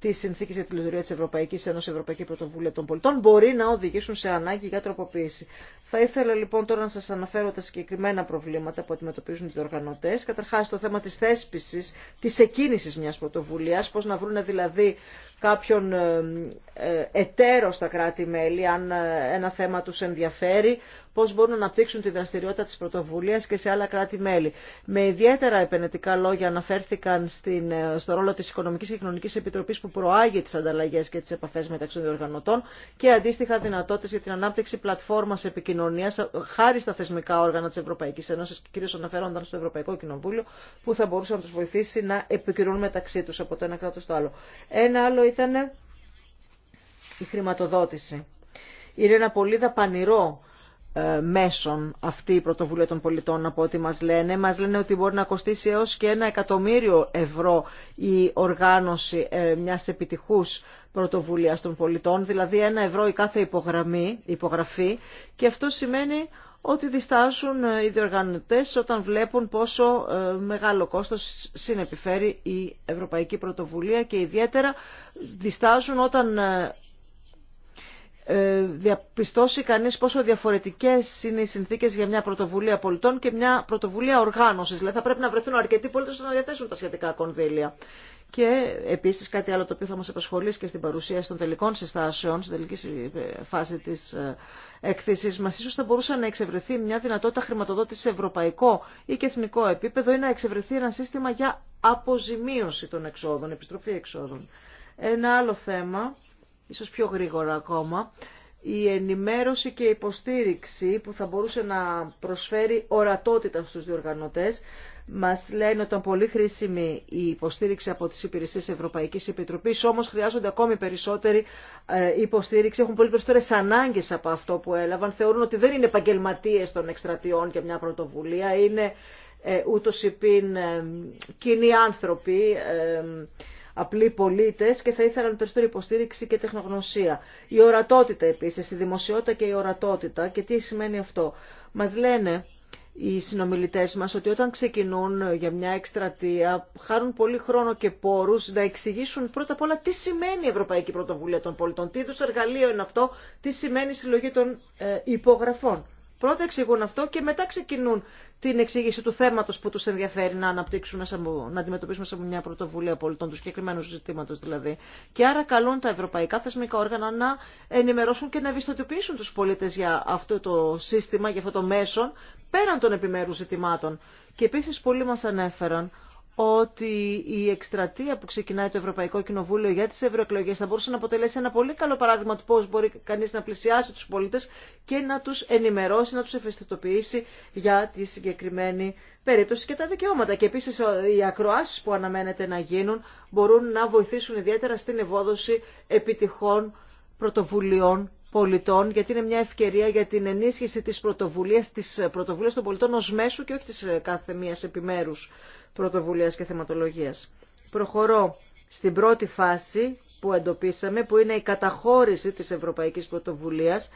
τη συνθήκη για τη λειτουργία τη Ευρωπαϊκή Ένωση, Ευρωπαϊκή Πρωτοβουλία των Πολιτών, μπορεί να οδηγήσουν σε ανάγκη για τροποποίηση. Θα ήθελα λοιπόν τώρα να σα αναφέρω τα συγκεκριμένα προβλήματα που αντιμετωπίζουν οι διοργανωτέ. Καταρχά, το θέμα τη θέσπιση, τη εκκίνηση μια πρωτοβουλία, πώ να βρουν δηλαδή κάποιον ε, ε, εταίρο στα κράτη-μέλη, αν ε, ένα θέμα του ενδιαφέρει, πώ μπορούν να αναπτύξουν τη δραστηριότητα τη πρωτοβουλία και σε άλλα κράτη-μέλη. Με ιδιαίτερα επενετικά λόγια αναφέρθηκαν στην, ε, στο ρόλο τη Οικονομική και Κοινωνική Επιτροπή που προάγει τι ανταλλαγέ και τι επαφέ μεταξύ των διοργανωτών και αντίστοιχα δυνατότητε για την ανάπτυξη πλατφόρμα επικοινωνία ε, χάρη στα θεσμικά όργανα τη Ευρωπαϊκή Ένωση και κυρίω αναφέρονταν στο Ευρωπαϊκό Κοινοβούλιο που θα μπορούσε να του βοηθήσει να επικοινωνούν μεταξύ του από το ένα κράτο στο άλλο. Ένα άλλο ήταν η χρηματοδότηση. Είναι ένα πολύ δαπανηρό ε, μέσων αυτή η πρωτοβουλία των πολιτών από ό,τι μας λένε. Μας λένε ότι μπορεί να κοστίσει έως και ένα εκατομμύριο ευρώ η οργάνωση ε, μιας επιτυχούς πρωτοβουλίας των πολιτών, δηλαδή ένα ευρώ η κάθε υπογραφή και αυτό σημαίνει ότι διστάζουν ε, οι διοργανωτές όταν βλέπουν πόσο μεγάλο κόστος συνεπιφέρει η Ευρωπαϊκή Πρωτοβουλία και ιδιαίτερα διστάζουν όταν ε, διαπιστώσει κανείς πόσο διαφορετικές είναι οι συνθήκες για μια πρωτοβουλία πολιτών και μια πρωτοβουλία οργάνωσης. Δηλαδή θα πρέπει να βρεθούν αρκετοί πολίτες να διαθέσουν τα σχετικά κονδύλια. Και επίσης κάτι άλλο το οποίο θα μας απασχολήσει και στην παρουσίαση των τελικών συστάσεων, στην τελική φάση της ε, έκθεσης μας, ίσως θα μπορούσε να εξευρεθεί μια δυνατότητα χρηματοδότηση σε ευρωπαϊκό ή και εθνικό επίπεδο ή να εξευρεθεί ένα σύστημα για αποζημίωση των εξόδων, επιστροφή εξόδων. Ένα άλλο θέμα ίσως πιο γρήγορα ακόμα, η ενημέρωση και η υποστήριξη που θα μπορούσε να προσφέρει ορατότητα στους διοργανωτές. Μας λένε ότι ήταν πολύ χρήσιμη η υποστήριξη από τις υπηρεσίες Ευρωπαϊκής Επιτροπής, όμως χρειάζονται ακόμη περισσότερη ε, υποστήριξη, έχουν πολύ περισσότερες ανάγκες από αυτό που έλαβαν. Θεωρούν ότι δεν είναι επαγγελματίε των εκστρατιών και μια πρωτοβουλία, είναι ε, ούτως υπήν ε, κοινοί άνθρωποι, απλοί πολίτες και θα ήθελαν περισσότερη υποστήριξη και τεχνογνωσία. Η ορατότητα επίσης, η δημοσιότητα και η ορατότητα και τι σημαίνει αυτό. Μας λένε οι συνομιλητέ μας ότι όταν ξεκινούν για μια εκστρατεία χάνουν πολύ χρόνο και πόρους να εξηγήσουν πρώτα απ' όλα τι σημαίνει η Ευρωπαϊκή Πρωτοβουλία των Πολιτών, τι είδου εργαλείο είναι αυτό, τι σημαίνει η συλλογή των ε, υπογραφών. Πρώτα εξηγούν αυτό και μετά ξεκινούν την εξήγηση του θέματος που τους ενδιαφέρει να αναπτύξουν, να αντιμετωπίσουν σε μια πρωτοβουλία πολιτών του συγκεκριμένου ζητήματος δηλαδή. Και άρα καλούν τα ευρωπαϊκά θεσμικά όργανα να ενημερώσουν και να ευαισθητοποιήσουν τους πολίτες για αυτό το σύστημα, για αυτό το μέσο, πέραν των επιμέρους ζητημάτων. Και επίσης πολλοί μας ανέφεραν ότι η εκστρατεία που ξεκινάει το Ευρωπαϊκό Κοινοβούλιο για τις ευρωεκλογές θα μπορούσε να αποτελέσει ένα πολύ καλό παράδειγμα του πώς μπορεί κανείς να πλησιάσει τους πολίτες και να τους ενημερώσει, να τους ευαισθητοποιήσει για τη συγκεκριμένη περίπτωση και τα δικαιώματα. Και επίσης οι ακροάσεις που αναμένεται να γίνουν μπορούν να βοηθήσουν ιδιαίτερα στην ευόδοση επιτυχών πρωτοβουλειών πολιτών, γιατί είναι μια ευκαιρία για την ενίσχυση της πρωτοβουλίας, της πρωτοβουλίας των πολιτών ως μέσου και όχι της ε, κάθε μίας επιμέρους πρωτοβουλίας και θεματολογίας. Προχωρώ στην πρώτη φάση που εντοπίσαμε, που είναι η καταχώρηση της Ευρωπαϊκής Πρωτοβουλίας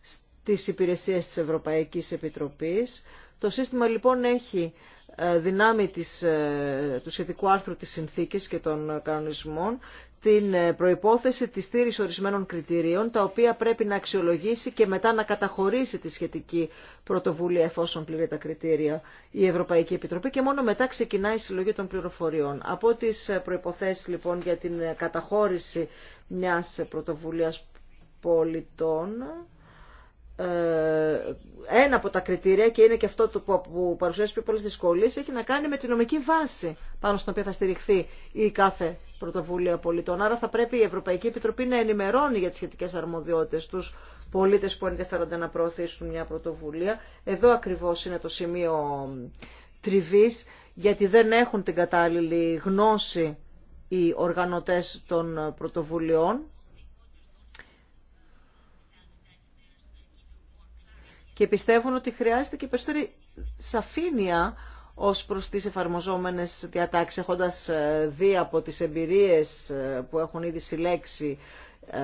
στις υπηρεσίες της Ευρωπαϊκής Επιτροπής. Το σύστημα λοιπόν έχει ε, δυνάμει της, ε, του σχετικού άρθρου της συνθήκης και των κανονισμών την ε, προϋπόθεση της στήρης ορισμένων κριτηρίων, τα οποία πρέπει να αξιολογήσει και μετά να καταχωρήσει τη σχετική πρωτοβουλία εφόσον πληρεί τα κριτήρια η Ευρωπαϊκή Επιτροπή και μόνο μετά ξεκινάει η συλλογή των πληροφοριών. Από τις προϋποθέσεις λοιπόν για την καταχώρηση μιας πρωτοβουλίας πολιτών, ε, ένα από τα κριτήρια και είναι και αυτό το που παρουσιάζει πιο πολλές δυσκολίες έχει να κάνει με τη νομική βάση πάνω στην οποία θα στηριχθεί η κάθε πρωτοβουλία πολιτών. Άρα θα πρέπει η Ευρωπαϊκή Επιτροπή να ενημερώνει για τις σχετικές αρμοδιότητες τους πολίτες που ενδιαφέρονται να προωθήσουν μια πρωτοβουλία. Εδώ ακριβώ είναι το σημείο τριβή, γιατί δεν έχουν την κατάλληλη γνώση οι οργανωτές των πρωτοβουλειών και πιστεύουν ότι χρειάζεται και περισσότερη σαφήνεια ως προς τις εφαρμοζόμενες διατάξεις, έχοντας ε, δει από τις εμπειρίες ε, που έχουν ήδη συλλέξει ε,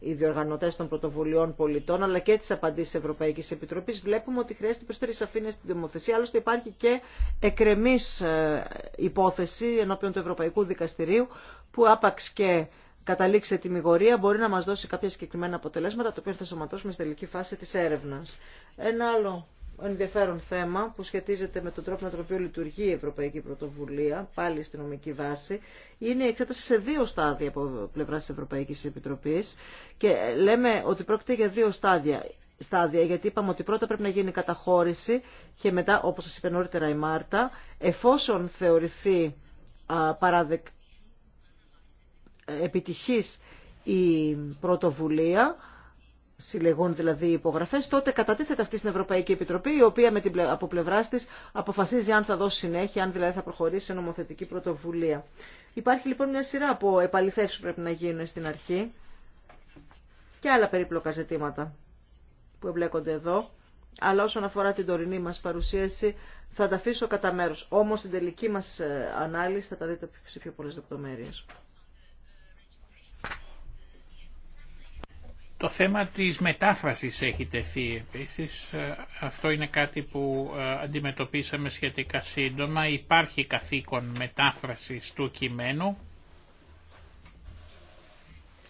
οι διοργανωτές των πρωτοβουλειών πολιτών, αλλά και τις απαντήσεις Ευρωπαϊκής Επιτροπής, βλέπουμε ότι χρειάζεται περισσότερη σαφήνεια στην δημοθεσία. Άλλωστε υπάρχει και εκρεμή υπόθεση ενώπιον του Ευρωπαϊκού Δικαστηρίου, που άπαξ και καταλήξει σε τιμιγορία μπορεί να μας δώσει κάποια συγκεκριμένα αποτελέσματα, τα οποία θα σωματώσουμε στη τελική φάση της έρευνας. Ένα άλλο ενδιαφέρον θέμα που σχετίζεται με τον τρόπο με τον οποίο λειτουργεί η Ευρωπαϊκή Πρωτοβουλία, πάλι στην νομική βάση, είναι η εξέταση σε δύο στάδια από πλευρά τη Ευρωπαϊκή Επιτροπή. Και λέμε ότι πρόκειται για δύο στάδια. Στάδια, γιατί είπαμε ότι πρώτα πρέπει να γίνει καταχώρηση και μετά, όπως σας είπε νωρίτερα η Μάρτα, εφόσον θεωρηθεί παραδεκτή επιτυχής η πρωτοβουλία, συλλεγούν δηλαδή οι υπογραφές, τότε κατατίθεται αυτή στην Ευρωπαϊκή Επιτροπή, η οποία με την, από πλευρά τη αποφασίζει αν θα δώσει συνέχεια, αν δηλαδή θα προχωρήσει σε νομοθετική πρωτοβουλία. Υπάρχει λοιπόν μια σειρά από επαληθεύσει που πρέπει να γίνουν στην αρχή και άλλα περίπλοκα ζητήματα που εμπλέκονται εδώ. Αλλά όσον αφορά την τωρινή μας παρουσίαση θα τα αφήσω κατά μέρους. Όμως την τελική μας ε, ανάλυση θα τα δείτε σε πιο πολλές λεπτομέρειες. Το θέμα της μετάφρασης έχει τεθεί επίσης. Ε, αυτό είναι κάτι που ε, αντιμετωπίσαμε σχετικά σύντομα. Υπάρχει καθήκον μετάφρασης του κειμένου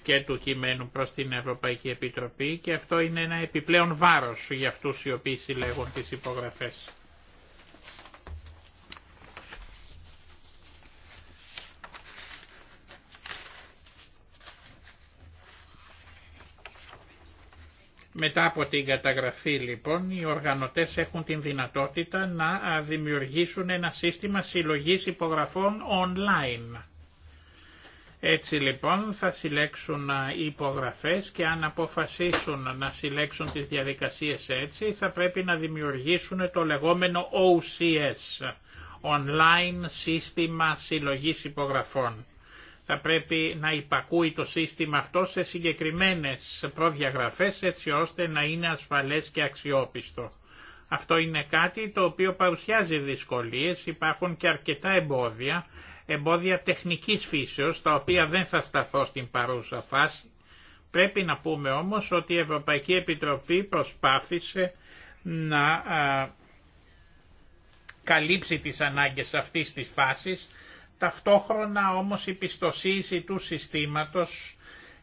και του κειμένου προς την Ευρωπαϊκή Επιτροπή και αυτό είναι ένα επιπλέον βάρος για αυτούς οι οποίοι συλλέγουν τις υπογραφές. Μετά από την καταγραφή λοιπόν οι οργανωτές έχουν την δυνατότητα να δημιουργήσουν ένα σύστημα συλλογής υπογραφών online. Έτσι λοιπόν θα συλλέξουν υπογραφές και αν αποφασίσουν να συλλέξουν τις διαδικασίες έτσι θα πρέπει να δημιουργήσουν το λεγόμενο OCS, Online Σύστημα Συλλογής Υπογραφών θα πρέπει να υπακούει το σύστημα αυτό σε συγκεκριμένες προδιαγραφές έτσι ώστε να είναι ασφαλές και αξιόπιστο. Αυτό είναι κάτι το οποίο παρουσιάζει δυσκολίες, υπάρχουν και αρκετά εμπόδια, εμπόδια τεχνικής φύσεως, τα οποία δεν θα σταθώ στην παρούσα φάση. Πρέπει να πούμε όμως ότι η Ευρωπαϊκή Επιτροπή προσπάθησε να καλύψει τις ανάγκες αυτής της φάσης Ταυτόχρονα όμως η πιστοσύνη του συστήματος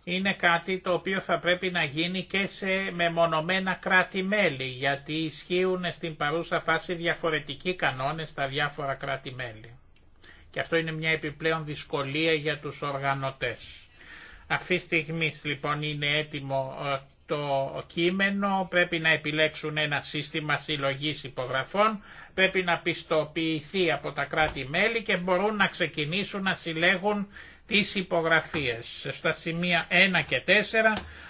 είναι κάτι το οποίο θα πρέπει να γίνει και σε μεμονωμένα κράτη-μέλη, γιατί ισχύουν στην παρούσα φάση διαφορετικοί κανόνες στα διάφορα κράτη-μέλη. Και αυτό είναι μια επιπλέον δυσκολία για τους οργανωτές. Αυτή τη στιγμή λοιπόν είναι έτοιμο ε, το κείμενο, πρέπει να επιλέξουν ένα σύστημα συλλογής υπογραφών, πρέπει να πιστοποιηθεί από τα κράτη-μέλη και μπορούν να ξεκινήσουν να συλλέγουν τις υπογραφίες. Στα σημεία 1 και 4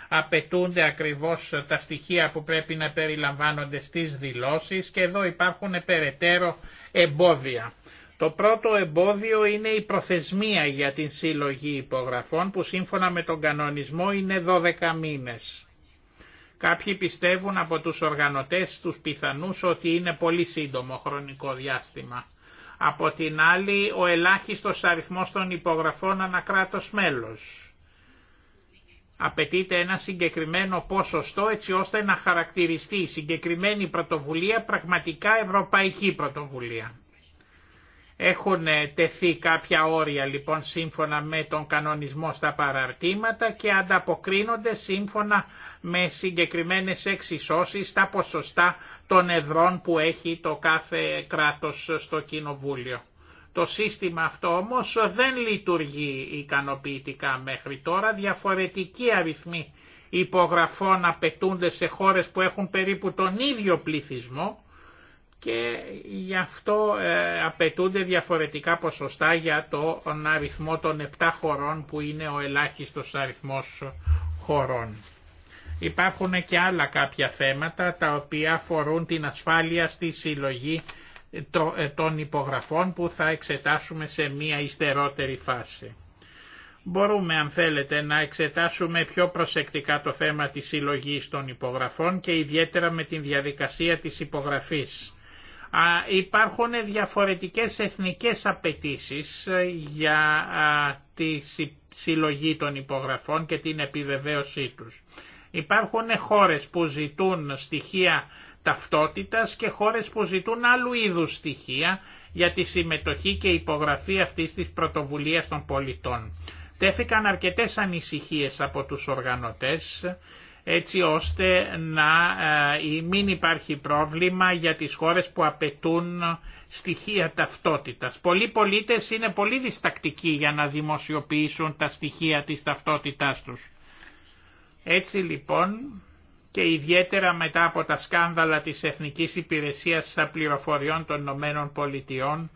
απαιτούνται ακριβώς τα στοιχεία που πρέπει να περιλαμβάνονται στις δηλώσεις και εδώ υπάρχουν περαιτέρω εμπόδια. Το πρώτο εμπόδιο είναι η προθεσμία για την σύλλογη υπογραφών που σύμφωνα με τον κανονισμό είναι 12 μήνες. Κάποιοι πιστεύουν από τους οργανωτές τους πιθανούς ότι είναι πολύ σύντομο χρονικό διάστημα. Από την άλλη ο ελάχιστος αριθμός των υπογραφών ανακράτος μέλος. Απαιτείται ένα συγκεκριμένο ποσοστό έτσι ώστε να χαρακτηριστεί η συγκεκριμένη πρωτοβουλία πραγματικά ευρωπαϊκή πρωτοβουλία. Έχουν τεθεί κάποια όρια λοιπόν σύμφωνα με τον κανονισμό στα παραρτήματα και ανταποκρίνονται σύμφωνα με συγκεκριμένες εξισώσεις τα ποσοστά των εδρών που έχει το κάθε κράτος στο κοινοβούλιο. Το σύστημα αυτό όμως δεν λειτουργεί ικανοποιητικά μέχρι τώρα. Διαφορετικοί αριθμοί υπογραφών απαιτούνται σε χώρες που έχουν περίπου τον ίδιο πληθυσμό και γι' αυτό ε, απαιτούνται διαφορετικά ποσοστά για τον αριθμό των 7 χωρών που είναι ο ελάχιστος αριθμός χωρών. Υπάρχουν και άλλα κάποια θέματα τα οποία αφορούν την ασφάλεια στη συλλογή ε, ε, των υπογραφών που θα εξετάσουμε σε μία ιστερότερη φάση. Μπορούμε αν θέλετε να εξετάσουμε πιο προσεκτικά το θέμα της συλλογής των υπογραφών και ιδιαίτερα με την διαδικασία της υπογραφής. Α, υπάρχουν διαφορετικές εθνικές απαιτήσεις ε, για τη συλλογή των υπογραφών και την επιβεβαίωσή τους. Υπάρχουν χώρες που ζητούν στοιχεία ταυτότητας και χώρες που ζητούν άλλου είδους στοιχεία για τη συμμετοχή και υπογραφή αυτής της πρωτοβουλίας των πολιτών. Τέθηκαν αρκετές ανησυχίες από τους οργανωτές έτσι ώστε να ε, μην υπάρχει πρόβλημα για τις χώρες που απαιτούν στοιχεία ταυτότητας. Πολλοί πολίτες είναι πολύ διστακτικοί για να δημοσιοποιήσουν τα στοιχεία της ταυτότητάς τους. Έτσι λοιπόν και ιδιαίτερα μετά από τα σκάνδαλα της Εθνικής Υπηρεσίας Πληροφοριών των Ηνωμένων Πολιτειών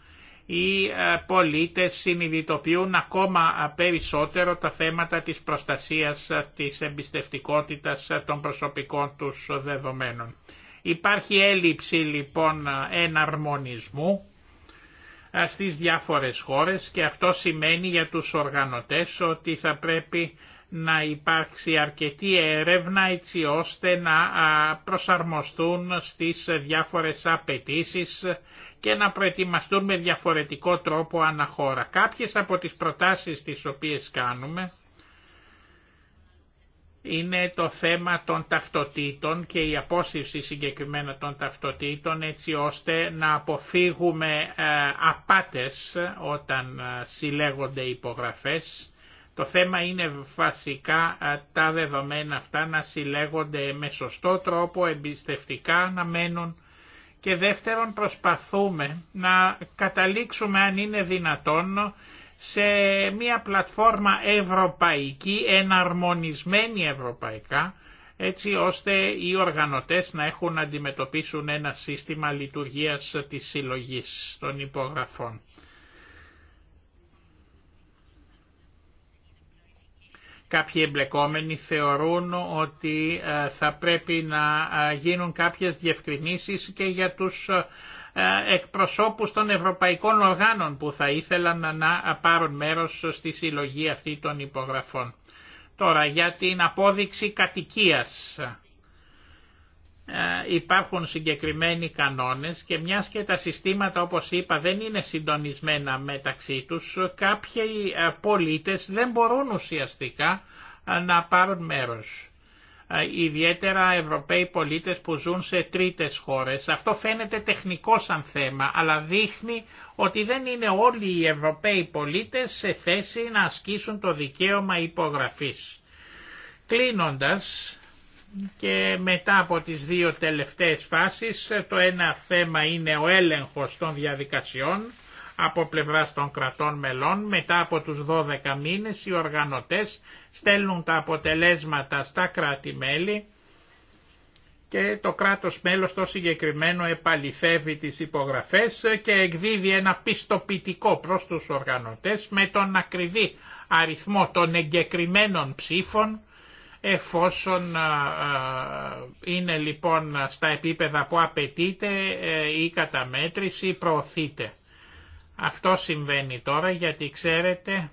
οι ε, πολίτες συνειδητοποιούν ακόμα ε, περισσότερο τα θέματα της προστασίας ε, της εμπιστευτικότητας των προσωπικών τους δεδομένων. Υπάρχει έλλειψη λοιπόν εναρμονισμού στις διάφορες χώρες και αυτό σημαίνει για τους οργανωτές ότι θα πρέπει να υπάρξει αρκετή έρευνα έτσι ώστε να προσαρμοστούν στις διάφορες απαιτήσει και να προετοιμαστούν με διαφορετικό τρόπο αναχώρα. Κάποιες από τις προτάσεις τις οποίες κάνουμε είναι το θέμα των ταυτοτήτων και η απόσυρση συγκεκριμένα των ταυτοτήτων έτσι ώστε να αποφύγουμε ε, απάτες όταν ε, συλλέγονται υπογραφές το θέμα είναι βασικά τα δεδομένα αυτά να συλλέγονται με σωστό τρόπο, εμπιστευτικά να μένουν και δεύτερον προσπαθούμε να καταλήξουμε αν είναι δυνατόν σε μια πλατφόρμα ευρωπαϊκή, εναρμονισμένη ευρωπαϊκά, έτσι ώστε οι οργανωτές να έχουν να αντιμετωπίσουν ένα σύστημα λειτουργίας της συλλογής των υπογραφών. Κάποιοι εμπλεκόμενοι θεωρούν ότι ε, θα πρέπει να ε, γίνουν κάποιες διευκρινήσεις και για τους ε, εκπροσώπους των ευρωπαϊκών οργάνων που θα ήθελαν να πάρουν μέρος στη συλλογή αυτή των υπογραφών. Τώρα για την απόδειξη κατοικίας. Ε, υπάρχουν συγκεκριμένοι κανόνες και μιας και τα συστήματα όπως είπα δεν είναι συντονισμένα μεταξύ τους, κάποιοι ε, πολίτες δεν μπορούν ουσιαστικά ε, να πάρουν μέρος. Ιδιαίτερα Ευρωπαίοι πολίτες που ζουν σε τρίτες χώρες. Αυτό φαίνεται τεχνικό σαν θέμα, αλλά δείχνει ότι δεν είναι όλοι οι Ευρωπαίοι πολίτες σε θέση να ασκήσουν το δικαίωμα υπογραφής. Κλείνοντας, και μετά από τις δύο τελευταίες φάσεις το ένα θέμα είναι ο έλεγχος των διαδικασιών από πλευράς των κρατών μελών. Μετά από τους 12 μήνες οι οργανωτές στέλνουν τα αποτελέσματα στα κράτη-μέλη και το κράτος μέλος το συγκεκριμένο επαληθεύει τις υπογραφές και εκδίδει ένα πιστοποιητικό προς τους οργανωτές με τον ακριβή αριθμό των εγκεκριμένων ψήφων Εφόσον είναι λοιπόν στα επίπεδα που απαιτείται ε, η καταμέτρηση προωθείται. Αυτό συμβαίνει τώρα γιατί ξέρετε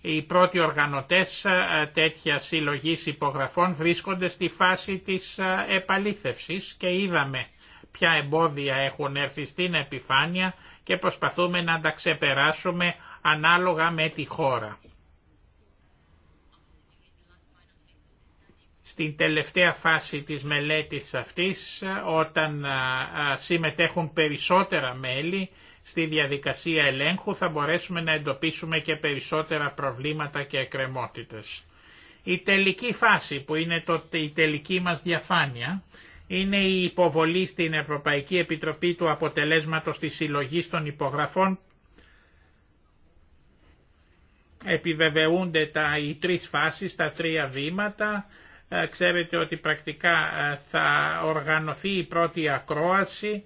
οι πρώτοι οργανωτές τέτοια συλλογή υπογραφών βρίσκονται στη φάση της επαλήθευσης και είδαμε ποια εμπόδια έχουν έρθει στην επιφάνεια και προσπαθούμε να τα ξεπεράσουμε ανάλογα με τη χώρα. Στην τελευταία φάση της μελέτης αυτής, όταν συμμετέχουν περισσότερα μέλη στη διαδικασία ελέγχου, θα μπορέσουμε να εντοπίσουμε και περισσότερα προβλήματα και εκκρεμότητες. Η τελική φάση που είναι το, η τελική μας διαφάνεια είναι η υποβολή στην Ευρωπαϊκή Επιτροπή του αποτελέσματος της συλλογής των υπογραφών. Επιβεβαιούνται τα, οι τρεις φάσεις, τα τρία βήματα, ε, ξέρετε ότι πρακτικά ε, θα οργανωθεί η πρώτη ακρόαση.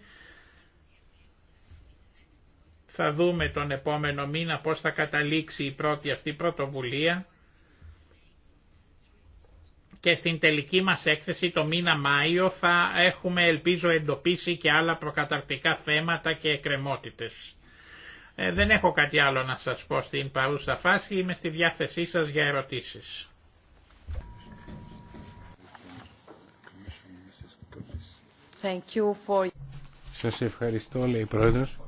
Θα δούμε τον επόμενο μήνα πώς θα καταλήξει η πρώτη αυτή πρωτοβουλία. Και στην τελική μας έκθεση το μήνα Μάιο θα έχουμε ελπίζω εντοπίσει και άλλα προκαταρτικά θέματα και εκκρεμότητες. Ε, δεν έχω κάτι άλλο να σας πω στην παρούσα φάση, είμαι στη διάθεσή σας για ερωτήσεις. Thank Σας ευχαριστώ, λέει η Πρόεδρος,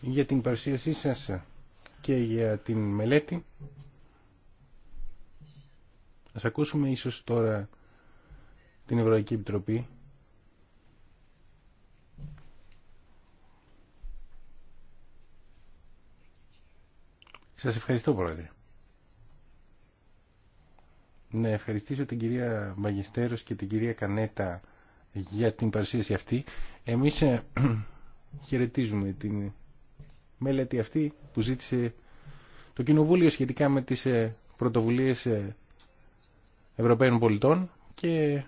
για την παρουσίασή σας και για την μελέτη. Ας ακούσουμε ίσως τώρα την Ευρωπαϊκή Επιτροπή. Σας ευχαριστώ, Πρόεδρε. Να ευχαριστήσω την κυρία Μαγιστέρος και την κυρία Κανέτα για την παρουσίαση αυτή. Εμείς ε, χαιρετίζουμε την μελέτη αυτή που ζήτησε το Κοινοβούλιο σχετικά με τις ε, πρωτοβουλίες ε, Ευρωπαίων πολιτών και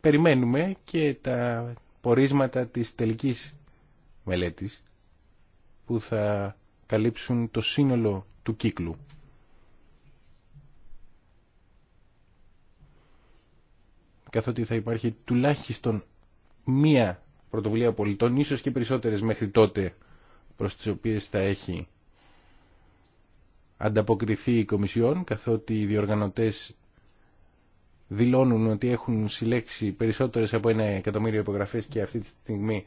περιμένουμε και τα πορίσματα της τελικής μελέτης που θα καλύψουν το σύνολο του κύκλου. καθότι θα υπάρχει τουλάχιστον μία πρωτοβουλία πολιτών, ίσως και περισσότερες μέχρι τότε, προς τις οποίες θα έχει ανταποκριθεί η Κομισιόν, καθότι οι διοργανωτές δηλώνουν ότι έχουν συλλέξει περισσότερες από ένα εκατομμύριο υπογραφές και αυτή τη στιγμή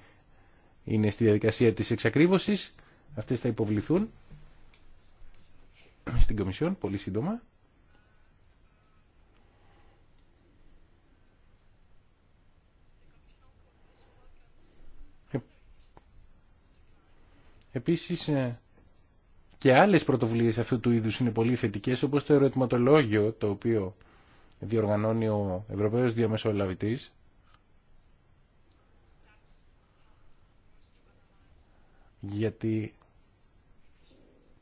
είναι στη διαδικασία της εξακρίβωσης. Αυτές θα υποβληθούν στην Κομισιόν πολύ σύντομα. Επίσης ε, και άλλες πρωτοβουλίες αυτού του είδους είναι πολύ θετικές όπως το ερωτηματολόγιο το οποίο διοργανώνει ο Ευρωπαίος Διαμεσολαβητής γιατί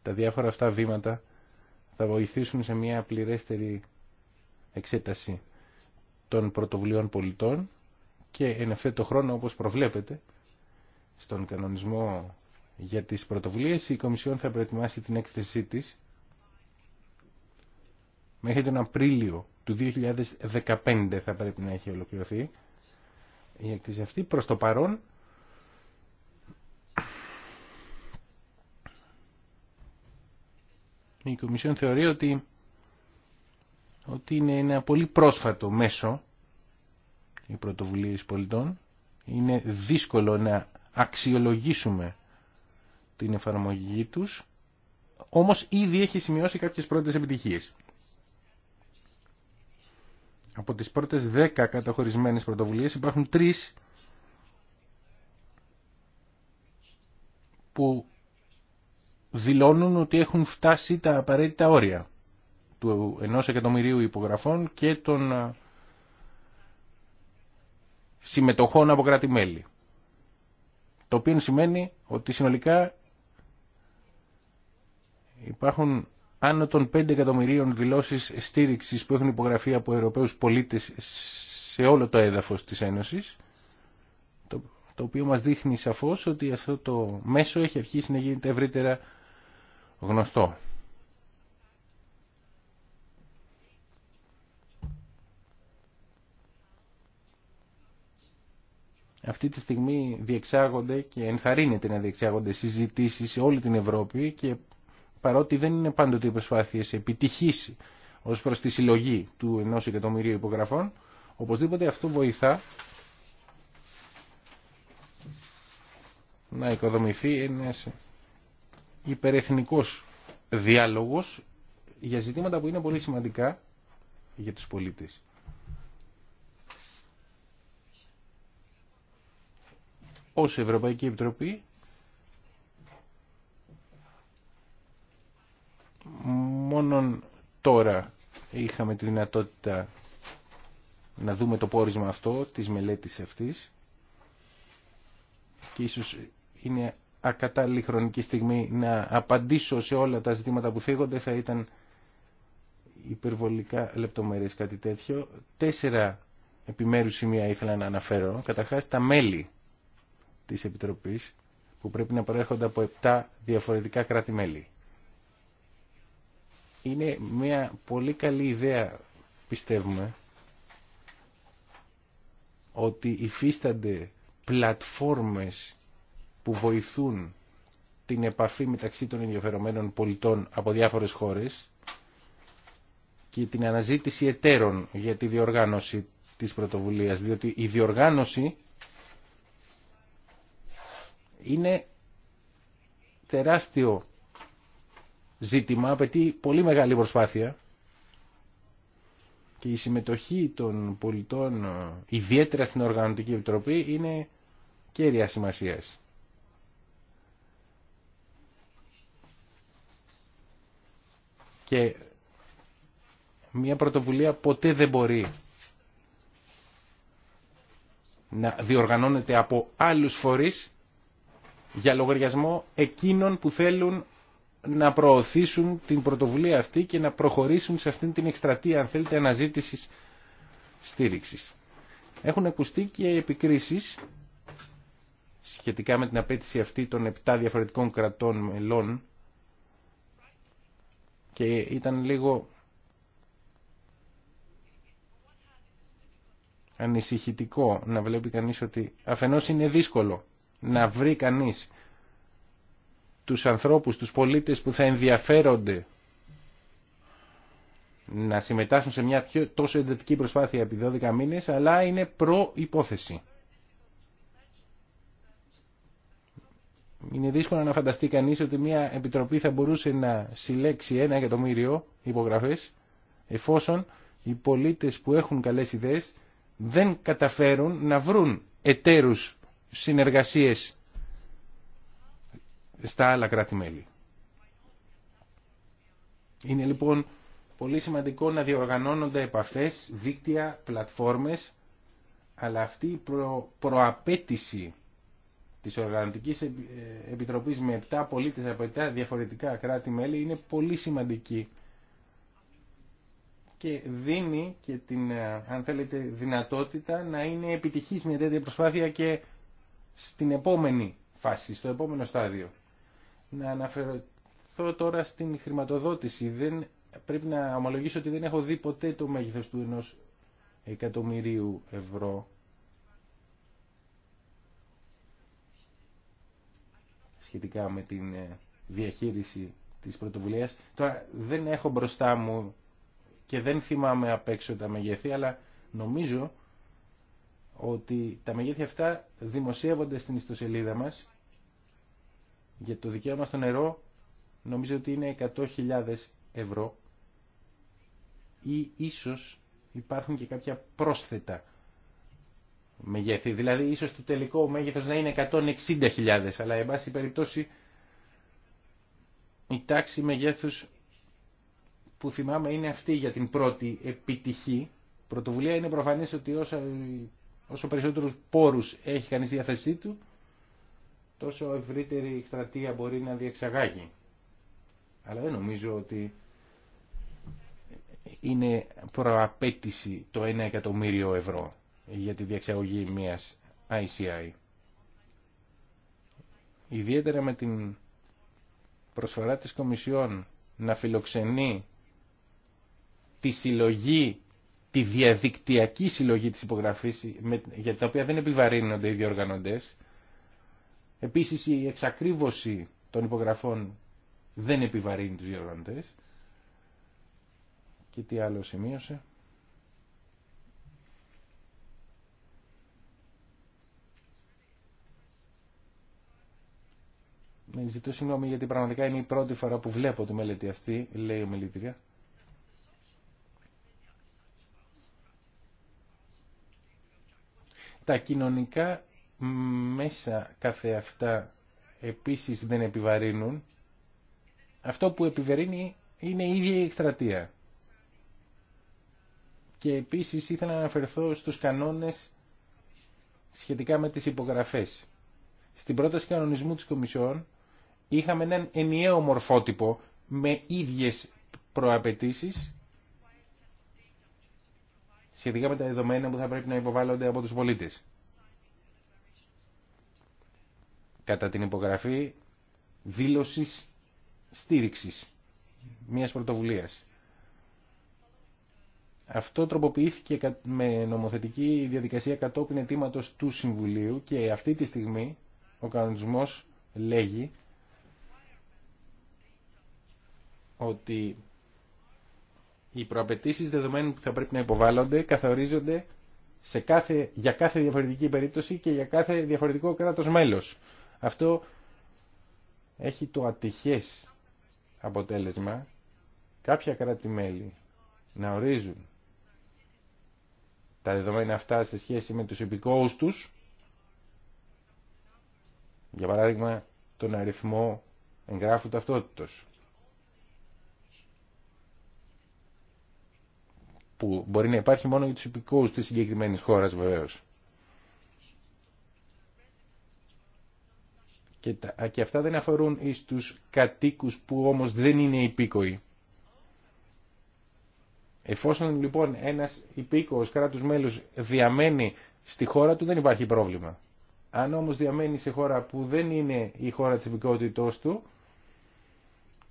τα διάφορα αυτά βήματα θα βοηθήσουν σε μια πληρέστερη εξέταση των πρωτοβουλίων πολιτών και εν ευθέτω χρόνο όπως προβλέπετε στον κανονισμό για τις πρωτοβουλίες. Η Κομισιόν θα προετοιμάσει την έκθεσή της μέχρι τον Απρίλιο του 2015 θα πρέπει να έχει ολοκληρωθεί η έκθεση αυτή. Προς το παρόν η Κομισιόν θεωρεί ότι, ότι είναι ένα πολύ πρόσφατο μέσο οι πρωτοβουλίες πολιτών. Είναι δύσκολο να αξιολογήσουμε την εφαρμογή τους, όμως ήδη έχει σημειώσει κάποιες πρώτες επιτυχίες. Από τις πρώτες δέκα καταχωρισμένες πρωτοβουλίες υπάρχουν τρεις που δηλώνουν ότι έχουν φτάσει τα απαραίτητα όρια του ενός εκατομμυρίου υπογραφών και των συμμετοχών από κράτη-μέλη. Το οποίο σημαίνει ότι συνολικά Υπάρχουν άνω των 5 εκατομμυρίων δηλώσεις στήριξης που έχουν υπογραφεί από Ευρωπαίους πολίτες σε όλο το έδαφος της Ένωσης, το, το οποίο μας δείχνει σαφώς ότι αυτό το μέσο έχει αρχίσει να γίνεται ευρύτερα γνωστό. αυτή τη στιγμή διεξάγονται και ενθαρρύνεται να διεξάγονται συζητήσεις σε όλη την Ευρώπη και παρότι δεν είναι πάντοτε οι προσπάθειε επιτυχής ω προ τη συλλογή του ενό εκατομμυρίου υπογραφών, οπωσδήποτε αυτό βοηθά να οικοδομηθεί ένα υπερεθνικός διάλογο για ζητήματα που είναι πολύ σημαντικά για τους πολίτες. Ως Ευρωπαϊκή Επιτροπή μόνον τώρα είχαμε τη δυνατότητα να δούμε το πόρισμα αυτό της μελέτης αυτής και ίσως είναι ακατάλληλη χρονική στιγμή να απαντήσω σε όλα τα ζητήματα που φύγονται θα ήταν υπερβολικά λεπτομέρειες κάτι τέτοιο. Τέσσερα επιμέρους σημεία ήθελα να αναφέρω. Καταρχάς τα μέλη της Επιτροπής που πρέπει να προέρχονται από 7 διαφορετικά κράτη-μέλη είναι μια πολύ καλή ιδέα πιστεύουμε ότι υφίστανται πλατφόρμες που βοηθούν την επαφή μεταξύ των ενδιαφερομένων πολιτών από διάφορες χώρες και την αναζήτηση εταίρων για τη διοργάνωση της πρωτοβουλίας, διότι η διοργάνωση είναι τεράστιο ζήτημα απαιτεί πολύ μεγάλη προσπάθεια και η συμμετοχή των πολιτών, ιδιαίτερα στην Οργανωτική Επιτροπή, είναι κέρια σημασίας. Και μια πρωτοβουλία ποτέ δεν μπορεί να διοργανώνεται από άλλους φορείς για λογαριασμό εκείνων που θέλουν να προωθήσουν την πρωτοβουλία αυτή και να προχωρήσουν σε αυτήν την εκστρατεία, αν θέλετε, αναζήτησης στήριξης. Έχουν ακουστεί και επικρίσεις σχετικά με την απέτηση αυτή των 7 διαφορετικών κρατών μελών και ήταν λίγο ανησυχητικό να βλέπει κανείς ότι αφενός είναι δύσκολο να βρει κανείς τους ανθρώπους, τους πολίτες που θα ενδιαφέρονται να συμμετάσχουν σε μια τόσο εντατική προσπάθεια επί 12 μήνες, αλλά είναι προϋπόθεση. Είναι δύσκολο να φανταστεί κανείς ότι μια επιτροπή θα μπορούσε να συλλέξει ένα εκατομμύριο υπογραφές, εφόσον οι πολίτες που έχουν καλές ιδέες δεν καταφέρουν να βρουν εταίρους συνεργασίες στα άλλα κράτη-μέλη. Είναι λοιπόν πολύ σημαντικό να διοργανώνονται επαφές, δίκτυα, πλατφόρμες, αλλά αυτή η προαπέτηση της Οργανωτικής ε, Επιτροπής με 7 πολίτες από 7 διαφορετικά κράτη-μέλη είναι πολύ σημαντική και δίνει και την, ε, αν θέλετε, δυνατότητα να είναι επιτυχής μια τέτοια προσπάθεια και στην επόμενη φάση, στο επόμενο στάδιο να αναφερθώ τώρα στην χρηματοδότηση. Δεν, πρέπει να ομολογήσω ότι δεν έχω δει ποτέ το μέγεθος του ενός εκατομμυρίου ευρώ. σχετικά με την ε, διαχείριση της πρωτοβουλίας. Τώρα δεν έχω μπροστά μου και δεν θυμάμαι απ' έξω τα μεγέθη, αλλά νομίζω ότι τα μεγέθη αυτά δημοσιεύονται στην ιστοσελίδα μας για το δικαίωμα στο νερό νομίζω ότι είναι 100.000 ευρώ ή ίσως υπάρχουν και κάποια πρόσθετα μεγέθη. Δηλαδή ίσως το τελικό μέγεθος να είναι 160.000 αλλά εν πάση περιπτώσει η τάξη μεγέθους που θυμάμαι είναι αυτή για την πρώτη επιτυχή πρωτοβουλία είναι προφανής ότι όσο, όσο περισσότερους πόρους έχει κανείς διάθεσή του τόσο ευρύτερη εκστρατεία μπορεί να διεξαγάγει. Αλλά δεν νομίζω ότι είναι προαπέτηση το 1 εκατομμύριο ευρώ για τη διεξαγωγή μιας ICI. Ιδιαίτερα με την προσφορά της Κομισιόν να φιλοξενεί τη συλλογή, τη διαδικτυακή συλλογή της υπογραφής για την οποία δεν επιβαρύνονται οι διοργανωτές Επίσης η εξακρίβωση των υπογραφών δεν επιβαρύνει τους γεωργαντές. Και τι άλλο σημείωσε. Ε, ζητώ συγγνώμη γιατί πραγματικά είναι η πρώτη φορά που βλέπω τη μελέτη αυτή, λέει ο μιλήτρια. Τα κοινωνικά μέσα κάθε αυτά επίσης δεν επιβαρύνουν. Αυτό που επιβαρύνει είναι η ίδια η εκστρατεία. Και επίσης ήθελα να αναφερθώ στους κανόνες σχετικά με τις υπογραφές. Στην πρόταση κανονισμού της Κομισιόν είχαμε έναν ενιαίο μορφότυπο με ίδιες προαπαιτήσεις σχετικά με τα δεδομένα που θα πρέπει να υποβάλλονται από τους πολίτες. κατά την υπογραφή δήλωσης στήριξης μιας πρωτοβουλίας. Αυτό τροποποιήθηκε με νομοθετική διαδικασία κατόπιν αιτήματος του Συμβουλίου και αυτή τη στιγμή ο κανονισμός λέγει ότι οι προαπαιτήσεις δεδομένων που θα πρέπει να υποβάλλονται καθορίζονται σε κάθε, για κάθε διαφορετική περίπτωση και για κάθε διαφορετικό κράτος μέλος. Αυτό έχει το ατυχές αποτέλεσμα κάποια κράτη-μέλη να ορίζουν τα δεδομένα αυτά σε σχέση με τους υπηκόους τους, για παράδειγμα τον αριθμό εγγράφου ταυτότητος, που μπορεί να υπάρχει μόνο για τους υπηκόους της συγκεκριμένης χώρας βεβαίως. Και, αυτά δεν αφορούν τους κατοίκους που όμως δεν είναι υπήκοοι. Εφόσον λοιπόν ένας υπήκοος κράτους μέλους διαμένει στη χώρα του δεν υπάρχει πρόβλημα. Αν όμως διαμένει σε χώρα που δεν είναι η χώρα της υπηκότητός του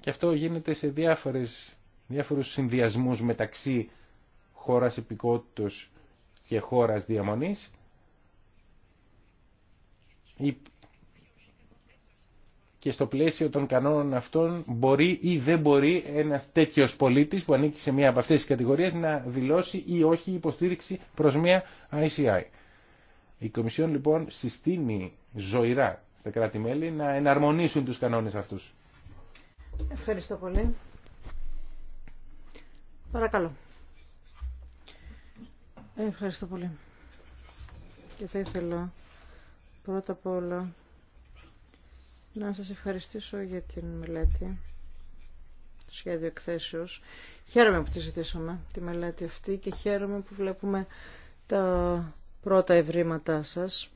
και αυτό γίνεται σε διάφορες, διάφορους συνδυασμούς μεταξύ χώρας υπηκότητος και χώρας διαμονής και στο πλαίσιο των κανόνων αυτών μπορεί ή δεν μπορεί ένας τέτοιος πολίτης που ανήκει σε μία από αυτές τις κατηγορίες να δηλώσει ή όχι υποστήριξη προς μία ICI. Η Κομισιόν λοιπόν συστήνει ζωηρά στα κράτη-μέλη να εναρμονίσουν τους κανόνες αυτούς. Ευχαριστώ πολύ. Παρακαλώ. Ευχαριστώ πολύ. Και θα ήθελα πρώτα απ' όλα να σας ευχαριστήσω για την μελέτη σχέδιο εκθέσεως. Χαίρομαι που τη ζητήσαμε τη μελέτη αυτή και χαίρομαι που βλέπουμε τα πρώτα ευρήματά σας.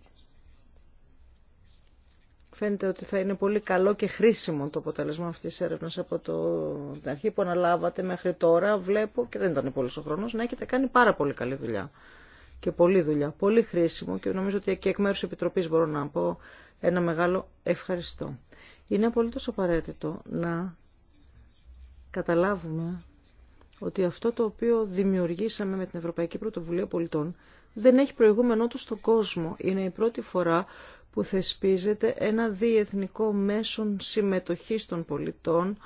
Φαίνεται ότι θα είναι πολύ καλό και χρήσιμο το αποτέλεσμα αυτής της έρευνας από το... την αρχή που αναλάβατε μέχρι τώρα. Βλέπω, και δεν ήταν πολύ ο χρόνος, να έχετε κάνει πάρα πολύ καλή δουλειά. Και πολλή δουλειά, πολύ χρήσιμο και νομίζω ότι και εκ μέρους της Επιτροπής μπορώ να πω ένα μεγάλο ευχαριστώ. Είναι απολύτως απαραίτητο να καταλάβουμε ότι αυτό το οποίο δημιουργήσαμε με την Ευρωπαϊκή Πρωτοβουλία Πολιτών δεν έχει προηγούμενό του στον κόσμο. Είναι η πρώτη φορά που θεσπίζεται ένα διεθνικό μέσον συμμετοχής των πολιτών,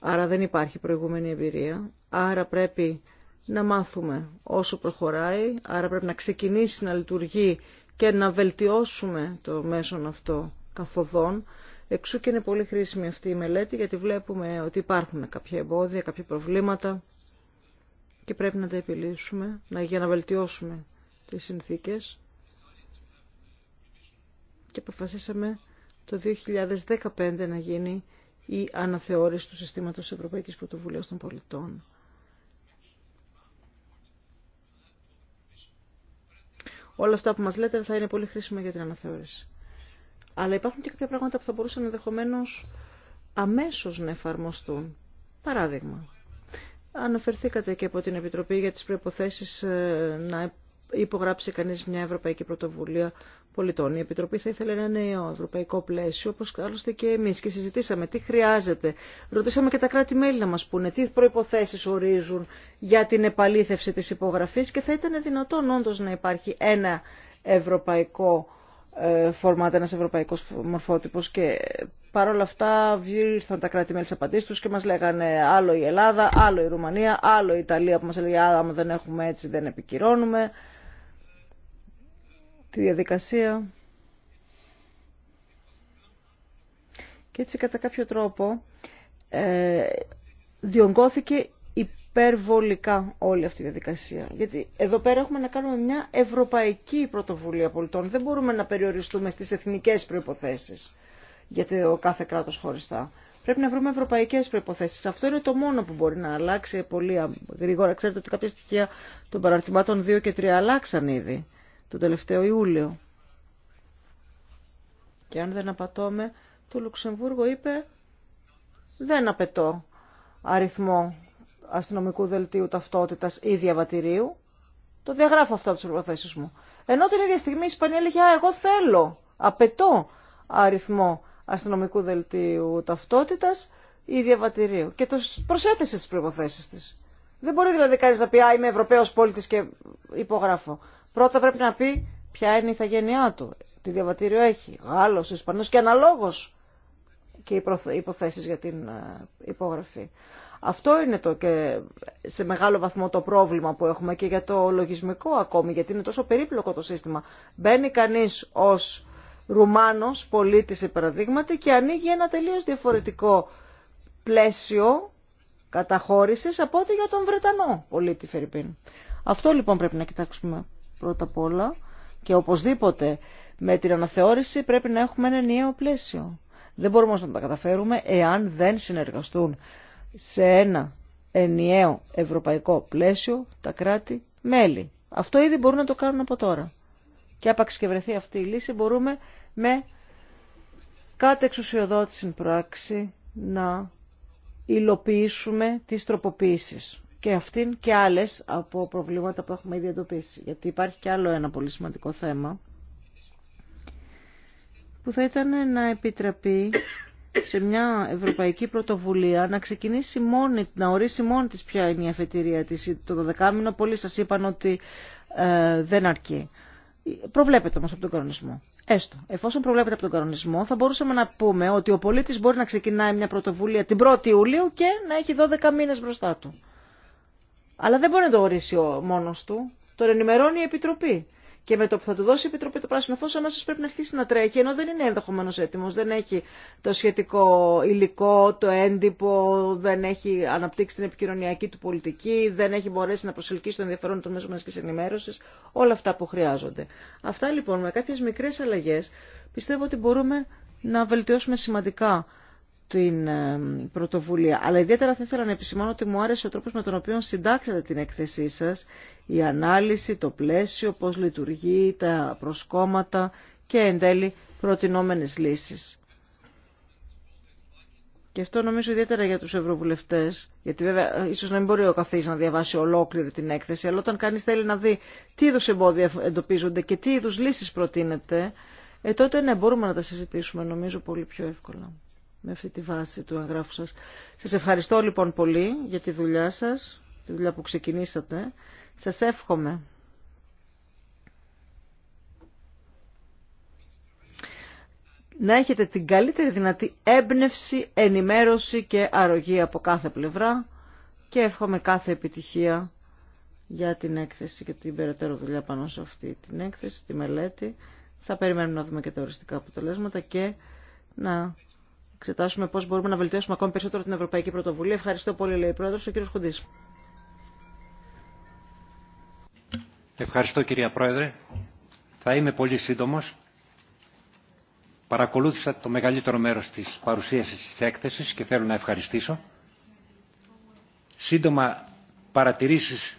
άρα δεν υπάρχει προηγούμενη εμπειρία, άρα πρέπει να μάθουμε όσο προχωράει, άρα πρέπει να ξεκινήσει να λειτουργεί και να βελτιώσουμε το μέσον αυτό καθοδόν. Εξού και είναι πολύ χρήσιμη αυτή η μελέτη γιατί βλέπουμε ότι υπάρχουν κάποια εμπόδια, κάποια προβλήματα και πρέπει να τα επιλύσουμε να, για να βελτιώσουμε τις συνθήκες. Και αποφασίσαμε το 2015 να γίνει η αναθεώρηση του συστήματος Ευρωπαϊκής Πρωτοβουλίας των Πολιτών. όλα αυτά που μας λέτε θα είναι πολύ χρήσιμα για την αναθεώρηση. Αλλά υπάρχουν και κάποια πράγματα που θα μπορούσαν ενδεχομένω αμέσως να εφαρμοστούν. Παράδειγμα, αναφερθήκατε και από την Επιτροπή για τις προϋποθέσεις ε, να υπογράψει κανεί μια Ευρωπαϊκή Πρωτοβουλία Πολιτών. Η Επιτροπή θα ήθελε ένα νέο ευρωπαϊκό πλαίσιο, όπω άλλωστε και εμεί και συζητήσαμε τι χρειάζεται. Ρωτήσαμε και τα κράτη-μέλη να μα πούνε τι προποθέσει ορίζουν για την επαλήθευση τη υπογραφή και θα ήταν δυνατόν όντω να υπάρχει ένα ευρωπαϊκό ε, φορμάτ, ένας ευρωπαϊκός μορφότυπος και παρόλα αυτά ήρθαν τα κράτη-μέλη στις απαντήσεις τους και μας λέγανε άλλο η Ελλάδα, άλλο η Ρουμανία, άλλο η Ιταλία που μας έλεγε άμα δεν έχουμε έτσι δεν επικυρώνουμε τη διαδικασία. Και έτσι κατά κάποιο τρόπο ε, διονγκώθηκε υπερβολικά όλη αυτή η διαδικασία. Γιατί εδώ πέρα έχουμε να κάνουμε μια ευρωπαϊκή πρωτοβουλία πολιτών. Δεν μπορούμε να περιοριστούμε στις εθνικές προϋποθέσεις για το κάθε κράτος χωριστά. Πρέπει να βρούμε ευρωπαϊκές προϋποθέσεις. Αυτό είναι το μόνο που μπορεί να αλλάξει πολύ γρήγορα. Ξέρετε ότι κάποια στοιχεία των παραρτημάτων 2 και 3 αλλάξαν ήδη το τελευταίο Ιούλιο. Και αν δεν απατώμε, το Λουξεμβούργο είπε δεν απαιτώ αριθμό αστυνομικού δελτίου ταυτότητας ή διαβατηρίου. Το διαγράφω αυτό από τις προποθέσεις μου. Ενώ την ίδια στιγμή η Ισπανία έλεγε εγώ θέλω, απαιτώ αριθμό αστυνομικού δελτίου ταυτότητας ή διαβατηρίου. Και το προσέθεσε στις προποθέσεις της. Δεν μπορεί δηλαδή κανείς να πει «Α, είμαι Ευρωπαίος πολίτης και υπογράφω» πρώτα πρέπει να πει ποια είναι η ηθαγένειά του, τι διαβατήριο έχει, Γάλλος, Ισπανός και αναλόγως και οι υποθέσεις για την ε, υπογραφή. Αυτό είναι το και σε μεγάλο βαθμό το πρόβλημα που έχουμε και για το λογισμικό ακόμη, γιατί είναι τόσο περίπλοκο το σύστημα. Μπαίνει κανείς ως Ρουμάνος πολίτης, παραδείγματι, και ανοίγει ένα τελείως διαφορετικό πλαίσιο καταχώρησης από ό,τι για τον Βρετανό πολίτη Φερρυπίν. Αυτό λοιπόν πρέπει να κοιτάξουμε πρώτα απ' όλα και οπωσδήποτε με την αναθεώρηση πρέπει να έχουμε ένα ενιαίο πλαίσιο. Δεν μπορούμε όμως να τα καταφέρουμε εάν δεν συνεργαστούν σε ένα ενιαίο ευρωπαϊκό πλαίσιο τα κράτη-μέλη. Αυτό ήδη μπορούν να το κάνουν από τώρα. Και άπαξ και βρεθεί αυτή η λύση μπορούμε με κάτι εξουσιοδότηση πράξη να υλοποιήσουμε τις τροποποίησεις και αυτήν και άλλες από προβλήματα που έχουμε ήδη εντοπίσει. Γιατί υπάρχει και άλλο ένα πολύ σημαντικό θέμα που θα ήταν να επιτραπεί σε μια ευρωπαϊκή πρωτοβουλία να ξεκινήσει μόνη, να ορίσει μόνη της ποια είναι η αφετηρία της. Το 12 μήνο πολλοί σας είπαν ότι ε, δεν αρκεί. Προβλέπεται όμως από τον κανονισμό. Έστω. Εφόσον προβλέπεται από τον κανονισμό θα μπορούσαμε να πούμε ότι ο πολίτης μπορεί να ξεκινάει μια πρωτοβουλία την 1η Ιουλίου και να έχει 12 μήνες μπροστά του. Αλλά δεν μπορεί να το ορίσει ο μόνος του. Τον ενημερώνει η Επιτροπή. Και με το που θα του δώσει η Επιτροπή το πράσινο φως αμέσω πρέπει να αρχίσει να τρέχει, ενώ δεν είναι ενδεχομένω έτοιμο, δεν έχει το σχετικό υλικό, το έντυπο, δεν έχει αναπτύξει την επικοινωνιακή του πολιτική, δεν έχει μπορέσει να προσελκύσει το ενδιαφέρον των μέσων μαζική ενημέρωση, όλα αυτά που χρειάζονται. Αυτά λοιπόν με κάποιε μικρέ αλλαγέ πιστεύω ότι μπορούμε να βελτιώσουμε σημαντικά την ε, πρωτοβουλία. Αλλά ιδιαίτερα θα ήθελα να επισημάνω ότι μου άρεσε ο τρόπος με τον οποίο συντάξατε την έκθεσή σας, η ανάλυση, το πλαίσιο, πώς λειτουργεί, τα προσκόμματα και εν τέλει προτινόμενες λύσεις. Και αυτό νομίζω ιδιαίτερα για τους ευρωβουλευτές, γιατί βέβαια ε, ίσως να μην μπορεί ο καθής να διαβάσει ολόκληρη την έκθεση, αλλά όταν κανείς θέλει να δει τι είδους εμπόδια εντοπίζονται και τι είδους λύσεις προτείνεται, ε, τότε ναι, μπορούμε να τα συζητήσουμε νομίζω πολύ πιο εύκολα με αυτή τη βάση του εγγράφου σας. Σας ευχαριστώ λοιπόν πολύ για τη δουλειά σας, τη δουλειά που ξεκινήσατε. Σας εύχομαι. Να έχετε την καλύτερη δυνατή έμπνευση, ενημέρωση και αρρωγή από κάθε πλευρά και εύχομαι κάθε επιτυχία για την έκθεση και την περαιτέρω δουλειά πάνω σε αυτή την έκθεση, τη μελέτη. Θα περιμένουμε να δούμε και τα οριστικά αποτελέσματα και να Ξετάσουμε πώς μπορούμε να βελτιώσουμε ακόμη περισσότερο την Ευρωπαϊκή Πρωτοβουλία. Ευχαριστώ πολύ, λέει η Πρόεδρος, ο κύριος Χουντή. Ευχαριστώ, κυρία Πρόεδρε. Θα είμαι πολύ σύντομος. Παρακολούθησα το μεγαλύτερο μέρος της παρουσίασης της έκθεσης και θέλω να ευχαριστήσω. Σύντομα παρατηρήσεις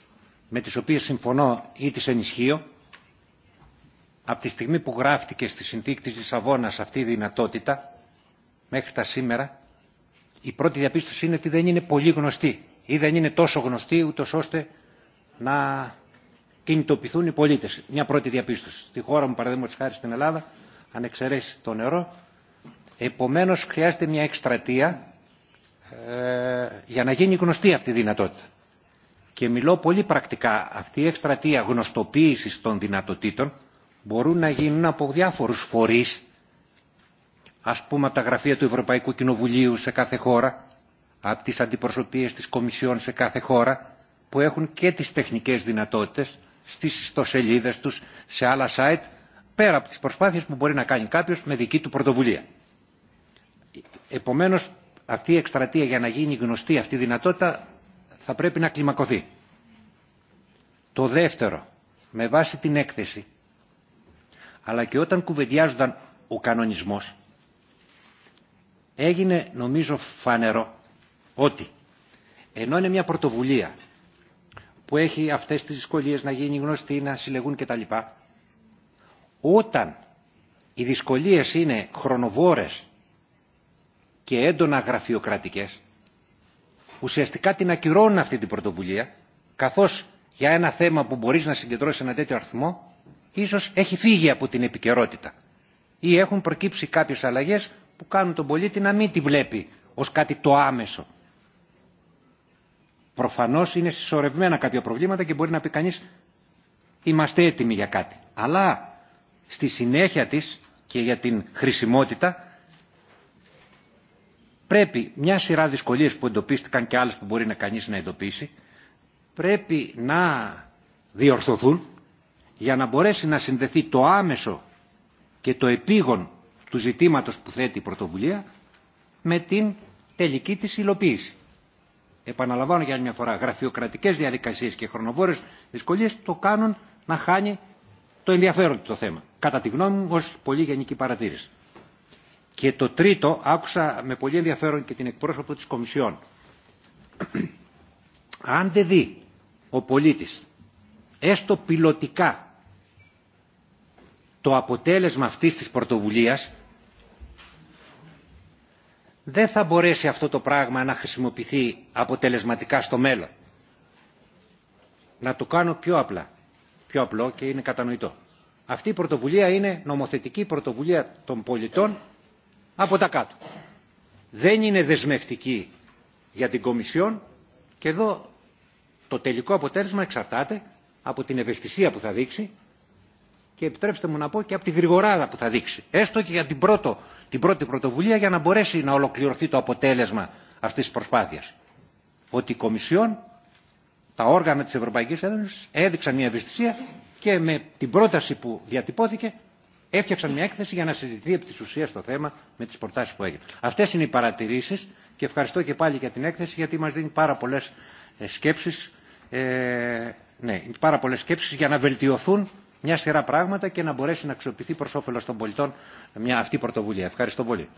με τι οποίε στιγμή που γράφτηκε στη συνθήκη της Λισαβόνας αυτή η τι ενισχυω απο τη στιγμη που γραφτηκε στη συνθηκη της λισαβονας αυτη η δυνατοτητα μέχρι τα σήμερα, η πρώτη διαπίστωση είναι ότι δεν είναι πολύ γνωστή ή δεν είναι τόσο γνωστή ούτω ώστε να κινητοποιηθούν οι πολίτε. Μια πρώτη διαπίστωση. Στη χώρα μου, παραδείγματο χάρη στην Ελλάδα, αν εξαιρέσει το νερό. Επομένω, χρειάζεται μια εκστρατεία ε, για να γίνει γνωστή αυτή η δυνατότητα. Και μιλώ πολύ πρακτικά. Αυτή η εκστρατεία γνωστοποίηση των δυνατοτήτων μπορούν να γίνουν από διάφορου φορεί ας πούμε από τα γραφεία του Ευρωπαϊκού Κοινοβουλίου σε κάθε χώρα, από τις αντιπροσωπείες της Κομισιόν σε κάθε χώρα, που έχουν και τις τεχνικές δυνατότητες στις ιστοσελίδες τους, σε άλλα site, πέρα από τις προσπάθειες που μπορεί να κάνει κάποιος με δική του πρωτοβουλία. Επομένως, αυτή η εκστρατεία για να γίνει γνωστή αυτή η δυνατότητα θα πρέπει να κλιμακωθεί. Το δεύτερο, με βάση την έκθεση, αλλά και όταν κουβεντιάζονταν ο κανονισμός, έγινε νομίζω φανερό ότι ενώ είναι μια πρωτοβουλία που έχει αυτές τις δυσκολίες να γίνει γνωστή, να συλλεγούν κτλ. Όταν οι δυσκολίες είναι χρονοβόρες και έντονα γραφειοκρατικές, ουσιαστικά την ακυρώνουν αυτή την πρωτοβουλία, καθώς για ένα θέμα που μπορείς να συγκεντρώσεις ένα τέτοιο αριθμό, ίσως έχει φύγει από την επικαιρότητα ή έχουν προκύψει κάποιες αλλαγές που κάνουν τον πολίτη να μην τη βλέπει ως κάτι το άμεσο. Προφανώς είναι συσσωρευμένα κάποια προβλήματα και μπορεί να πει κανείς είμαστε έτοιμοι για κάτι. Αλλά στη συνέχεια της και για την χρησιμότητα πρέπει μια σειρά δυσκολίες που εντοπίστηκαν και άλλες που μπορεί να κανείς να εντοπίσει πρέπει να διορθωθούν για να μπορέσει να συνδεθεί το άμεσο και το επίγον του ζητήματος που θέτει η πρωτοβουλία με την τελική της υλοποίηση. Επαναλαμβάνω για άλλη μια φορά, γραφειοκρατικές διαδικασίες και χρονοβόρες δυσκολίες το κάνουν να χάνει το ενδιαφέρον του το θέμα. Κατά τη γνώμη μου ως πολύ γενική παρατήρηση. Και το τρίτο, άκουσα με πολύ ενδιαφέρον και την εκπρόσωπο της Κομισιόν. Αν δεν δει ο πολίτης, έστω πιλωτικά, το αποτέλεσμα αυτής της πρωτοβουλίας, δεν θα μπορέσει αυτό το πράγμα να χρησιμοποιηθεί αποτελεσματικά στο μέλλον. Να το κάνω πιο απλά, πιο απλό και είναι κατανοητό. Αυτή η πρωτοβουλία είναι νομοθετική πρωτοβουλία των πολιτών από τα κάτω. Δεν είναι δεσμευτική για την Κομισιόν και εδώ το τελικό αποτέλεσμα εξαρτάται από την ευαισθησία που θα δείξει και επιτρέψτε μου να πω και από τη γρηγοράδα που θα δείξει. Έστω και για την, πρώτο, την πρώτη πρωτοβουλία για να μπορέσει να ολοκληρωθεί το αποτέλεσμα αυτής της προσπάθειας. Ότι η Κομισιόν, τα όργανα της Ευρωπαϊκής Ένωσης έδειξαν μια ευαισθησία και με την πρόταση που διατυπώθηκε έφτιαξαν μια έκθεση για να συζητηθεί επί της ουσίας το θέμα με τις προτάσεις που έγινε. Αυτές είναι οι παρατηρήσεις και ευχαριστώ και πάλι για την έκθεση γιατί μας δίνει πάρα πολλές ε, σκέψεις, ε, ναι, πάρα σκέψεις για να βελτιωθούν μια σειρά πράγματα και να μπορέσει να αξιοποιηθεί προ όφελο των πολιτών μια αυτή πρωτοβουλία. Ευχαριστώ πολύ.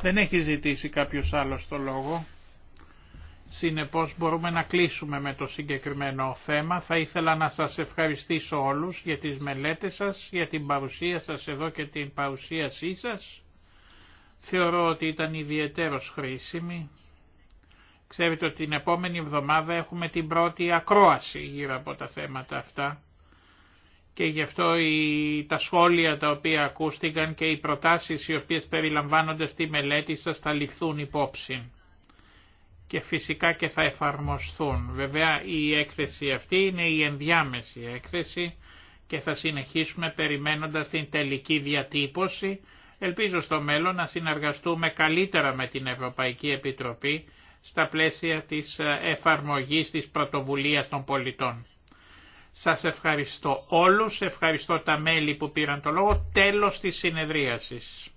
Δεν έχει ζητήσει κάποιος άλλος το λόγο. Συνεπώς μπορούμε να κλείσουμε με το συγκεκριμένο θέμα. Θα ήθελα να σας ευχαριστήσω όλους για τις μελέτες σας, για την παρουσία σας εδώ και την παρουσίασή σας. Θεωρώ ότι ήταν ιδιαίτερος χρήσιμη. Ξέρετε ότι την επόμενη εβδομάδα έχουμε την πρώτη ακρόαση γύρω από τα θέματα αυτά και γι' αυτό η, τα σχόλια τα οποία ακούστηκαν και οι προτάσεις οι οποίες περιλαμβάνονται στη μελέτη σας θα ληφθούν υπόψη και φυσικά και θα εφαρμοστούν. Βέβαια η έκθεση αυτή είναι η ενδιάμεση έκθεση και θα συνεχίσουμε περιμένοντας την τελική διατύπωση. Ελπίζω στο μέλλον να συνεργαστούμε καλύτερα με την Ευρωπαϊκή Επιτροπή στα πλαίσια της ε, εφαρμογής της πρωτοβουλίας των πολιτών. Σας ευχαριστώ όλους, ευχαριστώ τα μέλη που πήραν το λόγο, τέλος της συνεδρίασης.